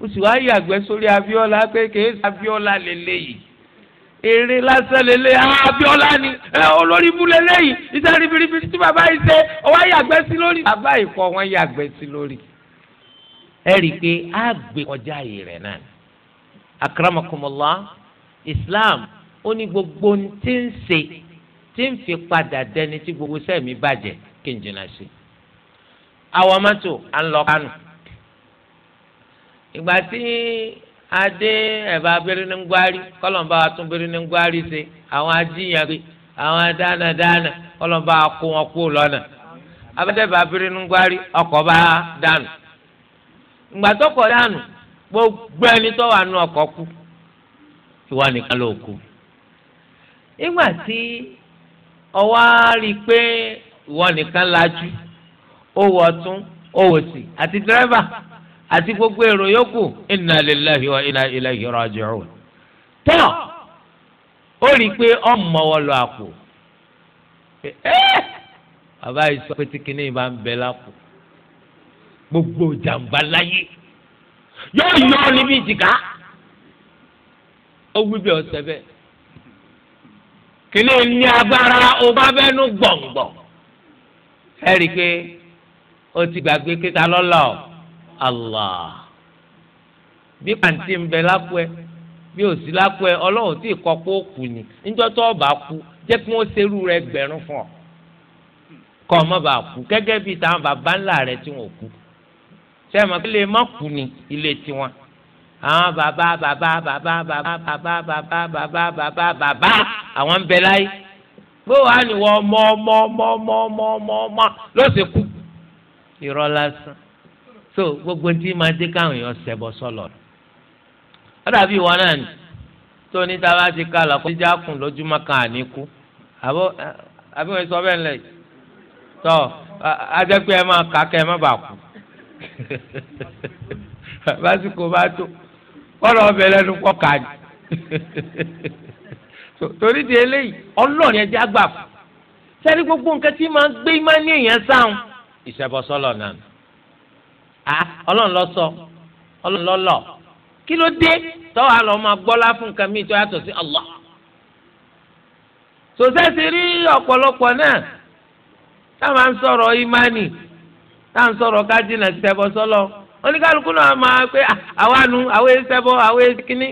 ó sì wáá yàgbẹ́ sórí Abíọ́lá pé kèé Abíọ́lá lélẹ́yìí eré lásán lélẹ́yìí ah, Abíọ́lá ni olórí ibú lélẹ́yìí iṣẹ́ ribiribi tí bàbá yìí ṣe ó wáá yàgbẹ́ sí lórí bàbá yìí kọ́ wọ́n yàgbẹ́ sí lórí ẹ rí i pé á gbé kọjá yìí rẹ̀ náà akramakumullah islam ó ní gbogbo tí ń ṣe tí ń fi padà dẹni tí gbogbo sẹ́mi bàjẹ́ kí n jìnnà sí. àwọn mọ́tò à ń lọ kánò ìgbà tí adé ẹ̀bà abẹ́rẹ́ni ngbárí kọ́lọ́mbà wa tún abẹ́rẹ́ni ngbárí ṣe àwọn ajíyànrí àwọn dánadáná kọ́lọ́mbà wa kó wọn kú lọ́nà abẹ́dẹ́bà abẹ́rẹ́ni ngbárí ọkọ̀ bá dànù ìgbà tó kọ̀ dànù gbogbo ẹni tó wà nù ọkọ̀ kú ìwà nìkan ló kù nígbà tí ọwọ́ á rí i pé ìwọ nìkan lajú owó ọ̀tún owó sí àti dírẹ́fà àti gbogbo èrò yòókù inna lillahi wa inna ilayhi raji'un tẹ́lọ̀ ó rí i pé ọmọ wọn lọ àpò bàbá yìí sọ pé tí kinní yìí bá ń bẹ lápò gbogbo jàǹbá láyé yóò yọ níbi ìjìká ó wí bí ọsẹ bẹ́ẹ̀ kìnìún ní agbára ọba bẹnu gbọǹgbọ ẹ rí i pé ó ti gbàgbé kíta lọ́la ọ Allah bí pàǹtí ń bẹ lápò ẹ bí ò sí lápò ẹ ọlọ́run tí ìkọ́ pé ó kù ni níjọ́ tó ọba kú jẹ́ kí wọ́n ṣerú rẹ gbẹ̀rún fún ọ kọ́ ọ má bàa kú gẹ́gẹ́ bíi táwọn bàbá ńlá rẹ tí wọ́n kú sẹ́mi kí lè má kú ni ilé tiwọn àwọn bàbá bàbá bàbá bàbá bàbá bàbá bàbá bàbá bàbá àwọn ń bẹ láyé bó wàá ní wọ́n mọ́ mọ́ mọ́ mọ́ mọ́ mọ́ mọ́ ló sì kú irọ́ lásán so gbogbo tí máa dé káwọn èèyàn ṣẹbọ sọlọ ọ dàbí ìwọ náà ni tó ní tá a bá ti ká lọkọ jíjà kùn lójúmọ́ kan àníkú àbọ àbí wọn sọ bẹ́ẹ̀ lẹ tọ ajẹpẹ ẹ máa kà kẹ ẹ má bàa kú lásìkò bá tó kọ́lọ̀ ọbẹ̀ lẹ́nu kọ́ kàn torí di eléyìí ọlọ́ọ̀ni ẹ̀jẹ̀ àgbà fún sẹ́ni gbogbo nǹkan tí máa ń gbé máa ní èèyàn sáwọn. ìṣẹ̀bọ̀sọ́lọ̀ náà a ọlọ́run lọ sọ ọlọ́run lọ lọ kí ló dé tọ́wọ́ àlọ́ máa gbọ́lá fún nǹkan míì tó yàtọ̀ sí Allah. sòsẹ́sì rí ọ̀pọ̀lọpọ̀ náà táwọn sọ̀rọ̀ ìmánì táà ń sọ̀rọ̀ ká jìnnà ṣẹbọ sọ́lọ́ oníkálukú náà máa pé ah, àwa nu àwa yẹn ṣẹbọ àwa yẹn kíní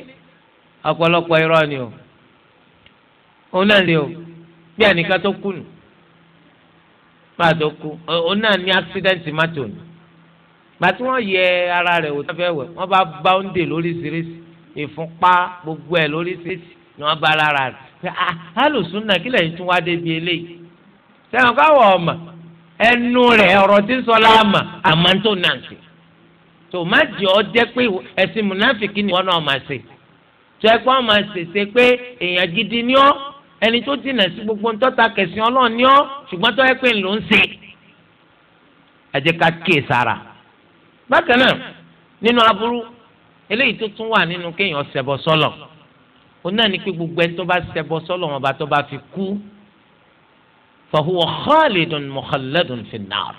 ọ̀pọ̀lọpọ̀ irọ́ ni o òun náà lè o bí ànìkan tó kú nù bá a tó kú òun náà ní accident mọ́tò ni gbàtí wọ́n yẹ ara rẹ̀ wò sáfẹ́ wẹ̀ wọ́n bá báúndè lóríṣiríṣi ìfúnpá gbogbo ẹ̀ lóríṣiríṣi ni wọ́n bá lára rẹ̀ alùsùn ah, náà kí lẹ́yìn tún wá débi eléyìí sẹ́wọ̀n káwọ̀ ọ̀mà ẹnu rẹ̀ ọ̀rọ̀ tí ń sọ láàmà àmà tó nà ń sè tó má jẹ́ ọ jẹ́ pé ẹ̀sìn mùnáfìkì ni wọ́n náà máa ṣe tó ẹ kó máa ṣèṣe pé èèyàn gidi ni ọ́ ẹni tó dìnà sí gbogbo ń tọ́ta kẹsìn ọlọ́run ni ọ́ ṣùgbọ́n tó ẹ pé ń lò ń ṣe àjẹká kéè sára bákan náà nínú aburú eléyìí tó tún wà nínú kéèyàn ṣẹbọ sọlọ òun náà ní pé gbogbo ẹni tó bá ṣẹbọ sọlọ wọn bá tó bá fi kú فهو خالد مخلد في النار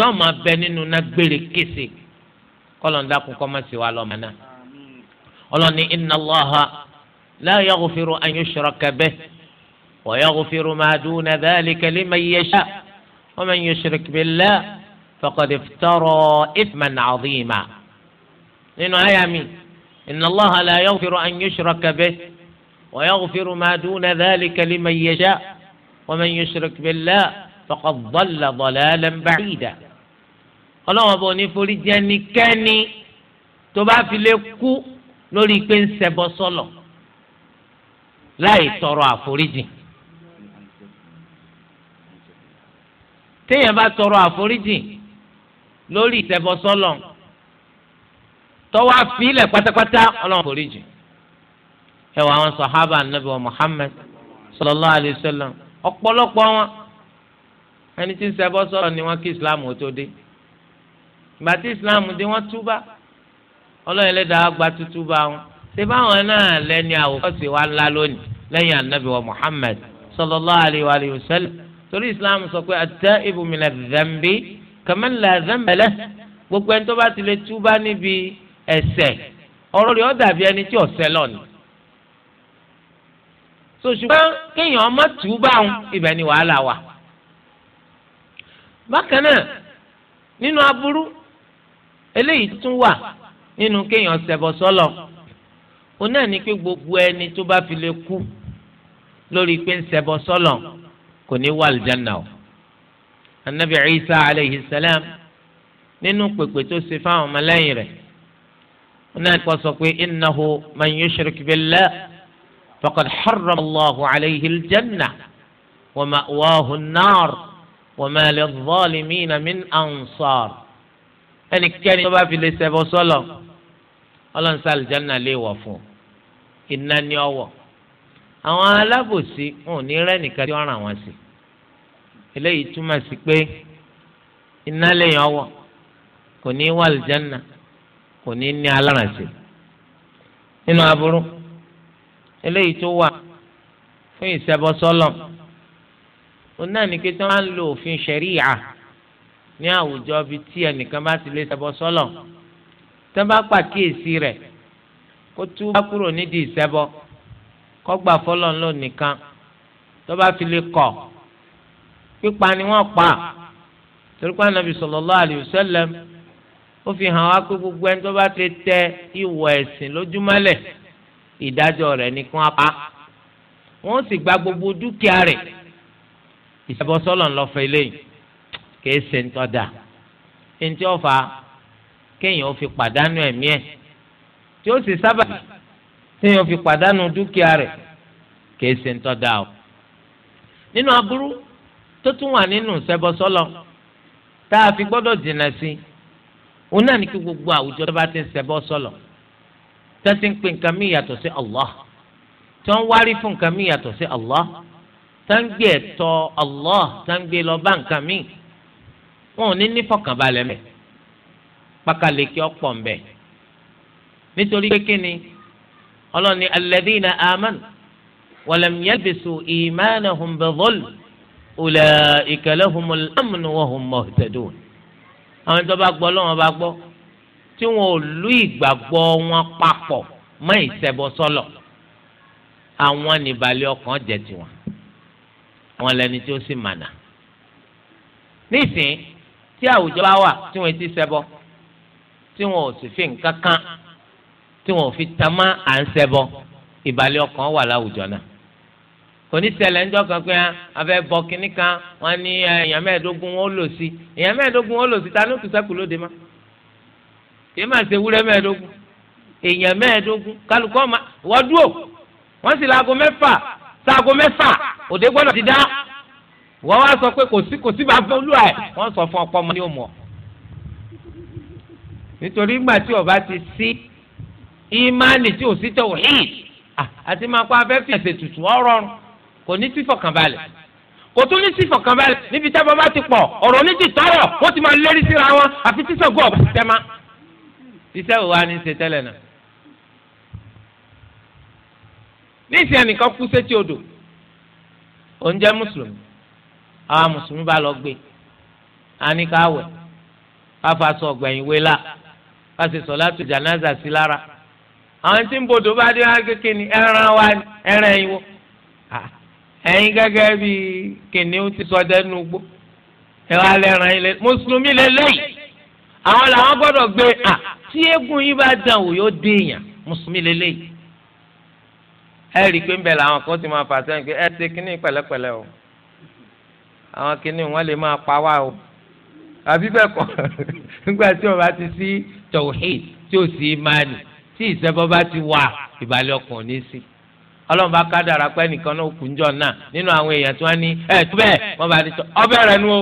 يوم بنين نكبر كيسي قالوا لكم كما سوى لنا قالوا إن الله لا يغفر أن يشرك به ويغفر ما دون ذلك لمن يشاء ومن يشرك بالله فقد افترى إثما عظيما إنه أيامي إن الله لا يغفر أن يشرك به ويغفر ما دون ذلك لمن يشاء ومن يشرك بالله فقد ضل ضلالا بعيدا ọlọ́wọ́n bọ̀ ní forí jẹ́ nìkẹ́ni tó bá fi lè kú lórí pé ń ṣẹbọ sọ́lọ̀ láì tọrọ àforíjì téèyàn bá tọrọ àforíjì lórí ìṣẹbọ sọ́lọ̀ tọwọ́ àfilẹ̀ pátápátá ọlọ́wọ́n foríjì ẹ àwọn sàhábà nàbẹ̀wò Muhammad sallallahu alayhi wa ọ̀pọ̀lọpọ̀ wọn ẹni tí ń ṣẹbọ sọ̀rọ̀ ni wọ́n kí islam ó tó dé ìgbà tí islam dé wọ́n túbà ọlọ́run ẹlẹ́dàá gba tútúbà wọn ṣé báwọn náà lẹ́ni àwòkọ́ṣe wa ńlá lónìí lẹ́yìn anabi wa muhammad sallallahu alayhi wa sallam torí islam sọ pé at-taibu mina dhanbi kaman la dhanba lahu gbogbo ẹni tó bá ti lè túbà níbi ẹ̀ṣẹ̀ ọ̀rọ̀ rẹ̀ ó dàbí ẹni tí ọ̀sẹ̀ lọ́nìí so ṣùgbọ́n kéèyàn ọmọ tù ú bá òun ibẹ̀ ni wàhálà wà. bákan náà nínú aburú eléyìí tún wà nínú kéèyàn ṣẹbọ sọlọ òun náà ní pé gbogbo ẹni tó bá fi lè kú lórí pé ń ṣẹbọ sọlọ kò ní wà lìjánà o. anabi isa aleyhi salam nínú pèpè tó ṣe fáwọn ọmọlẹ́yìn rẹ̀ òun náà kọ́ sọ pé innahu man فقد حرم الله عليه الجنة ومأواه النار وما للظالمين من أنصار ẹnì kẹ́ni tó bá fi lè ṣẹbọ sọ́lọ̀ ọlọ́run sá àlùjáná lè wọ̀ fún iná ní ọwọ́ àwọn alábòsí wọn ò ní rẹ́nìkan tí wọ́n ràn wọ́n sí eléyìí túmọ̀ sí pé iná lẹ́yìn ọwọ́ kò ní wà àlùjáná kò ní ní alárànṣe nínú aburú eléyìí tó wà fún ìṣẹbọsọlọ òun náà ní kí tí wọn lo òfin ṣẹríà ní àwùjọ bíi tí ẹnìkan bá ti lè ṣẹbọsọlọ tí wọn bá pàkíyèsí rẹ̀ kó tú bá kúrò nídìí ìṣẹbọ kó gbà fọlọ ńlọ nìkan tó bá fi lè kọ̀ pípa ni wọn pa torí pé anabi sallallahu ó fi hàn wá pé gbogbo ẹni tó bá ti tẹ ìwọ ẹ̀sìn lójúmọ́lẹ̀ ìdájọ́ rẹ̀ ní kún apá wọ́n sì gba gbogbo dúkìá rẹ̀ ìṣàbọ̀sọ́lọ̀ ń lọ fẹ́ eléyìí kìí ṣe ń tọ́da ẹni tí ó fa kéèyàn ó fi pàdánù ẹ̀mí ẹ̀ tí ó sì sábàbí téèyàn fi pàdánù dúkìá rẹ̀ kìí ṣe ń tọ́da o nínú aburú tó tún wà nínú ìṣàbọ̀sọ́lọ̀ tá a fi gbọ́dọ̀ jìnnà sí òun náà ní kí gbogbo àwùjọ tó bá ti ń ṣẹbọ sọlọ. So tí wọ́n ti ń pè nǹkan mí yàtọ̀ sí Allah tí wọ́n wárí fún nǹkan mí yàtọ̀ sí Allah tí wọ́n gbé ẹ̀tọ́ Allah tí wọ́n gbé lọ bá nǹkan mí wọn ò ní ní fọkànbalẹ̀ mẹ́ pàkàlẹ́kẹ́ ọ̀pọ̀ mbẹ́ nítorí pé kíni ọlọ́ni alladhina amanu walam yalbisu imanahum bidhulm ulaika lahumul amnu wa hum muhtadun àwọn tó gbọ́ lọ́wọ́ bá gbọ́ tí wọn ò lú ìgbàgbọ́ wọn papọ̀ mọ́ ìṣẹbọ sọ́lọ̀ àwọn nìbalẹ̀ ọkàn jẹ́ tiwọn wọn lẹni tí ó sì mànà nísìnyí tí àwùjọ bá wà tí wọn ti ṣẹbọ tí wọn ò sì fi nǹkan kan tí wọn ò fi tamá à ń ṣẹbọ ìbalẹ̀ ọkàn wà láwùjọ náà oníṣẹ̀lẹ̀ ńjọ́ kan pé afẹ́ bọ kínní kan wọn ní èèyàn mẹ́ẹ̀ẹ́dógún wọn ó lò sí èèyàn mẹ́ẹ̀ẹ́dógún wọn ó lò sí ta lóde máa kì í máa ṣe wúrẹ́ mẹ́ẹ̀ẹ́dógún èèyàn mẹ́ẹ̀ẹ́dógún kálukọ́ ma wọ́n dúró wọ́n sì laago mẹ́fà sáago mẹ́fà òde gbọ́dọ̀ ti dá wọ́n wá sọ pé kò sí kò sí bá fún olúwa ẹ̀ wọ́n sọ fún ọpọ ọmọ ní òmùọ́ nítorí ìgbà tí ọba ti sí ìmánì tí ò sí tẹ̀wọ̀ hìn àti máa kó afẹ́ fi ẹ̀sẹ̀ tutù ọ̀rọ̀rùn kò ní sí fọkànbalẹ̀ kò tún ní sí fọkànbalẹ̀ níbi tábọ̀ bá ti pọ̀ ọ̀rọ̀ ní ti tọrọ wọ́n ti máa lérí síra wọn àfi tíṣọ̀gọ́ ọ̀bà tẹ́ máa iṣẹ́ wo wá ní ṣe tẹ́lẹ̀ náà níṣẹ́ nìkan kú sétí odò òun jẹ́ mùsùlùmí àwa mùsùlùmí bá lọ gbé àní ká wẹ̀ ká fa aṣọ ọ̀gbẹ̀yìn wé la ká sì sọ̀látù jánásà sí lára àwọn tí ń bodò bá dé wá kékeré ni ẹran wa ẹran ẹ̀yin wo ẹ̀yin gẹ́gẹ́ bí kìnìún ti sọ dẹnu gbó ẹ wá lẹran yín lẹ mùsùlùmí lẹ lẹ́yìn àwọn làwọn gbọ́dọ̀ gbé à tí eégún yín bá dàn wò yóò dé èèyàn mùsùlùmí lélẹ́yìí ẹ rí i pé ń bẹ̀ làwọn kan ti máa fà sẹ́yìn pé ẹ ṣe kínní pẹ̀lẹ́pẹ̀lẹ́ o àwọn kínní wọn lè máa pa wá o àbí bẹ́ẹ̀ kọ́ nígbà tí ọba ti sí tawhid tí ò sí imáàni tí ìṣẹ́bọ bá ti wà ìbàlẹ̀ ọkàn ní sí ọlọ́run bá ká dára pé nìkan náà kù ń jọ náà nínú àwọn èèyàn tí wọ́n ní ẹ tó bẹ́ẹ̀ wọ́n bá ní tọ́ ọbẹ̀ rẹ̀ nu o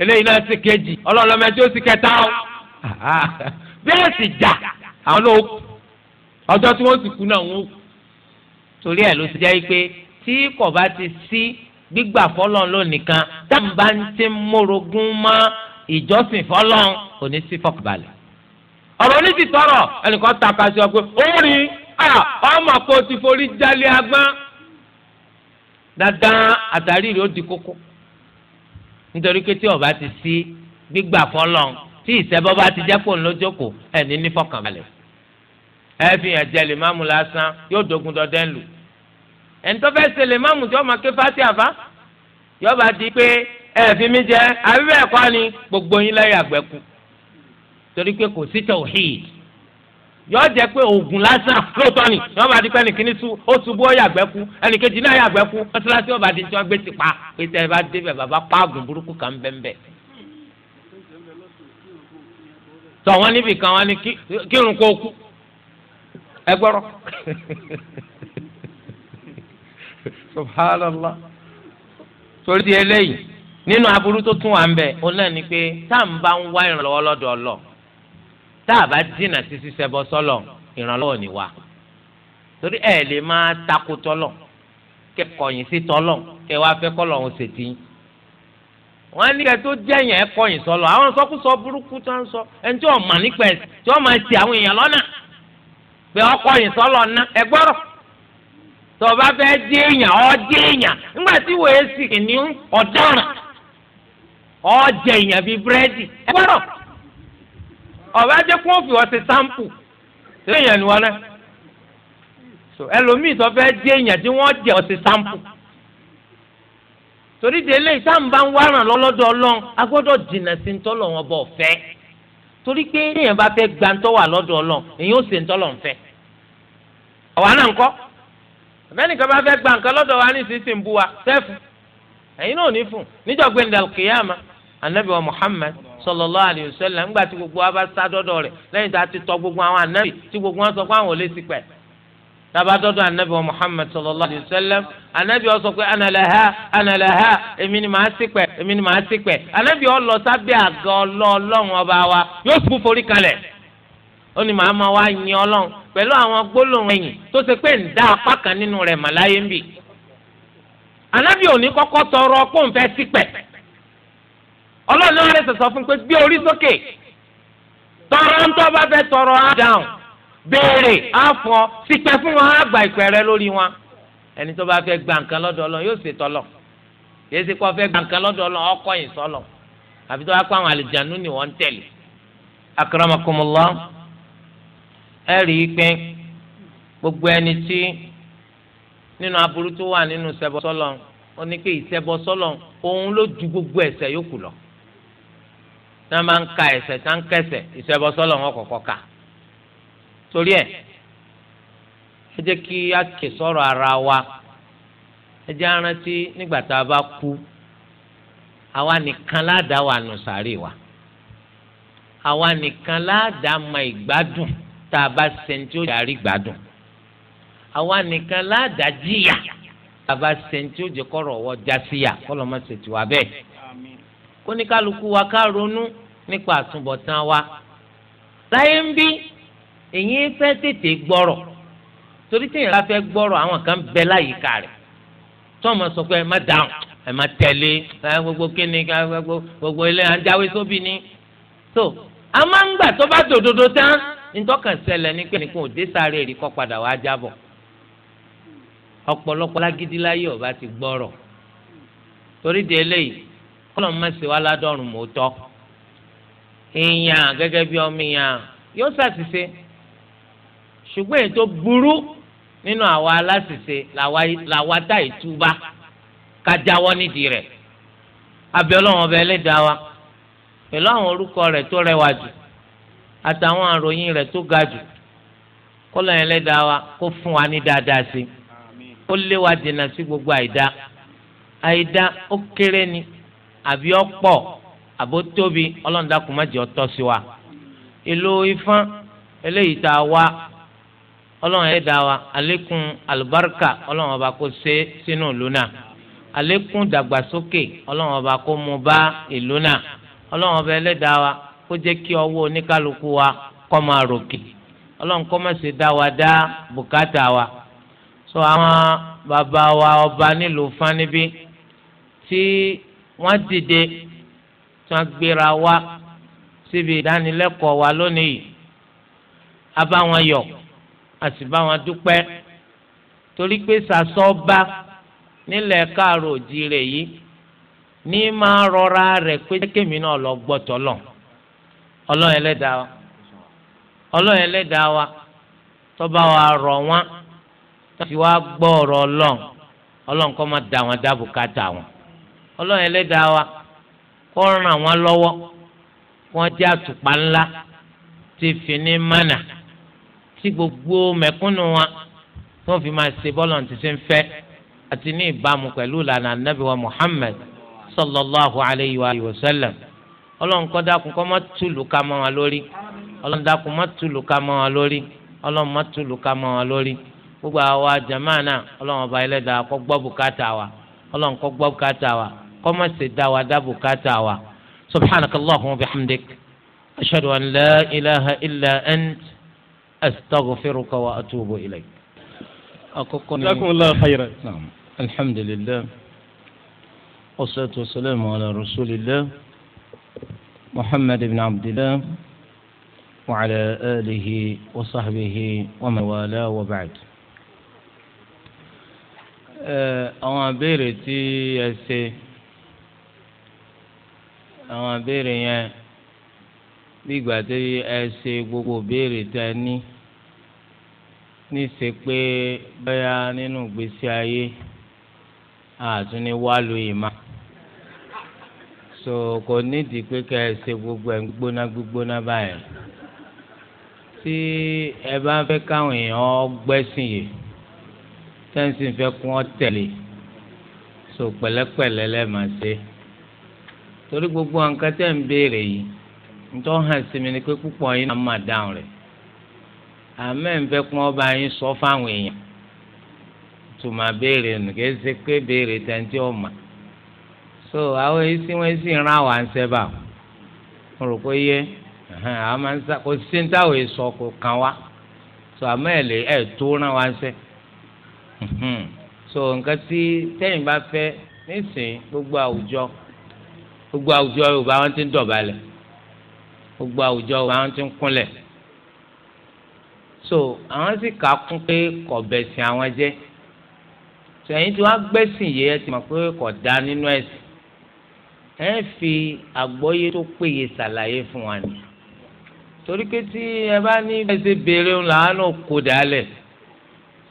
eléyìí náà sì kejì ọlọ́run lọ́mọ bẹ́ẹ̀ sì jà àwọn ló kù ọjọ́ tí wọ́n sì kú náà wọ́n kù torí ẹ̀ ló ti jẹ́ pé tí kò bá ti sí gbígbà fọlọ́n lónìkan táwọn bá ń ti mórogún mọ́ ìjọsìn fọlọ́n kò ní sí fọkànbalẹ̀ ọ̀rọ̀ ní ti tọrọ ẹnìkan taka sí ọ pé ó rí ọmọ kó o ti forí jálẹ̀ agbọ́n dandan àtàrí rẹ̀ ó di kókó nítorí pé tí ọba ti sí gbígbà fọlọ́n tí ìṣẹ́bọ́ bá ti jẹ́ pòun lójókòó ẹ̀ ní nífọ̀kànbalẹ̀ ẹ fi hàn jẹ lè máàmù lásán yóò dogun dọdẹ lù ẹni tó fẹ́ ṣe lè máàmù tí wọ́n máa ké fati àbá yọba di pé ẹ fi mí jẹ àbí bẹ́ẹ̀ kọ́ ni gbogbo yín lẹ́yìn àgbẹ̀kù torí pé kò sí tauhid yọ jẹ pé oògùn lásán lóòótọ́ ni yọba di pé ẹnìkíní sùn ó ṣubú ọ̀yà àgbẹ̀kù ẹnìkejì náà yà àgbẹ̀kù mọ́tíláṣí ọba di tí wọ́n gbé ti pa pé tẹ́ ẹ bá débẹ̀ bàbá pààgùn burúkú kan bẹ́ẹ̀ bẹ́ẹ̀ tọ wọn níbi kan wọn ni kírun kó kú ẹ gbọ́rọ̀ subhanallah torí di eléyìí nínú aburú tó tún wà ń bẹ òun náà ni pé tá à ń bá ń wá ìrànlọ́wọ́ lọ́dọ̀ ọlọ́ tá a bá dínà sí ṣiṣẹ́ bọ́ sọ́lọ̀ ìrànlọ́wọ́ ni wà torí ẹ̀ lè máa takò tọ́lọ̀ kẹ́kọ̀ọ́ sí tọ́lọ̀ kẹ́ wá fẹ́ kọ́lọ̀ ọ̀hún wọn ní kẹtó jẹyàn ẹkọ yìí sọlọ àwọn sọkúsọ burúkú tó ń sọ ẹni tí wọ́n mọ̀ nípa ẹsẹ tí wọ́n máa ti àwọn èèyàn lọ́nà pé ọkọ yìí sọlọ ná ẹgbọrọ tó o bá fẹ́ dé èèyàn ọ dé èèyàn nígbà tí wò é sì ní ọ̀daràn ọ jẹ èèyàn bíi búrẹ́dì ẹgbọrọ ọba jẹ kó fi ọsẹ sáǹpù tó èèyàn ni wọn náà ẹlòmíì tó èèyàn tí jẹ torí délé ìtàǹbá ń wárán lọ́lọ́dọ̀ ọlọ́run a gbọ́dọ̀ jìnnà sí ń tọ́lọ̀ wọn bọ̀ fẹ́ torí pé èèyàn bá fẹ́ gba ń tọ́wà lọ́dọ̀ ọlọ́run èèyàn ó sì ń tọ́lọ̀ ń fẹ́ ọ̀wá náà ń kọ́ àbẹ́nìkan bá fẹ́ gba nǹkan lọ́dọ̀ wa ní sísìn bu wa sẹ́fù ẹ̀yin náà ní fún níjọ́ gbé ndàlù anabi wa muhammed sallallahu alayhi wa sallam ńgbà tí gbogbo wa bá sá dọ́dọ̀ rẹ̀ lẹ́yìn tá a ti tọ gbogbo àwọn anabi tí gbogbo wọn sọ fún àwọn olè sípẹ̀ tá anabi wa muhammed sallallahu alayhi wa anabi ó sọ pé analaha analaha èmi ni màá ṣìpẹ̀ èmi ni màá ṣìpẹ̀ anabi ó lọ sábẹ́ àga ọlọ́ọ̀lọ́run ọba wa yóò sùn forí kalẹ̀ ó ní màá ma wá yin ọlọ́run pẹ̀lú àwọn gbólóhùn ẹ̀yìn tó ṣe pé ń dá apá kan nínú rẹ̀ màláyé ń bì anabi ò ní kọ́kọ́ tọrọ pé òun fẹ́ ṣìpẹ̀ ọlọ́run náà rẹ̀ sọ̀sọ̀ fún pé gbé orí sókè tọrọ ń tọ́ bá fẹ́ tọrọ á dáhùn béèrè á fọ ṣìpẹ̀ fún wọn á gba ìpẹ́ lórí wọn ẹni tó bá fẹ́ gba nǹkan lọ́dọ̀ Ọlọ́run yóò ṣe tọlọ yìí ṣe kó fẹ́ gba nǹkan lọ́dọ̀ Ọlọ́run ọkọ yìí sọlọ àfi tó bá kó àwọn àlìjánu ni wọ́n ń tẹ̀lé. akramakumullah ẹ rí i pé gbogbo ẹni tí nínú aburú tó wà nínú ṣẹbọ sọlọ ó ní pé ìṣẹbọ sọlọ òun ló ju gbogbo ẹ̀ṣẹ̀ yòókù lọ tá a máa ń ka ẹ̀ṣẹ̀ tá a ń kẹsẹ ìṣẹbọ sọlọ wọn kọ́kọ́ kà torí ẹ ẹ jẹ́ kí a kè sọ̀rọ̀ ara wa ẹ jẹ́ arántí nígbà tá a bá kú àwa nìkan ládàá wà nù sàárè wa àwa nìkan ládàá mọ ìgbádùn tá a bá sẹ́ńtì ó jàrí gbádùn àwa nìkan ládàá jìyà tá a bá sẹ́ńtì ó jẹ kọ́rọ̀ ọwọ́ já kọ́lọ́ má ṣe tiwa bẹ́ẹ̀ kóníkálukú wa ká ronú nípa àtúbọ̀tán wa láyé ń bí èyí fẹ́ tètè gbọ́rọ̀ torí tí ìyàrá fẹ́ gbọ́rọ̀ àwọn kan bẹ láyìíká rẹ̀ tó ọmọ sọ pé ẹ má dáhùn ẹ má tẹ̀lé gbogbo kíni gbogbo ilé àjáwé sóbì ni tó a máa ń gbà tó bá dòdòdó tán nítọ́kàn ṣẹlẹ̀ ní pé nìkan òde sáré rí kọ́ padà wá jábọ̀ ọ̀pọ̀lọpọ̀ lágídí láyé ọba ti gbọ́rọ̀ torí di eléyìí kọ́lọ̀ mẹ́sẹ̀ wá ládọ́rùn mọ́tọ́ èèyàn gẹ́gẹ́ bí ọmọ èèyàn yóò ṣàṣìṣe ṣùgbọ́n èyí burú nínú àwa aláṣẹṣe làwa dá ìtúbá ká jáwọ́ nídìí rẹ̀ abẹ́ ọlọ́run ọba ẹlẹ́dàá wa pẹ̀lú àwọn orúkọ rẹ̀ tó rẹwà jù àtàwọn àròyìn rẹ̀ tó ga jù kọ́lọ́run ẹlẹ́dàá wa kó fún wa ní dáadáa sí ó lé wa dènà sí gbogbo àìdá àìdá ó kéré ni àbí ọ̀pọ̀ àbó tóbi ọlọ́run dákun sí wa ìlú ifán eléyìí tá a wá ọlọ́run ẹ̀ dá wa àlékún àlùbáríkà ọlọ́run ọba kó ṣe sínú ìlú náà àlékún dàgbàsókè ọlọ́run ọba kó mú bá ìlú náà ọlọ́run ọba ẹlẹ́dàá wa kó jẹ́ kí ọwọ́ oníkálukú wa kó máa ròkè ọlọ́run kó má ṣe dá wa dá bùkátà wa sọ àwọn bàbá wa ọba nílùú fáníbí tí wọ́n dìde tí wọ́n gbéra wa síbi ìdánilẹ́kọ̀ọ́ wa lónìí yìí yọ̀ a sì bá wọn dúpẹ́ torí pé sàsọ́ba nílẹ̀ káàró òjìrè yìí ní máa rọra rẹ̀ pé kémi náà lọ gbọ́tọ̀ lọ ọlọ́run ẹlẹ́dàá wa ọlọ́run ẹlẹ́dàá wa tọ́ba wa rọ̀ wọ́n tí wàá gbọ́ ọ̀rọ̀ ọlọ́run ọlọ́run kọ́ máa dà wọ́n dáàbò káta wọn ọlọ́run ẹlẹ́dàá wa kó ràn wọ́n lọ́wọ́ wọ́n jẹ́ àtùpà ńlá tí fi ní mánà tí gbogbo mẹ̀kúnnù wa tí wọ́n fi máa ṣe bọ́lọ̀ tí ṣe ń fẹ́ àti ní ìbámu pẹ̀lú ìlànà ànábì wa Muhammad sallallahu alayhi wa sallam ọlọ́run kọ́ dákun kọ́ má túlù ká mọ́ wa lórí ọlọ́run dákun má túlù ká mọ́ wa lórí ọlọ́run má túlù ká mọ́ wa lórí gbogbo àwa jàmáà náà ọlọ́run ọba ẹlẹ́dàá kó gbọ́ bùkátà wa ọlọ́run kó gbọ́ bùkátà wa kó má ṣe dá wa dá bùkátà wa subhanakallahumma wa bihamdik ashhadu an la ilaha illa ant. أستغفرك وأتوب إليك جزاكم الله خيرا نعم الحمد لله والصلاة والسلام على رسول الله محمد بن عبد الله وعلى آله وصحبه ومن والاه وبعد àwọn abéèrè tí ẹ ṣe àwọn abéèrè yẹn bí ìgbà tí ẹ ṣe gbogbo béèrè tẹ ní. níṣe pé bẹ́yà nínú ìgbésí ayé àtún ní wàlú ìmá so kò nídìí pé ká ẹ ṣe gbogbo ẹ̀ ń gbóná gbígbóná báyìí tí ẹ bá fẹ́ káwọn èèyàn gbẹ́sìn yìí tẹ́ǹsì fẹ́ kún ọ tẹ̀lé so pẹ̀lẹ́pẹ̀lẹ́ lẹ́ẹ̀ máa ṣe torí gbogbo nǹkan tẹ́ ń béèrè yìí ń tọ́ hàn sí mi ni pé púpọ̀ yín náà máa dáhùn rẹ̀ àmẹ́ ń fẹ́ kún ọba yín sọ fáwọn èèyàn tó máa béèrè nù kí ẹsẹ pé béèrè tẹ́ntì ọ̀mà so àwọn èyí sí wọ́n sì ń rán àwọn àǹsẹ́ bá wọn rò pé yé kò sí ní táwọn èso kò kàn wá so àmọ́ ẹ̀ lè ẹ̀ tó rán wa ṣẹ́ so nǹkan tí tẹ́yìn bá fẹ́ nísìnyí gbogbo àwùjọ gbogbo àwùjọ Yorùbá wọn ti ń dọ̀bálẹ̀ gbogbo àwùjọ Yorùbá wọn ti ń kúnlẹ̀ so àwọn sì kà á kún pé kò bẹ̀sìn àwọn jẹ́ sẹ́yìn tí wọ́n gbẹ̀sìn yìí ẹ ti mọ̀ pé kò dá nínú ẹ̀sìn ẹ fi àgbọ́yé tó péye ṣàlàyé fún wa ni torí pé tí ẹ bá ní ẹsẹ̀ béèrè ń là á náà kó dálẹ̀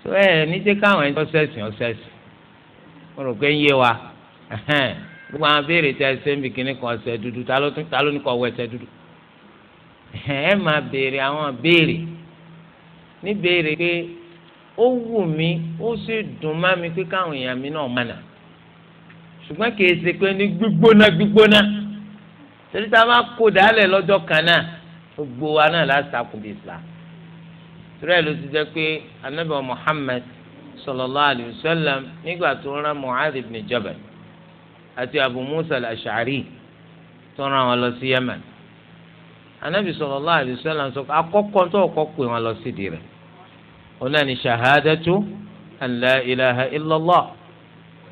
so ẹ níjẹ́ káwọn ẹni ọ̀sẹ̀sìn ọ̀sẹ̀sìn rò pé ń yé wa gbogbo àwọn béèrè tí ẹsẹ̀ ń bì kíní kan ọ̀sẹ̀ dúdú ta ló ní kọ́ wọ ẹsẹ̀ dúdú ẹ máa béèrè àwọn béèrè. níbèrè pé ó wù mí ó sì dùn má mi pé káwọn èèyàn mi náà mọ̀nà ṣùgbọ́n kì í ṣe pé ní gbígbóná gbígbóná torí tá a bá kó dálẹ̀ lọ́jọ́ kan náà gbogbo wa náà láti ló ti jẹ́ anabi muhammed sallallahu alayhi nígbà tó rán ibn jabal abu musa al-ash'ari tó rán wọn lọ sí yemen anabi sallallahu alayhi sọ akọ́kọ́ tó kọ́ pé wọn ọ̀nà ni shahadatu an la ilaha illallah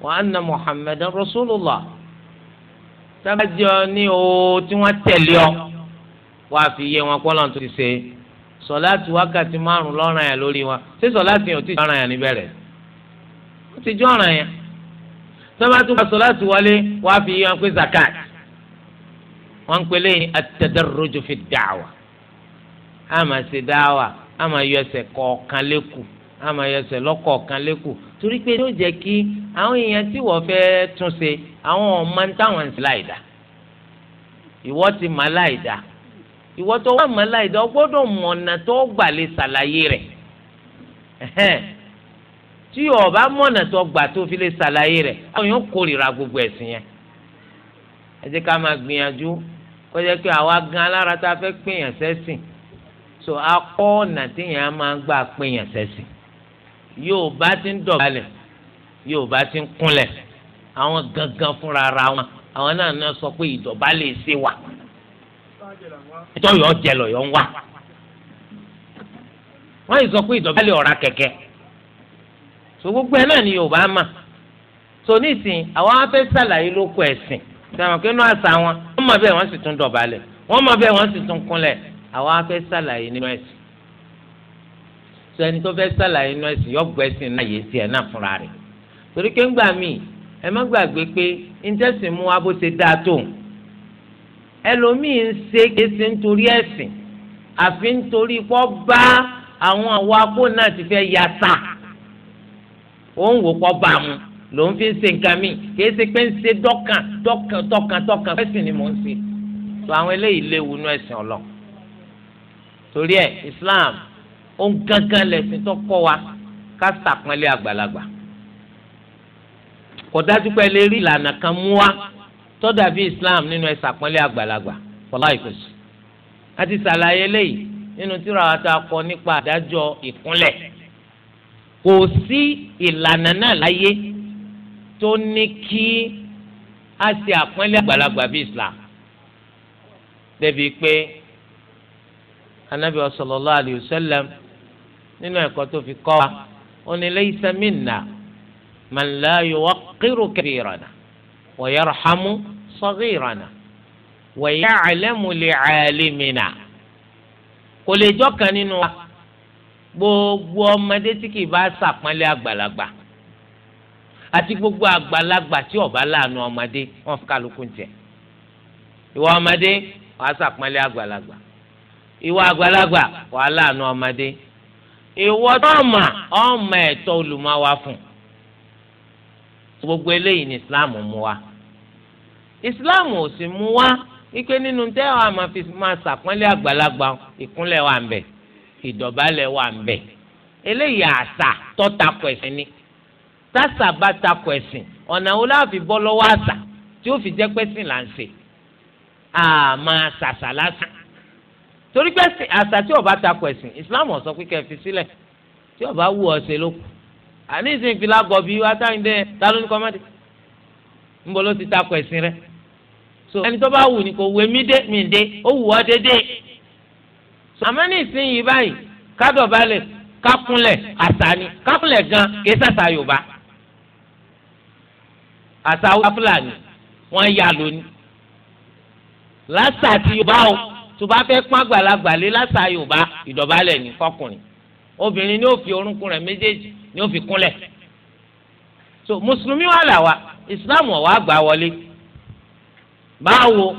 wa anna muhammadan rasulullah sábàjọ ní o tí wọ́n tẹ̀lé ọ wàá fi yé wọn kọ́lọ́n tó ti ṣe sọláàtì wákàtí márùn lọ́ràn yẹn lórí wọn ṣé sọláàtì yẹn ò tí ì jọ́ràn yẹn níbẹ̀rẹ̀ ó ti jọ́ràn yẹn sábàtú wa sọláàtì wọlé wàá fi yé wọn pé zakat wọn ń pè lẹ́yìn at-tadarruj fi da'wa a máa ṣe da'wa ama máa yọ ẹsẹ̀ kọ̀ọ̀kan lẹ́kù a máa yọ ẹsẹ̀ lọ́kọ̀ọ̀kan lẹ́kù torí pé yóò jẹ́ kí àwọn èèyàn tí wọ́n fẹ́ tún ṣe àwọn ọmọ táwọn ń ṣe láìda ìwọ ti mọ̀ láìda ìwọ tó wà mọ̀ láìda o gbọ́dọ̀ mọ̀ ọ̀nà tó gbà lè ṣàlàyé rẹ̀ tí o bá ọ̀nà tó gbà tó fi lè ṣàlàyé rẹ̀ àwọn yóò kórìíra gbogbo ẹ̀sìn yẹn ẹ jẹ́ ká máa gbìyànjú kó pé àwa gan alára tá a fẹ́ pèèyàn sẹ́sìn so akọ́ ọ̀nà téèyàn máa ń gbà péyàn sẹ́sìn yóò bá ti ń dọ̀bálẹ̀ yóò bá ti ń kúnlẹ̀ àwọn gangan fúnra ara wọn àwọn náà náà sọ pé ìdọ̀bálẹ̀ ṣe wà ìtọ́yọ̀ jẹ lọ́yọ̀ ń wà wọ́n yìí sọ pé ìdọ̀bálẹ̀ ọ̀ra kẹ̀kẹ́ so gbogbo ẹ̀ náà ni yorùbá mà so nísìnyí àwọn afẹ́ sàlàyé ló kọ ẹ̀sìn sàmùkínú àṣà wọn wọ́n mọ̀ bẹ́ẹ̀ wọ́n sì tún dọ̀bálẹ̀ wọ́n mọ̀ bẹ́ẹ̀ wọ́n sì tún kúnlẹ̀ àwọn afẹ́ sàlàyé nínú ẹ̀sìn sọ ẹni tó fẹ́ sàlàyé nínú ẹ̀sìn yọ gbẹ́sìn náà yé tiẹ̀ náà fúnra rẹ̀ torí ké ńgbà míì ẹ má gbàgbé pé ìjẹsìn mú wa bó ṣe dáa tó ẹlòmíì ń ṣe kéṣe nítorí ẹ̀sìn àfi nítorí pọ́ bá àwọn àwọn akó náà ti fẹ́ yàtà òun wò pọ́ bá mu lòun fi ń ṣe nǹkan mi kì pé ń ṣe dọ́kàn dọ́kàn dọ́kàn dọ́kàn ẹ̀sìn ni mò ń ṣe tó àwọn eléyìí léwu nú ẹ̀sìn ọlọ́ọ̀ torí ẹ islam ó ń gángan lẹ́sìn tó kọ́ wa ká sàpọ́nlé àgbàlagbà kò dájú pé lè rí ìlànà kan mú wa tó dàbí islam nínú ẹ sàpọ́nlé àgbàlagbà fọlá ìkòsí a ti ṣàlàyé léyìí nínú tírà wa tá a kọ nípa àdájọ́ ìkúnlẹ̀ kò sí ìlànà náà láyé tó ní kí a ṣe àpọ́nlé àgbàlagbà bí islam débi pé anabi sallallahu alayhi wa sallam nínú ẹ̀kọ́ tó fi kọ́ wa ó ní laysa minna man la yuwaqqiru kabirana wa yarhamu saghirana wa ya'lamu li'alimina kò lè jọ́kan nínú wa gbogbo ọmọdé tí kì í bá ṣàpọ́nlé àgbàlagbà àti gbogbo àgbàlagbà tí ó láàánú ọmọdé wọn fi kálukú tiẹ̀ ìwọ ọmọdé wàá ṣàpọ́nlé àgbàlagbà ìwọ àgbàlagbà wàhálà àánú ọmọdé ìwọ tọ́ọ̀mà ọmọ ẹ̀tọ́ olùmọ̀wá fún gbogbo eléyìí ni islam mú wa islam ò sì mú wa ike nínú tẹ́ wa máa fi máa ṣàpọ́nlé àgbàlagbà ìkúnlẹ̀ wa ń bẹ ìdọ̀bálẹ̀ wa ń bẹ eléyìí àṣà tó takò ẹ̀sìn ni tásà bá takò ẹ̀sìn ọ̀nà wo la fi bọ́ lọ́wọ́ àṣà tí ó fi jẹ́ pẹ́sìn là ń ṣe àmà ṣàṣà lásán torí pé àṣà tí ọba takò ẹ̀sìn islam ó sọ pé kẹ́ fi sílẹ̀ tí ọba wù ọ ṣe ló kù àní ìsìn ìfìlà gọ̀bí wa táyìn dẹ́ ta ló ní kọ́mọ́dé ńbọ ló ti takò ẹ̀sìn rẹ so ẹni tó bá wù ní kò wù mí dé mi dé ó wù ọ dédé so àmọ́ ní ìsìn yìí báyìí kádọ̀bálẹ̀ kákúnlẹ̀ àṣà ni kákúnlẹ̀ gan kìí yorùbá àṣà fúlàní wọ́n yà lónìí lásà ti yorùbá o tó bá fẹ́ pọ́n àgbàlagbà lé lásà yorùbá ní fọkùnrin obìnrin ni ó fi orúnkún rẹ̀ méjèèjì ni ó fi kúnlẹ̀ so mùsùlùmí wà là wa islam wà wá gbà wọlé báwo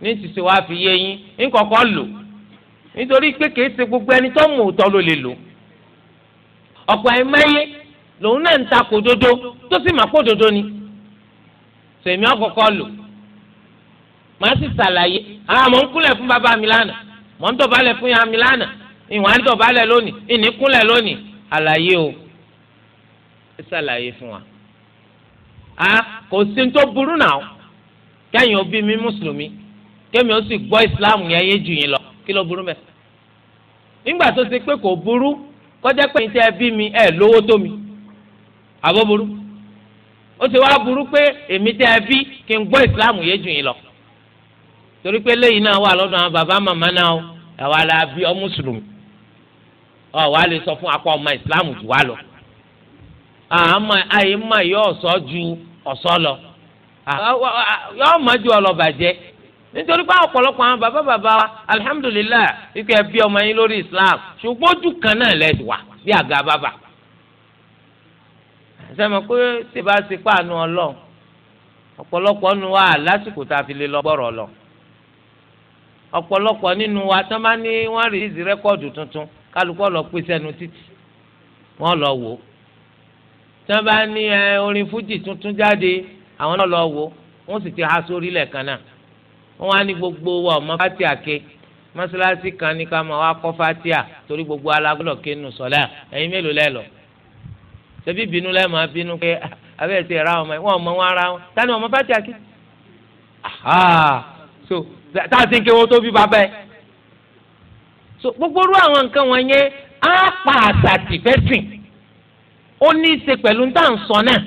ní tìṣe wàá fi yé yín ńkọ̀kọ́ lò nítorí pé kìí ṣe gbogbo ẹni tó mú òótọ́ ló lè lò ọ̀pọ̀ ẹ̀mẹ́yẹ lòun náà ń ta kò dodo tó sì máa kó dodo ni sèmi ọ̀kọ̀kọ̀ lò màá sì ṣàlàyé ah mò ń kúnlẹ̀ fún bàbá mi lánàá mò ń dọ̀bálẹ̀ fún ya mi lánàá ìwà ń dọ̀bálẹ̀ lónìí ìní kúnlẹ̀ lónìí àlàyé o ẹ ṣàlàyé fún wa. ah kò sí ní tó burú náà kẹ́yìn òbí mi mùsùlùmí kẹ́mi ó sì gbọ́ ìsìláàmù yẹn yé jù yín lọ kí ló burú mẹ́. nígbà tó ṣe pé kò burú kọjá pé ní tẹ́ ẹ bí mi ẹ lówó tó mi àbó burú ó ti wá burú pé èmi tẹ́ ẹ bí kí n gbọ́ ìsìláàmù yé jù yín lọ torí pé lẹ́yìn náà wà lọ́dọ̀ àwọn bàbá màmá náà o àwa la bí ọ mùsùlùmí ọ wà lè sọ fún akọ ọmọ ìsìláàmù jù wá lọ àmọ́ àyè mọ yọ ọsọ ju ọsọ lọ yọ ọmọ ju ọlọbàjẹ nítorí pé ọ̀pọ̀lọpọ̀ àwọn bàbá bàbá wa alihamudulilayi ikú ẹ bí ọmọ yín lórí islam ṣùgbọ́n ojú kan náà lẹ́ẹ̀dì wá bí àga bàbà. sẹ́mi pé tí bá ti pàánù ọlọ́run ọ̀pọ̀lọpọ̀ nu wa lásìkò tá a fi lè lọ gbọ́rọ̀ ọlọ́run ọ̀pọ̀lọpọ̀ nínú wa tán bá ní wọ́n rìlíìsì rẹ́kọ̀dù tuntun kálukú lọ pé sẹ́nu títì wọ́n lọ wò ó tán bá ní orin fújì tuntun jáde àwọn náà lọ wò ó wọ́n sì ti há sórí lẹ́ẹ̀kan náà wọ́n wá ní gbogbo wa ọmọ fati àke mọ́ṣáláṣí kan ní ká máa wá kọ́ fatia torí gbogbo alágbọ́dọ̀ kéénu sọ́lá ẹ̀yin mélòó lẹ́ẹ̀ lọ bínú lẹ́ẹ̀ bínú pé ah, abẹ́ẹ̀ ti ra ọmọ wọn ọmọ wọn ara wọn tani ọmọ fatia kí tá a sì ń ké wọn tó bí bàbá so gbogbo irú àwọn nǹkan wọn yẹn á pa àṣà tìfẹ́ sìn ó ní í ṣe pẹ̀lú ń tà ń sọ náà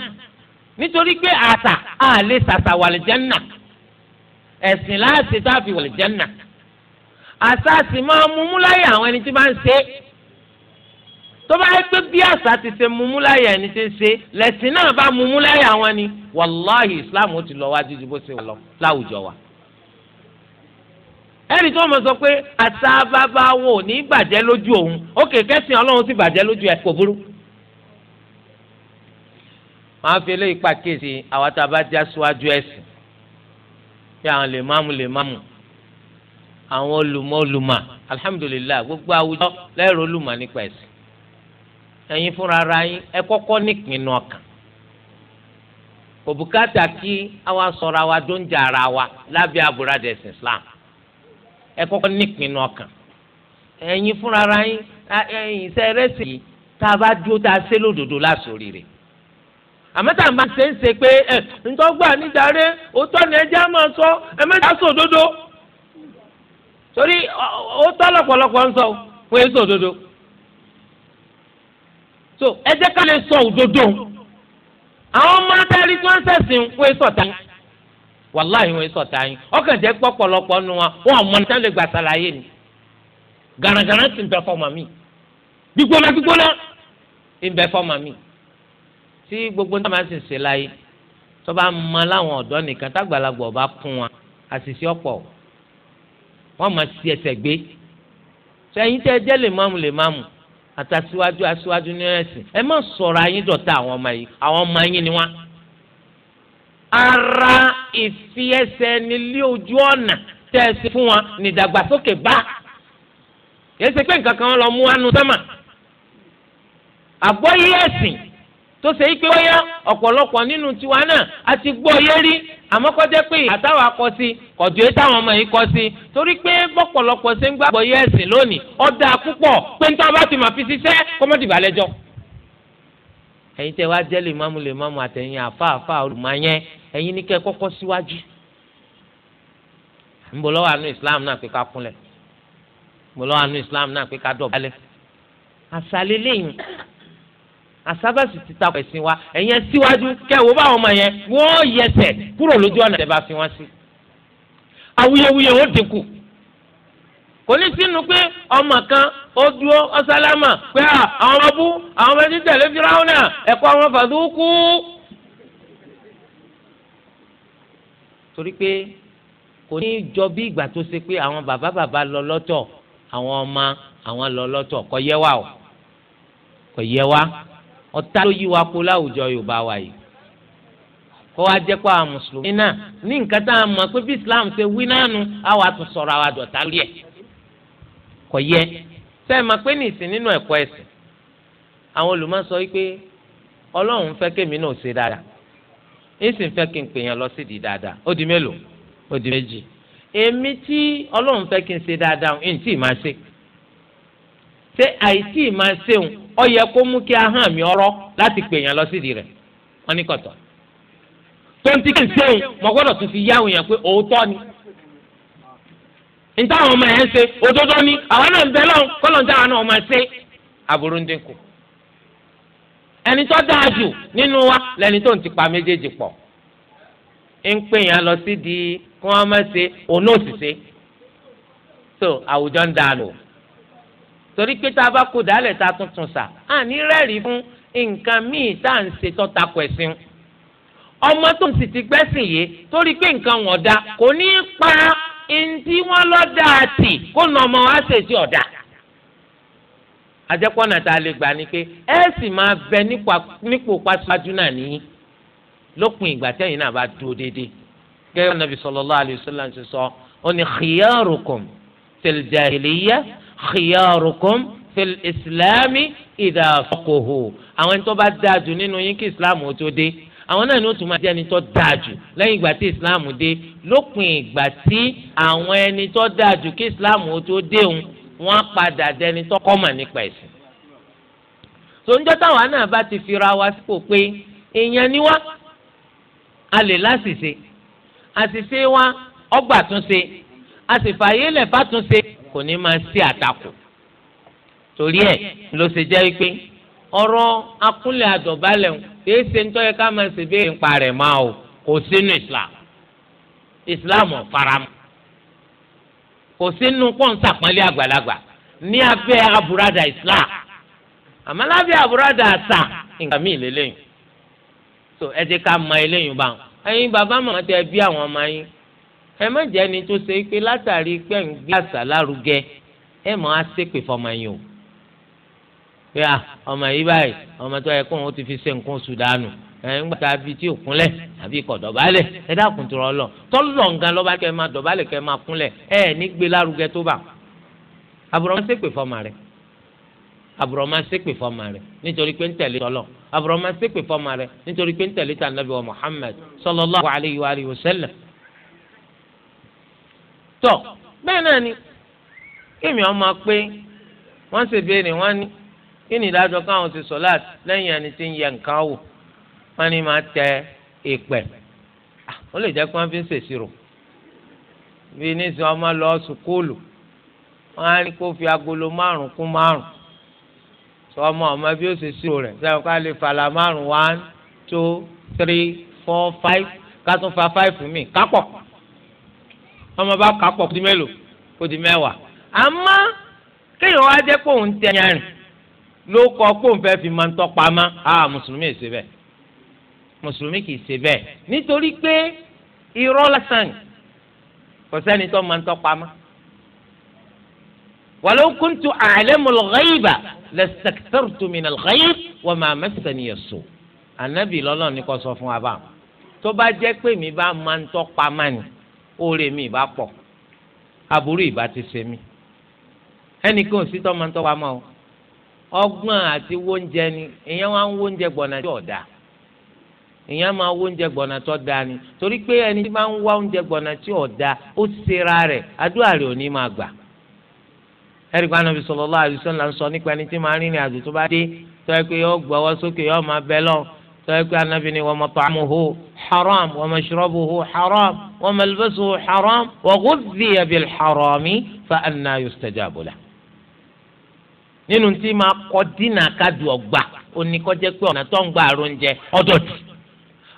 nítorí pé àṣà á lè ṣàṣà wàlìjẹ́nà ẹ̀sìn láti táàfin wàlìjẹ́nà àṣà sì máa mumú láyé àwọn ẹni tí máa ń ṣe é tó bá yẹ pé bí àṣà ti ṣe mumú láyé ẹni tí ń ṣe lẹ́sìn náà bá mumú láyé àwọn ni wàláhì islam ó ti lọ wájú ju bó ṣe wà lọ láwùjọ wa ẹni tó mọ̀ sọ pé àtàbàbàwò ní bàjẹ́ lójú òun ó kèké sìn ọlọ́run sì bàjẹ́ lójú ẹ̀ kò burú. màá fi eléyìí pàkíyèsí àwọn tá a bá já síwájú ẹ̀sìn bí àwọn lè máàmù lè máàmù àwọn olùmọ̀ olùmọ̀ alihamudulilayi gbogbo àwùjọ lẹ́rọ olùmọ̀ nípa ẹ̀sìn ẹ̀yin fúnra ara yín ẹ kọ́kọ́ nípinnu ọkàn òbúkátà kí àwa sọ̀rọ̀ àwa dóúnjẹ ara wa lábẹ́ àbúradà Islam. ẹ kọ́kọ́ nípinnu ọkàn ẹ̀yin fúnra ara yín ẹ̀yin iṣẹ́ rẹ́sì yìí tá a bá dúró tá a ṣe lódodo láṣọrí rẹ̀ àmọ́ tá a máa ṣe ń ṣe pé ẹ̀ ǹtọ́gbà nídàárẹ̀ òótọ́ ni ẹjẹ́ máa sọ ẹ mẹ́ta sọ torí òótọ́ lọ́pọ̀lọpọ̀ ń sọ so ẹ ká lè sọ òdodo àwọn ọmọ adarí tí wọ́n ń wàláhì wọn sọ̀tà yín ọkàn jẹ́ pọ̀pọ̀lọpọ̀ nu wọn wọn àmọ́ ní sálẹ̀ gbà sàlàyé ni garagara ti ń bẹ fọmọ mi gbígbóná gbígbóná ń bẹ fọmọ mi tí gbogbo náà máa ń sèse láyé tó bá mọ láwọn ọ̀dọ́ nìkan tágbàlagbà ọba kún wọn àṣìṣe ọ̀pọ̀ wọn máa ṣi ẹsẹ̀ gbé sẹ́yìn tẹ́ jẹ́ lè máàmù lè máàmù àtàsíwájú aṣíwájú ní ẹ̀sìn ẹ má sọ̀rọ̀ ayé dọ̀tá àwọn ọmọ yìí àwọn ọmọ yín ni wọn. ara ìfi ẹsẹ̀ ẹni lé ojú ọ̀nà tẹ́ ẹ sí fún wọn nídàgbàsókè bá yẹn ṣe pé nǹkan kan lọ mú wánu sọ́mà àgbọ́yé ẹ̀sìn tó ṣe pé wáyà ọ̀pọ̀lọpọ̀ nínú tiwa náà a ti gbọ́ yé rí àmọ́ kọ́ jẹ́ pé àtàwọn akọ sí kọ̀dù yé táwọn ọmọ yìí kọ sí torí pé bọ́pọ̀lọpọ̀ ṣe ń gbàgbọ́ yé lónìí ó púpọ̀ pé nítorí bá ti mà fi ṣiṣẹ́ kọ́mọ́dìbàlẹ́jọ́ ẹ̀yin tẹ́ wá jẹ́ lèmọ́mù lèmọ́mù àtẹ̀yìn àfa àfa olùmọ̀ọ́yẹ́ ẹ̀yin ní kẹ́ kọ́kọ́ síwájú. ńbọ̀lọ́wọ́ àánú Islam náà pé ká kúnlẹ̀ ńbọ̀lọ́wọ́ àánú Islam náà pé ká dọ̀bálẹ̀. àṣàlẹ̀ lẹ́yìn àṣàbàṣì ti takò ẹ̀sìn wa ẹ̀yin ẹ̀ síwájú kẹ́wọ́ báwọn ọmọ yẹn wọ́n yẹsẹ̀ kúrò lójú ọ̀nà tẹ́ bá fi wọ́n sí. awuyewuye ó dínkù kò ní sínú pé ọmọ kan ó dúró ọsálámà pé àwọn ọmọ bú àwọn ọmọ ẹni tẹ̀lé firawuna ẹ̀kọ́ àwọn fàdúkú. torí pé kò ní jọ bí ìgbà tó ṣe pé àwọn bàbá bàbá lọ lọ́tọ̀ àwọn ọmọ àwọn lọ lọ́tọ̀ kò yẹ wa o kò yẹ wa ọ̀tá ló yí wa kó láwùjọ Yorùbá wa yìí kó wá jẹ́ pé àwọn mùsùlùmí náà ní nǹkan tá a mọ̀ pé bí Islam ṣe wí náà àwa tún sọ̀rọ̀ àwa dọ̀tá lórí ẹ̀ kò yẹ ṣe é máa pé nìsín nínú ẹ̀kọ́ ẹ̀sìn àwọn olùmọ̀ sọ wípé ọlọ́run fẹ́ kémi náà ṣe dáadáa ìsìn fẹ́ kí n pè yẹn lọ sí di dáadáa ó di mélòó ó di méjì èmi tí ọlọ́run fẹ́ kí n ṣe dáadáa ń tì máa ṣe ṣé àìtì máa ṣeun ó yẹ kó mú kí ahọ́n mi ọ̀rọ̀ láti pè yẹn lọ sí di rẹ̀ wọ́n ní kọ̀tọ̀ tó ń tí kí n ṣeun mo gbọ́dọ̀ tún fi yáwó yẹn pé òótọ́ ni níta àwọn ọmọ yẹn ṣe òdodo ni àwọn náà ń bẹ lọ́n kọ́lọ̀ níta àwọn ọmọ ṣe aburú ń dínkù. ẹni tó dáa jù nínú wa lẹni tó ń ti pa méjèèjì pọ̀ ń pè yàn lọ sí di kí wọ́n má ṣe òun náà sì ṣe so àwùjọ ń dànù torí pé tá a bá kó dálẹ̀ tá a tuntun sà á ní rẹ́ẹ̀rí fún nǹkan míì tá à ń ṣe tó takò ẹ̀sìn ọmọ tó ń sì ti gbẹ́sìn yìí torí pé nǹkan wọ̀n da kò ní í pa ntí wọn lọ dáa tì kó nà ọmọ wa ṣèṣì ọ̀dà ajẹ́pọ̀nà tá a lè gbà ni pé ẹ sì máa bẹ nípò pàṣípàájú náà nìyí lópin ìgbà tẹ́yìn náà bá dúró déédéé gẹ́gẹ́ nàbì sallallahu alaihi wasallam sọ ọ ní khiyarukum fil jahiliyyah khiyarukum fil àwọn ẹni tó bá dáa jù nínú yín kí islam ó tó dé àwọn náà ni ó tún máa jẹ́ ẹni tó dáa jù lẹ́yìn ìgbà tí islam dé lópin ìgbà tí àwọn ẹni tó dáa jù kí islam ó tó dé òun wọ́n padà dẹni tó kọ́mọ̀ nípa ẹ̀sìn. sọ́njọ́ táwa náà bá ti fira wa sípò pé èèyàn ni wá a lè láṣìṣe àṣìṣe wa ọgbà tún ṣe a sì fààyè lẹ̀ kò ní máa ṣe àtakò torí ẹ̀ ló ṣe jẹ́ pé ọ̀rọ̀ akúnlẹ̀ àdọ̀bálẹ̀ kìí ṣe ń tọ́yẹ ká máa ṣe béèrè nípa rẹ̀ máa o kò sínú islam islam ọ̀faram kò sínú pọ́ńsàpọ́nlé àgbàlagbà ní abẹ́ aburada islam àmọ́ lábẹ́ aburada àṣà nǹkan mi lélẹ́yìn so ẹ ti ká mọ eléyìn bá wọn ẹ̀yin bàbá màmá tẹ bí àwọn ọmọ yín ẹ má jẹ́ ẹni tó ṣe pé látàrí pé ń gbé àṣà lárugẹ ẹ máa ṣépè fọmọ yín o pé à ah, ọmọ yìí báyìí ọmọ tó yẹ kó wọn ti fi ṣe nǹkan oṣù dànù ẹ ń gbàtà bíi tí ò kúnlẹ̀ àbí kò dọ̀bálẹ̀ ẹ dákun tó rọ lọ tọ́lọ̀ nǹkan lọ́ba kẹ́ máa dọ̀bálẹ̀ kẹ́ máa kúnlẹ̀ ẹ ní gbé lárugẹ tó bá àbùrọ̀mọ́ ṣépè fọmọ rẹ̀ àbùrọ̀mọ́ ṣépè fọmọ rẹ̀ nítorí pé ń tẹ̀lé tọ́lọ̀ àbùrọ̀mọ́ ṣépè fọmọ rẹ̀ nítorí pé ń tẹ̀lé tà nàbí wa Muhammad sallallahu alayhi wa alihi wa sallam. tọ́ bẹ́ẹ̀ náà ni kéèmì ọmọ pé wọ́n ṣèbéèrè wọ́n ní kí ni ìdájọ́ káwọn ti sọ̀láàt lẹ́yìn ẹni tí ń yẹ nǹkan wò wọ́n ní máa tẹ ìpẹ́ ó lè jẹ́ pé wọ́n fi ń ṣèṣirò bí nísìnyí ọmọ lọ sùkúlù wọ́n á ní kó fi agolo márùn kún márùn sọ ọmọ ọmọ bí ó ṣe ṣirò rẹ̀ sẹ́wọ́n ká lè fàlà márùn one two three four five ká tún fa five mi kápọ̀ ọmọ bá kápọ̀ kó di mélòó kó di mẹ́wàá àmọ́ kéèyàn wá jẹ́ pé òun tẹ̀ yẹn rìn ló kọ pé òun fẹ́ fi máa ń tọ́pa má a mùsùlùmí kì í ṣe bẹ́ẹ̀ mùsùlùmí kì í ṣe bẹ́ẹ̀ nítorí pé irọ́ lásán kò sẹ́ni tó máa ń tọ́pa má. walau kuntu a'lamul ghaiba lastakthartu minal ghaib wa ma massaniya su. ànábì lọ́lọ́run ní kò sọ fún wa bá tó bá jẹ́ pé mi bá máa ń tọ́pa má ni oore mi ìbá pọ̀ aburú ìbá ti ṣe mí ẹnì kan ò sí tó máa ń tọ́pa má o ọgbọ́n àti wóúnjẹ ni ìyẹn wá ń wóúnjẹ gbọ̀nà tí ọ̀dà ìyẹn máa wóúnjẹ gbọ̀nà tó da ni torí pé ẹni tí máa ń wá oúnjẹ gbọ̀nà tí ọ̀dà ó ṣera rẹ̀ àdúrà rẹ̀ ò ní máa gbà ẹ̀rí pa Ànábì sallallahu alaihi wasallam sọ nípa ẹni tí máa ń rìnrìn àjò tó bá dé tó yẹ pé yọ gbọ́wọ́ sókè yọ máa bẹ lọ tó yẹ pé Ànábì ni wa mat'amuhu haram nínú tí máa kọ dínà kájú ọgbà oníkọjẹ pé ọ̀nà tó ń gba àrùn jẹ ọdọ̀tì.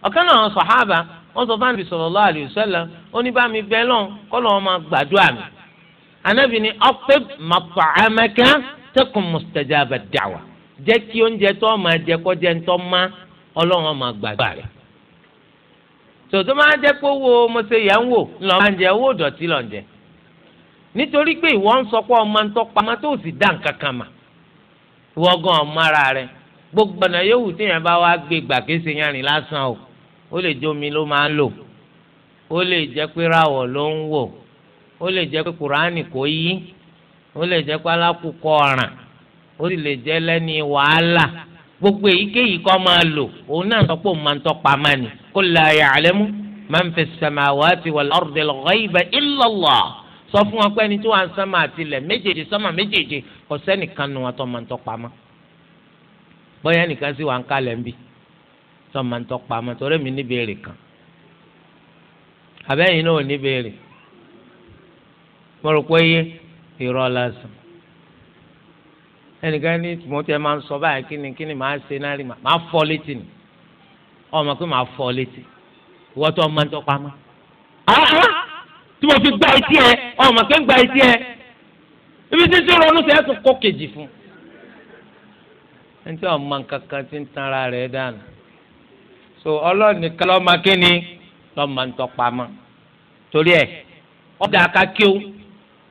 ọ̀kan náà sọ̀hábà wọ́n sọ fáwọn sallallahu alaihi wasallam ó ní bá mi bẹ́ẹ̀ lọ́n kọ́ lọ́wọ́ gbàdúrà mi. anábì ni atib mat'amaka takun mustajaba ad-da'wa jẹ́ kí oúnjẹ tó máa jẹ kọjá ń tọ́ máa ọlọ́run máa gbàdúrà rẹ̀ tòtò máa jẹ́ pé owó mọ̀sẹ̀yà ń wò lọ́ máa ń jẹ owó dọ̀tí lọ́ ń jẹ nítorí pé ìwọ ń sọ pé ọmọ ń tọ́ pamọ́ tó sì dá nǹkan kan mà wọ́gàn ọ̀mára rẹ̀ gbogbo ọ̀nà yòówù tí yẹn bá wá gbé gbàgése yẹn rìn lásán o ó lè jẹ́ ló máa ń lò ó lè jẹ́ pé ráwọ̀ ló ń wò ó lè jẹ́ pé kùránì kò yí ó lè jẹ́ pé alákùkọ ọ̀ràn ó sì lè jẹ́ lẹ́ni wàhálà gbogbo èyíkéyìí kọ́ máa lò òun náà sọ pé òun máa ń máa nì fi sọ fún wọn pé ẹni tí wọ́n á kò sẹ́nìkan nu wọn tó máa ń tọ́ pamọ́ bóyá nìkan sì wà ń kalẹ̀ ń bì tó máa ń tọ́ pamọ́ torí mi ní béèrè kan àbẹ́yìn náà ò ní béèrè mo rò pé yé irọ́ lásán ẹnìkan ní tìmọ́tì ẹ máa ń sọ báyìí kí ni kí ni màá ṣe náà rí màá fọ́ létí ni ọmọ pé màá fọ́ létí ìwọ́tọ̀ máa ń tọ́ pamọ́ tí mo fi gba etí ẹ ọmọ kẹ́ ń gba etí ẹ ibi tí tí ronú sẹ́yìn tún kọ́ kejì fún. ẹni tí wọn máa ń kankan ti ń tan ara dànù so ọlọ́ọ̀nì kan lọ́ọ́ kí ni lọ́ọ́ máa ń tọpa mọ́ torí ẹ̀ ọ̀dà ká kíw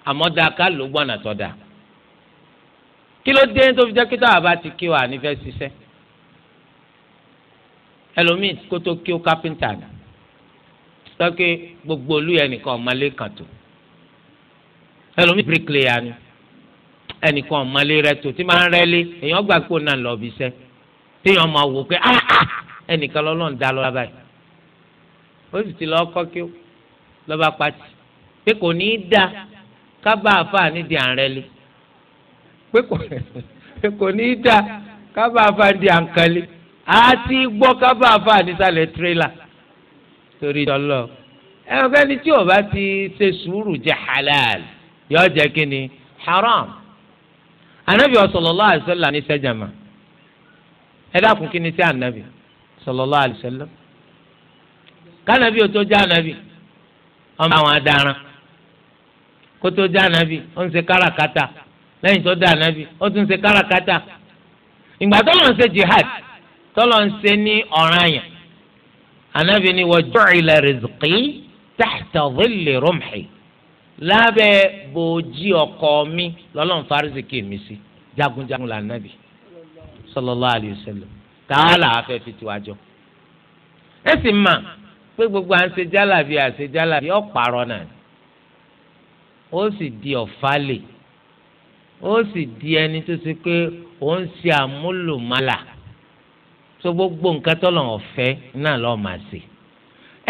àmọ́ dà ká ló gbọ́nà tọ́da kí ló dé tó fi jẹ́ kí táwa bá ti kíw ànífẹ́ ṣiṣẹ́ ẹlòmíì kó tó kíw kápẹ́ńtà náà sọ́kè gbogbo olú yẹn nìkan ọ̀mọ́lé kan tó ẹlòmíì bíríkìlì yẹn ni ẹnìkan ọ̀mọ́lé rẹ tó tí máa ń rẹ́lé èèyàn gbà pé náà lọ́ọ́ bí sẹ́ téèyàn máa wò pé ah, ah, ah. ẹnìkan lọ́lọ́run dá lọ́la báyìí ó sì ti lọ́ọ́ kọ́ kí ó lọ́ba pati pé kò ní í dá kábà àfáà nídìí à ń rẹ́lé pé kò ní í dá kábà àfáà nídìí à ń kẹ́lé àti kábà àfáà nísàlẹ̀ tirẹ́là torí ìjọlọ ẹnikẹ́ni tí ó bá ti ṣe sùúrù jẹ́ halal yóò jẹ́ kí ni haram anabi sallallahu alaihi wasallam ní sẹjàmà ẹ dákun kí ni sí anabi sallallahu alaihi wasallam kánabi ò tó jẹ anabi ọmọ àwọn adaran kó tó jẹ anabi ó ń ṣe káràkátà lẹ́yìn tó dé anabi ó tún ṣe káràkátà ìgbà tó ń ṣe jihad tó ń ṣe ní ọ̀ranyàn anabi ni wa ju'ila rizqi tahta dhilli rumhi. lábẹ́ bòójì ọkọ mi lọ́lọ́run mi sí jagunjagun là nàbì sallallahu alayhi tààlà afẹ́ fi tiwa jọ. ẹ sì mà pé gbogbo à jálàbí à jálàbí ọ̀pàrọ̀ náà ó sì di ọ̀fálè ó sì di ẹni tó ṣe pé ó ń ṣe àmúlòmálà tó gbogbo nǹkan tó lọ́n ọ̀fẹ́ náà lọ́ọ́ máa ṣe.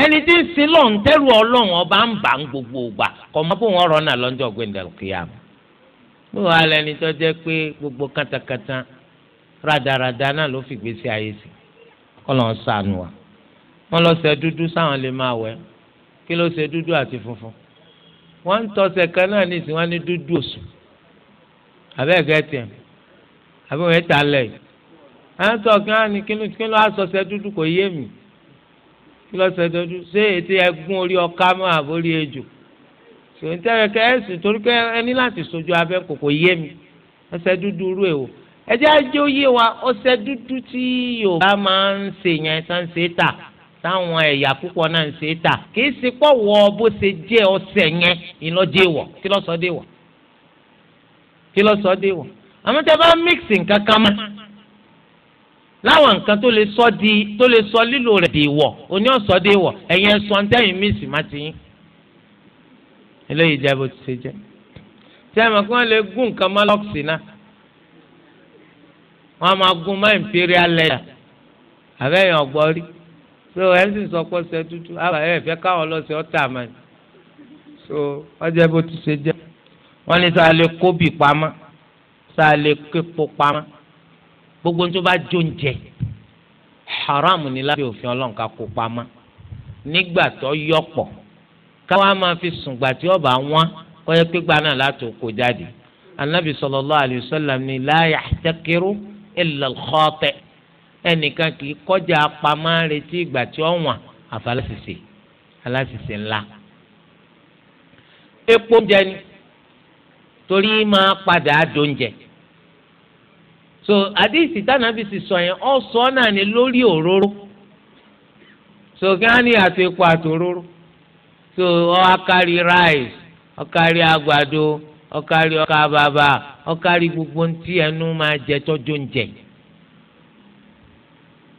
ẹni tí ń sin lọ́n tẹ́rù ọlọ́run ọba ń bà ń gbogbo gbà kọ́ mọ́ bó wọn rọ náà lọ́jọ́ gbẹ̀ndẹ̀ kìyàmù. bó wàá lẹni tó jẹ́ pé gbogbo kàtàkàtà rádaràda náà ló fi gbèsè ayé sí kọ́ lọ́n sànù wa. wọ́n lọ ṣe dúdú sáwọn lè máa wẹ̀ kí ló ṣe dúdú àti funfun. wọ́n ń tọ́sẹ̀ kan náà ní ìsìn wọn ní dúdú òsù. àbẹ́ẹ̀gẹ́ tiẹ̀ àbẹ́ẹ̀gẹ́ tà lẹ̀ kí lọ́sẹ̀ dojú ṣé ètè ẹgún orí ọká mọ́ àbórí ejò ṣòwòn tẹ́lẹ̀ kẹ́ ẹ sì torí kẹ́ ẹ ní láti sojú abẹ́ kòkò yé mi ọṣẹ dúdú rú èwo ẹjẹ́ ajó yé wa ọṣẹ dúdú tí Yorùbá máa ń ṣe yẹn tá ń ṣe tà táwọn ẹ̀yà púpọ̀ náà ń ṣe tà kì í ṣe pọ̀ wọ bó ṣe jẹ́ ọṣẹ yẹn ìlọ́jẹ́ wọ̀ kí lọ́sọ̀ dé wọ̀ kí lọ́sọ̀ dé wọ̀ àmọ́ tẹ́ bá mix nǹkan kan mọ́ láwọn nǹkan tó lè sọ di tó lè sọ lílo rẹ̀ di ìwọ̀ òní ọ̀sọ́ di ìwọ̀ ẹ̀yẹn sọ ntẹ́yìn mísì má ti yín. eléyìí jẹ́ bó ti ṣe jẹ́. tí a mọ̀ kí wọ́n lè gún nǹkan mọ́ lọ́ọ̀sì náà wọ́n á máa gún mọ́ imperial leather àbẹ́yẹn ọ̀gbọ́n rí so ẹ̀ ń sì sọ pé ṣe tútù àbá ẹ̀ fẹ́ káwọn ọlọ́sẹ̀ ọ̀tá àmà ni so ọjọ́ bó ti ṣe jẹ́. wọ́n ní sáà lè kóbì pamọ́ sáà pamọ́ gbogbo tó bá jó ń jẹ haram ni lábẹ́ òfin ọlọ́run ká kó pamọ́ nígbà tó yọpọ̀ káwá máa fi sùngbà tí ọba wọn kọ́ yẹ pé gbaná láti kó jáde anabi sallallahu alayhi wa sallam ni la yahtakiru illa ẹnìkan kì í kọjá pamọ́ retí ìgbà tí ó wọ̀n àfàlásìsì alásìsì ńlá epo ń jẹ torí máa padà dóúnjẹ. so àdéhìsì tànàbí ti sọ yẹn ọ sọ náà ni lórí òróró so gánà àti epo àtòróró so ọ akárí rice ọkárí àgbàdo ọkárí ọkà bàbà ọkárí gbogbo ntí ẹnu máa jẹ tọjú oúnjẹ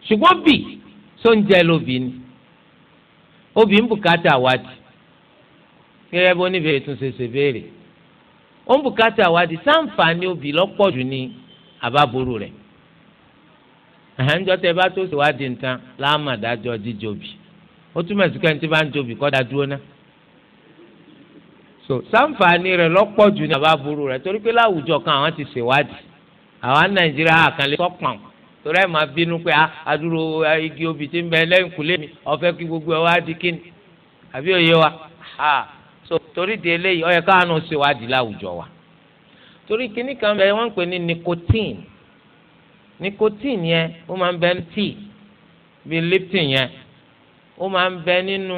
ṣùgbọ́n bì sóúnjẹ lóbi ni obì ń bùkátà wádìí gẹ́gẹ́ bó níbẹ̀rẹ̀ tún ṣe ṣe béèrè ó ń bùkátà wádìí sáǹfààní obì lọ́pọ̀ jù ni àbábòrò rẹ̀ àhánjọ́ tẹ bá tó ṣèwádìí nǹkan láàmàdájọ́ jíjòbì ó túmọ̀ sí kẹ́ntì bá ń jòbì kọ́ da dúró náà so sáǹfààní rẹ̀ lọ́pọ̀ jù ní àbábòrò rẹ̀ torí pé láwùjọ kan àwọn ti ṣèwádìí àwọn nàìjíríà àkànlẹ̀ sọ́pọ̀n torí ẹ̀ máa bínú pé ah, adúrò ah, igi obì ti ń bẹ lẹ́yìn kùlé mi ọ̀fẹ́ kí gbogbo ẹ̀ wá di kíni àbí òye wa ah, so torí di eléyìí ó yẹ káwọn ṣèwádìí láwùjọ wa torí kíní kan bẹ wọ́n ń pè ní nicotine nicotine yẹn ó máa ń bẹ ní tíì bíi lipton yẹn ó máa ń bẹ nínú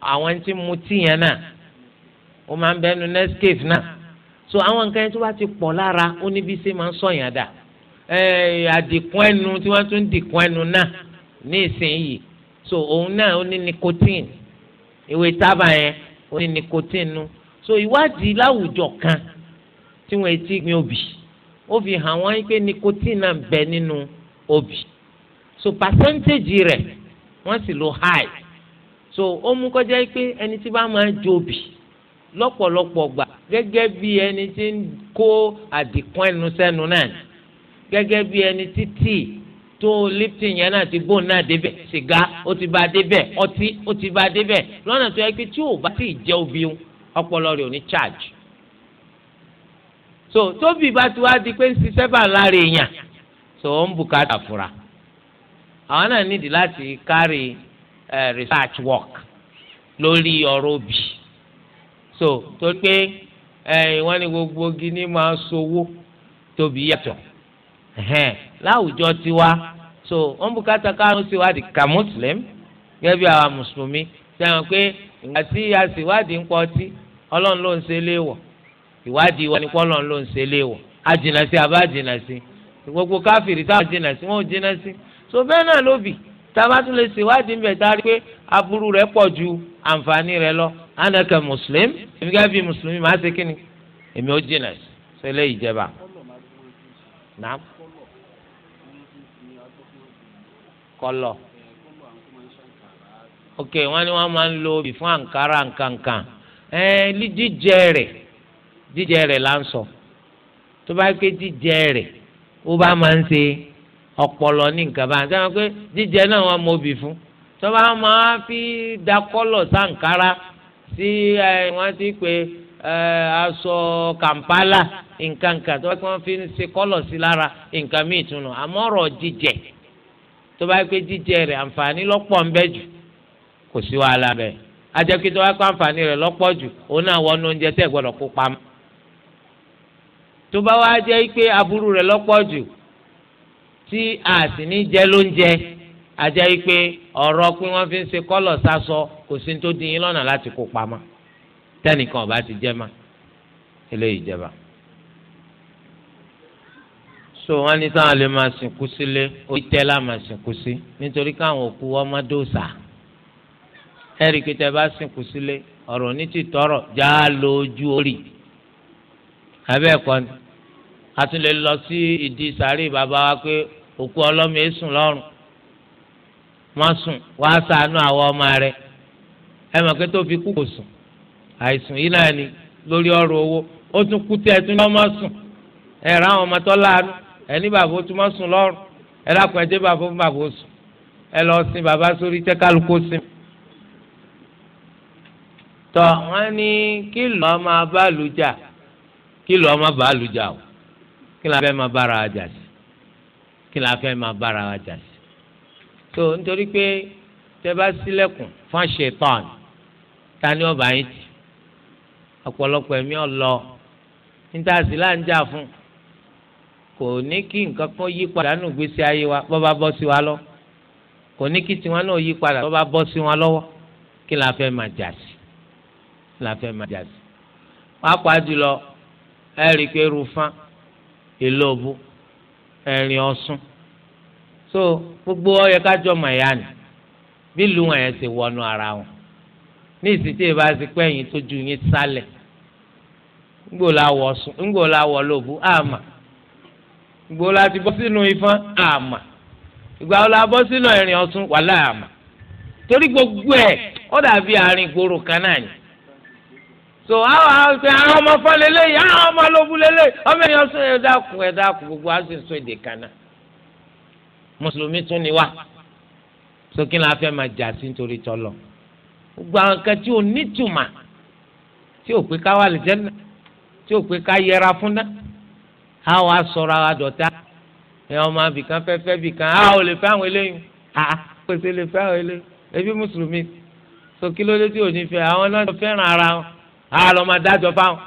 àwọn tí mu tíì yẹn náà ó máa ń bẹ nínú nescafe náà so àwọn nǹkan yẹn tó bá ti pọ̀ lára ó níbi ṣe máa ń sọ̀yàn dà àdìkún ẹnu tí wọ́n tún dìkún ẹnu náà ní ìsinyìí so òun náà ó ní nicotine ìwé tábà yẹn ó ní nicotine nu so ìwádìí láwùjọ kan tí wọ́n etí gbin obì ó fi hàn wọ́n pé nicotine náà bẹ nínú obì so percentage rẹ̀ wọ́n sì lo high so ó mú kọjá pé ẹni tí bá máa jó obì lọ́pọ̀lọpọ̀ gbà gẹ́gẹ́ bí ẹni tí ń kó àdìkún ẹnu sẹ́nu náà gẹ́gẹ́ bí ẹni tí tíì tó lipton yẹn náà ti bóun náà débẹ̀ sìgá ó ti bá a ọtí ó ti bá a débẹ̀ tó yẹ pé tí ò bá sì jẹ́ obì ọpọlọ rẹ̀ ò ní charge so tóbi bá ti wá di pé ń ṣiṣẹ́ bá lára èèyàn so ó ń bùkátà fura àwọn náà nídìí láti carry eh, research work lórí ọ̀rọ̀ òbí so tó pé eh, wọ́n ní gbogbo gíní máa sowó tóbi yàtọ̀ láwùjọ tiwa so ó ń bùkátà káwọn ṣèwádìí kà muslim gẹ́gẹ́ bí àwa mùsùlùmí sẹ́wọ̀n pé ìgbà tí a ṣèwádìí ń pọ̀ ọtí ọlọ́run ló ń ṣe léèwọ̀ ìwádìí wa ni kọ́lọ̀ ló ń ṣe léwọ̀ àjìnà sí àbá àjìnà sí gbogbo káfíìrì táwọn jìnà sí wọn ò jìnà sí so bẹ́ẹ̀ náà ló bì tába tún lè ṣèwádìí bẹ̀ tá a rí pé aburú rẹ̀ pọ̀ ju àǹfààní rẹ̀ lọ anaka mùsùlùm èmi gẹ́gẹ́ bí mùsùlùmí màá ṣe kíni èmi ò jìnà sí ṣe lè ìjẹba. kọlọ ok wọn ni wọn máa ń lo òbí fún àǹkárá nǹkankan ẹ jíjẹ rẹ̀ jíjẹ rẹ̀ là ń sọ tó bá ké jíjẹ rẹ̀ ó bá máa ń ṣe ọpọlọ ní nǹkan bá ń sẹ́wọ́n pé jíjẹ náà wọ́n mọ obì fún tó bá máa fi da kọ́lọ̀ sànkárá sí wọ́n ti pé aṣọ kàmpálà nǹkan tó bá ké wọ́n fi ṣe kọ́lọ̀ sí lára nǹkan míì tún nù àmọ́ ọ̀rọ̀ jíjẹ tó bá ké jíjẹ rẹ̀ àǹfààní lọ́pọ̀ ń bẹ jù kò sí wàhálà bẹ́ẹ̀ ajẹ́kítọ́ wá pé àǹfààní rẹ̀ lọ́pọ̀ jù òun náà wọnú oúnjẹ tẹ́ gbọ́dọ̀ kó pamọ́ tó bá wá jẹ́ pé aburú rẹ̀ lọ́pọ̀ jù tí a sì ní jẹ ló ń jẹ ajá yìí pé ọ̀rọ̀ pé wọ́n fi ń ṣe kọ́lọ̀ sásọ kò sí tó dín in lọ́nà láti kó pamọ́ tẹ́nìkan ọba ti jẹ́ ma eléyìí jẹba. so wọ́n ní sáwọn lè máa sìnkú sílé orí tẹ́lá máa sìnkú sí nítorí káwọn òkú wọn má dòòsà ẹ̀rí kí bá sìnkú sílé ọ̀rọ̀ ní ti tọrọ já lójú orí abẹ́ ni a tún lè lọ sí ìdí sàárè bàbá wa pé òkú ọlọ́mọ èsùn lọ́rùn wọ́n sùn wọ́n á sàánú àwọn ọmọ rẹ̀ ẹ mọ̀ pé tó fi kú kò sùn àìsùn yìí náà ni lórí ọ̀rọ̀ owó ó tún kú tí ẹ tún lọ́mọ sùn ẹ rà àwọn ọmọ tó láàánú ẹ ní bàbá ó tún mọ́ sùn lọ́rùn ẹ lákùn ẹ dé bàbá fún bàbá ó sùn ẹ lọ sin bàbá sórí tẹ kálukú sin. tọ́ wọ́n ní kí lọ́ọ́ máa bá lu jà kí lọ́ọ́ kí la fẹ́ máa bára wa jà sí kí la fẹ́ máa bára wa jà sí. tó nítorí pé tẹ́ bá ṣílẹ̀kùn fún ṣetán ta ni ọba yín ti ọ̀pọ̀lọpọ̀ ẹ̀mí ọ̀lọ́ níta sí là ń jà fún kò ní kí nǹkan kan yí padà nù gbèsè ayé wa bọ́ bá bọ́ sí wa lọ kò ní kí tiwọn náà yí padà bọ́ bá bọ́ sí wọn lọ́wọ́ kí la fẹ́ máa jà sí kí la fẹ́ máa jà sí. wàá pa jùlọ ẹ rí i pé rufan ìlóbu ẹ̀rìn so gbogbo ọyọ kájọ mọ̀ bí ìlú wọn yẹn ṣe wọnú ara wọn ní ìsìtì ìbá ti tójú yín sálẹ̀ ńgbò láwọ̀ lóbu àmà ńgbò láti bọ́ sínú ifán àmà so àwọn àwọn àwọn ọmọ fọlẹ lẹ́yìn àwọn ah, ọmọ lóbu lẹ́lẹ̀ ọmọ ènìyàn sún ẹ dákun ẹ dákun gbogbo a sì sọ èdè kanna mùsùlùmí tún ni wá sókè la fẹ́ máa jà sí nítorí tọlọ gbogbo àwọn kan tí ò ní tùmà tí ò pé ká wà lè jẹnà tí ò pé ká yẹra fún ná àwọn asọrọ àwọn àdọta ẹ ọmọ abìkan fẹfẹ bìkan a ò lè fẹ́ àwọn eléyìí a pèsè lè fẹ́ àwọn eléyìí ẹbí mùsùlùmí sókè lóde tí ò ní fẹ́ àwọn náà fẹ́ràn ara wọn a lọ máa dájọ́ fáwọn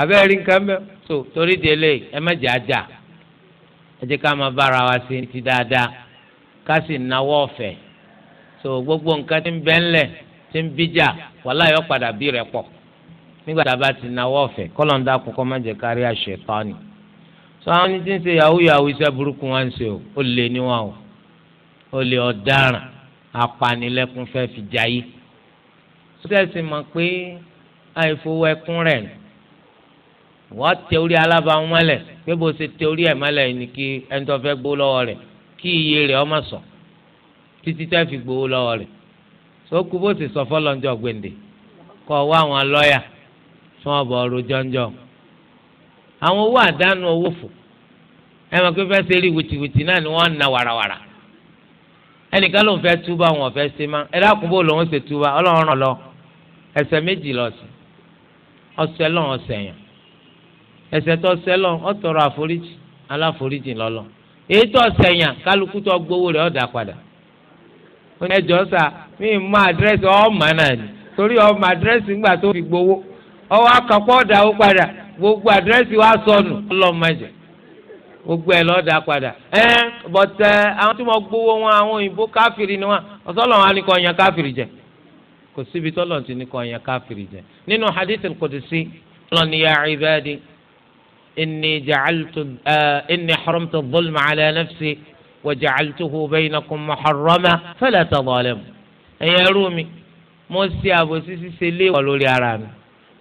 abẹ́rẹ́ rí nǹkan mẹ́ so torí délé ẹ má jẹ́ ajá ẹ jẹ́ ká máa bára wa sí ti dáadáa ká sì náwó ọ̀fẹ́ so gbogbo nǹkan tí ń bẹ́ ńlẹ̀ tí ń bíjà wàhálà yóò padà bí rẹ̀ pọ̀ nígbà tá a bá ti náwó ọ̀fẹ́ kọ́lọ́ńdà kọ́kọ́ má jẹ́ kárí àṣẹ tọ́ni so àwọn ní ti ń ṣe yahoo yahoo iṣẹ́ burúkú wọn ń ṣe o ó lè níwọ̀n o ó lè ọ̀daràn apanilẹ́kún fẹ́ fi jayé sọ́dẹ̀ mọ̀ pé àìfowó ẹkún rẹ̀ wọ́n tẹ orí alábàáwọn mọ́lẹ̀ pé bó ṣe tẹ ẹ̀ mọ́lẹ̀ ni kí ẹni tó fẹ́ gbó lọ́wọ́ rẹ̀ kí iye rẹ̀ ọmọ sọ títí tẹ́ fi gbowó lọ́wọ́ rẹ̀ sókú bó ti sọ fọlọ́njọ́ gbèǹde kọ́ wá àwọn lọ́ọ̀yà fún ọ̀bọ̀ ọ̀rọ̀ jọ́njọ́ àwọn owó àdánù owó fò ẹ mọ̀ pé fẹ́ ṣe rí wìtìwìtì náà ni wọ́n ń na wàràwàrà ẹnìkan ló ń fẹ́ túbà wọn ò fẹ́ ṣe má ẹ dákun bó lòun ṣe túbà ọlọ́run lọ ẹsẹ̀ méjì lọ sí i ọsẹ lọ ọsẹ yàn ẹ̀ṣẹ̀ tó ọsẹ lọ ọtọrọ àforíjì aláforíjì lọlọ èyí tó ọsẹ yàn kálukú tó gbowó rẹ̀ ọdà padà ẹjọ sà mí àdírẹ́sì ọmọ náà ni torí ọmọ àdírẹ́sì ńgbà tó fi gbowó ọwọ́ ọ̀dà ó padà gbogbo àdírẹ́sì wa sọnù ọlọ́mọdé gbogbo ẹ̀ lọ́ọ́ padà bọ̀tẹ́ àwọn tí gbowó wọn àwọn òyìnbó ni wọn ọ̀sọ́ ní kọ́ kò síbi tọ́lọ̀ ti ní kọ́ yẹn káfìrí jẹ nínú hadithil qudsi lọ́ni ya ibadi inni jacaltu inni xarumtu dulma cala nafsi wa jacaltuhu baynakum muharrama fala tadalamu ẹ̀yẹ rúmi mo ṣe àbòsí ṣíṣe léèwọ̀ lórí ara mi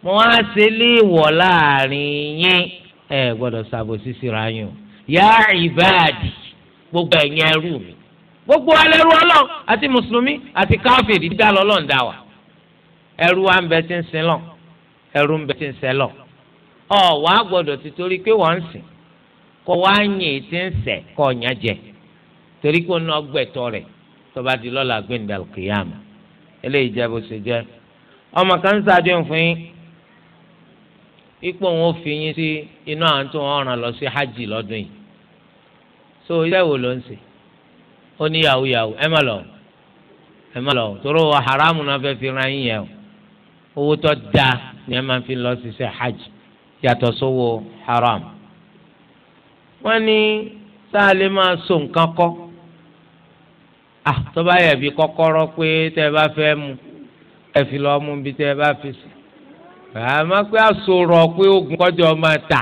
mo wá ṣe léèwọ̀ láàrin yín ẹ gbọ́dọ̀ ṣàbòsí síra yín o ya ibadi gbogbo ẹ̀yin ẹrú mi gbogbo alẹ́rú ọlọ́run àti mùsùlùmí àti káfíìrì dá lọ́lọ́run dá wa. ẹrú wa ń bẹ tí ń sin lọ ẹrú ń bẹ tí ń sẹ lọ ọ wà á gbọ́dọ̀ ti torí pé wọ́n ń sìn kó wá yìn tí ń sẹ kó ọyàn jẹ torí pé ọ̀nà ọgbẹ̀tọ̀ di lọ́la gbẹ̀ndà kìyàmù eléyìí jẹ́ bó ṣe jẹ́ ọmọ kan ń sàdéhùn fún yín ipò òun ò fi yín sí inú àwọn tó ń ràn lọ sí hajj lọ́dún yìí so iṣẹ́ wo ló ń ṣe ó ní yahoo yahoo ẹ má lọ ẹ má lọ tóró wa haramu náà fẹ́ fi yín yẹn o owó tó da ni ẹ máa fi lọ ṣiṣẹ́ hajj yàtọ̀ sówó haram. wọ́n ní sáà lè máa so nǹkan kọ́ ah tó bá yẹ bí kọ́kọ́rọ́ pé tẹ́ ẹ bá fẹ́ mu ẹ fi lọ́ọ́ mú bí tẹ́ ẹ bá fi sí. àmọ́ pé àsòrọ̀ pé oògùn kọjọ máa tà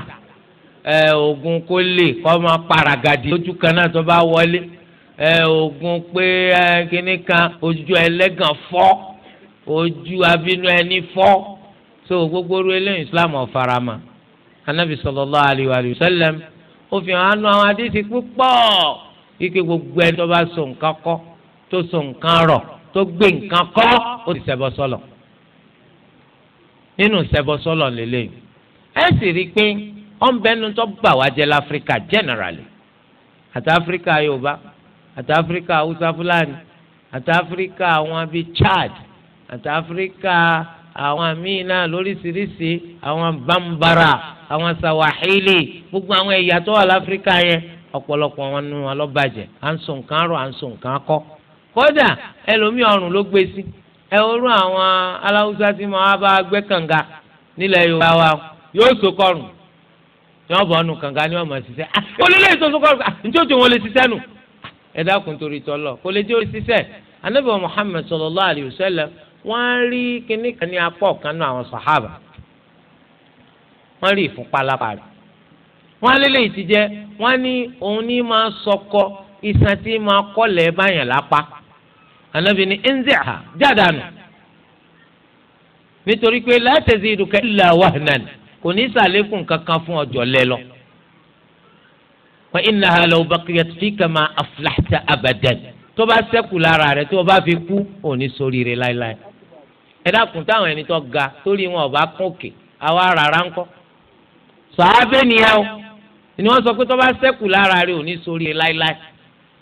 ẹ oògùn kó lè kọ́ máa paragàdì lójú kan náà tó bá wọlé ẹ oògùn pé ẹ kíní kan ojú ẹlẹ́gàn fọ́ ojú abínú ẹni fọ́ so gbogbo orí eléyìí islam ọ̀farama anabi sallallahu alayhi wa sallam ó fi hàn ánú àwọn adéṣe púpọ̀ ike gbogbo ẹni tó bá so nǹkan kọ́ tó so nǹkan rọ̀ tó gbé nǹkan kọ́ ó ti ṣẹbọ sọlọ nínú ṣẹbọ sọlọ lélẹ́yìn ẹ sì rí i pé ọ̀nbẹ́nu tó bà wá jẹ́ láfíríkà generally àti áfíríkà yorùbá àti áfíríkà haúsá fúlàní àti áfíríkà àwọn bíi chad àti áfíríkà àwọn míì náà lóríṣiríṣi àwọn bambara àwọn sawahili gbogbo àwọn ẹ̀yà tó wà láfíríkà yẹn ọ̀pọ̀lọpọ̀ wọn nu wọn lọ bàjẹ́ à ń so nǹkan rọ à ń so nǹkan kọ́ kódà ẹlòmíì ọrùn ló gbé sí ẹ orú àwọn aláwùsá tí bá kànga nílẹ̀ yorùbá wa yóò so kọrùn wọn bọ̀ ọ́nù kànga ni wọn mọ̀ ṣiṣẹ́ olólè ah, kọrùn ah, wọn lè ṣiṣẹ́ nù ẹ dákun torí tọ́lọ̀ kò lè jẹ́ òṣìṣẹ́ wọ́n rí kinní kan ní apọ̀ kan nínú àwọn sàhábà wọ́n rí ìfúnpá lápá rẹ̀ wọ́n lélẹ̀ yìí ti jẹ́ wọ́n ní òun ní máa sọkọ iṣan tí máa kọ́lẹ̀ báyàn lápá ànábì ní ẹnzẹ́à jádanù nítorí pé látẹ̀sí ìdúkẹ́ ìlà wàhánàn kò ní sàlékún kankan fún ọjọ́ lẹ wọ́n iná lọ bá kiri àti fíkà máa tó bá sẹ́kù lára rẹ̀ tó bá fi kú òní sóríire láéláé ẹ dákun táwọn ẹni tó ga torí wọn ọba kún òkè àwa rárá ńkọ́ sàábẹ nìyẹn o ni wọn sọ pé tó bá ṣẹ́kù lára rẹ ò ní sórí láéláé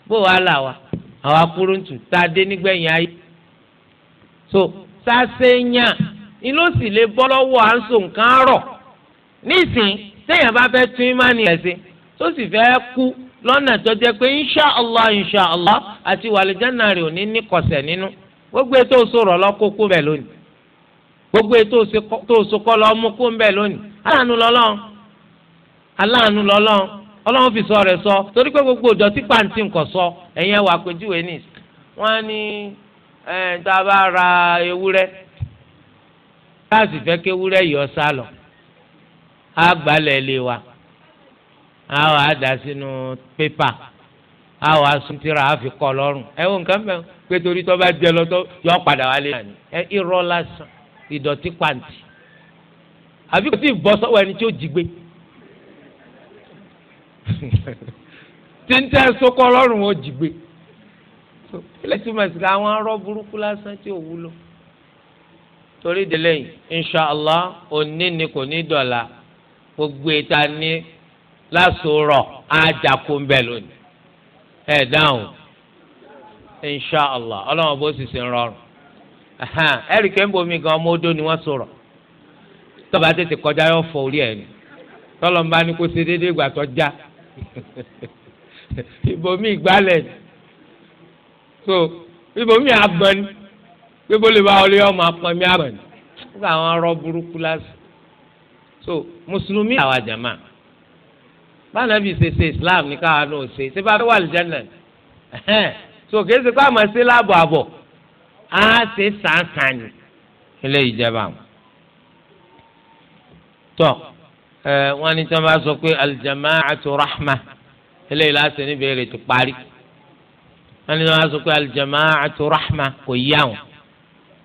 bó wàá là wá àwọn akúrúntù tá a dé nígbẹ̀yìn ayé so sàṣeyàn ni ló sì lè bọ́ lọ́wọ́ à ń so nǹkan rọ̀ nísìn téèyàn bá fẹ́ tún ìmánì ẹ̀ sí tó sì fẹ́ kú lọ́nà tó jẹ́ pé insha allah insha allah àti wàlìjánà rẹ̀ ò ní ní kọ̀sẹ̀ nínú gbogbo ètò òṣòro ọlọ́kókó bẹ̀ lónìí gbogbo ètò òsokọ lọ mú kó ń bẹ lónìí aláàánú lọ́lọ́run aláàánú lọ́lọ́run Ọlọ́run fi sọ rẹ̀ sọ torí pé gbogbo ìdọ̀tí pàǹtí nǹkan sọ ẹ̀yẹn wà péjúwe ní wọ́n ní tá a bá ra ewúrẹ́ káàsì fẹ́ kéwúrẹ́ yọ sá lọ á gbalẹ̀ lé wa á wà á dà sínú pépà á wà á sun tíra á fi kọ́ lọ́rùn ẹ wo nǹkan mẹ́wọ́n pé torí tó bá jẹ lọ tó yọ padà wálé. ẹ irọ́ lásán ìdọ̀tí pàǹtì àbí kò tí ì bọ́ sọ́wọ́ ẹni tí ó jí gbé tí ń tẹ́ sókó ọlọ́run ó jí gbé lẹ́tí mẹ́sì ká àwọn arọ́ burúkú lásán tí ò wúlò torí délé yìí inshàlá òní ni kò ní dọ̀la gbogbo ìta ní lásòrò àjàkú ń lónìí ẹ̀ dáhùn inshàlá ọlọ́run bó sì ṣe rọrùn ẹ̀rì kẹ́ńbọ̀mí gan ọmọ odó ni wọ́n sọ̀rọ̀ tọ́ba tètè kọjá yọ fọ orí ẹ̀ ni tọ́lọ́mbà ni kò ṣe déédéé ìgbà tó já ìbòmí ìgbálẹ̀ so ìbòmí àgbọ̀n ni gbégbó lè bá ọlẹ́ ọmọ apọ̀mí àgbọ̀n ni ó kà àwọn arọ burúkú lásán so mùsùlùmí àwa jàmá báńdà bíi ṣe islam ní káwa náà ṣe ṣé bá fẹ́ wà lìjánà so kì í ṣe pé àmọ́ àbọ̀ á ṣe sàǹsàn ni ilé ìjẹba wọn. tọ ẹ wọn ní tí wọn sọ pé aljama'atu rahma ilé ìlà ṣe ní bèrè ti parí wọn ní tí wọn bá sọ pé aljama'atu rahma kò yá wọn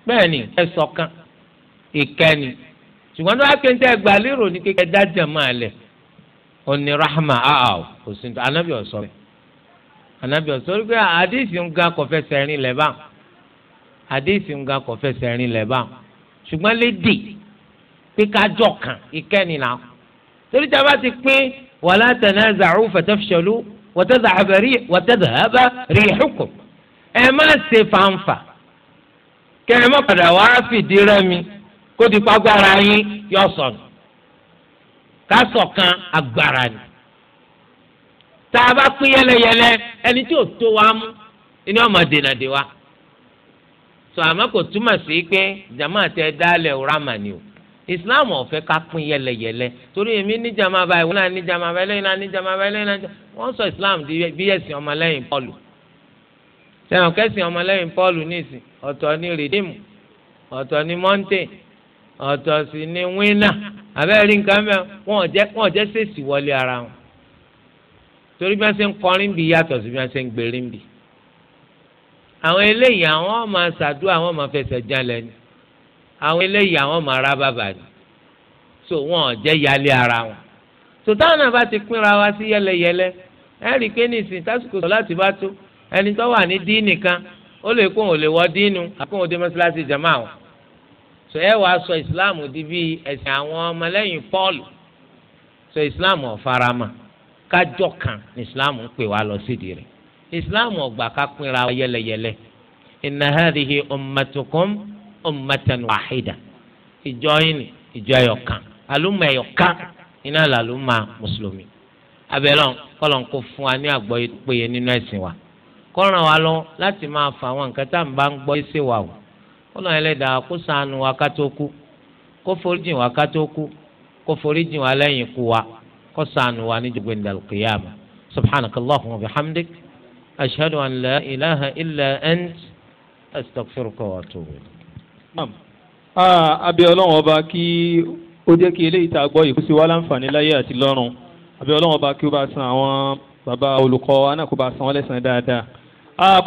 bẹ́ẹ̀ ni ẹ ṣọ̀kan ìkẹni ṣùgbọ́n tó bá pé ń tẹ́ gbà lérò ní kékeré dájà máa lẹ̀ oni rahma aaw kò sí anabi ọsọ rẹ anabi ọsọ rẹ pé àdìsí ń ga kọfẹ sẹrin lẹba àdéhìsì ń ga kò fẹsẹ̀ rin lẹ̀ bá ṣùgbọ́n lédè pé kájọ kan ìkẹ́ni là torí tí a bá ti pín wala tanaza'u fatafshalu wa tadhhaba rihukum ẹ má ṣe fanfa kẹ ẹ má padà wá fìdí rẹmi kó di pàgbára yín yọ sọnù kásọ̀kan agbára ni tá a bá pín yẹlẹyẹlẹ ẹni tí ò tó wa mú ẹni ọmọ dènà wa sọ àmọ́ kò túmọ̀ sí pé jama tẹ dálẹ̀ rama ni o islam ọ̀fẹ́ ká pín yẹlẹyẹlẹ torí èmi ní jama báyìí wọn náà ní jama báyìí lẹ́yìn náà ní jama báyìí lẹ́yìn náà wọ́n sọ islam di bí ẹ̀sìn ọmọlẹ́yìn pọ́ọ̀lù sẹ́wọ̀n kẹ́sìn ọmọlẹ́yìn pọ́ọ̀lù nìsín ọ̀tọ̀ ní rìdíìmù ọ̀tọ̀ ní mọ́ńtè ọ̀tọ̀ sì ní wínà àbẹ́rẹ́ nǹkan mẹ́ wọ́n jẹ́ wọ́n jẹ́ sèṣì wọlé ara wọn torí bí wọ́n ṣe ń kọrin bí yàtọ̀ sí bí wọ́n ṣe ń gbèrín bí àwọn eléyìí àwọn ọmọ ṣàdúrà àwọn ọmọ fẹsẹ̀ jalẹ̀ ni àwọn eléyìí àwọn ọmọ ara ni so wọn jẹ́ yálé ara wọn so táwọn náà bá ti pínra wa sí yẹlẹyẹlẹ ẹ rí i pé nísìnyí tásìkò sọ láti bá tó ẹni tó wà ní díìnì kan ó lè kó lè wọ díìnù àkóhun dé mọ́ṣáláṣí jama wọn so ẹ wàá sọ ìsìláàmù di bíi ẹ̀sìn àwọn ọmọlẹ́yìn pọ́ọ̀lù so ìsìláàmù ọ̀farama kájọ kan ní ìsìláàmù ń pè wá lọ sídìí rẹ̀ islam ọgbà ká wa yẹlẹyẹlẹ inna hadhihi ummatukum ummatan wahida ìjọ yín ìjọ ẹyọkan àlùmọ ẹyọkan iná làlùmọ mùsùlùmí abẹ́lẹ́ kọ́lọ̀ ń fún wa ní péye nínú wa wa lọ láti máa nǹkan tá à ń bá ń wa o kó wa kú kó wa kú kó wa wa kó wa ní wa bihamdik. ashhadu an la ilaha illa ant astaghfiruka wa atubu. abẹ́ ọlọ́run ọba kí ó jẹ́ kí eléyìí tá a gbọ́ ìkúsí wa láǹfààní láyé àti lọ́run abẹ́ ọlọ́run ọba kí ó bá san àwọn bàbá olùkọ́ anákó bá san wọ́n lẹ́sàn-án dáadáa.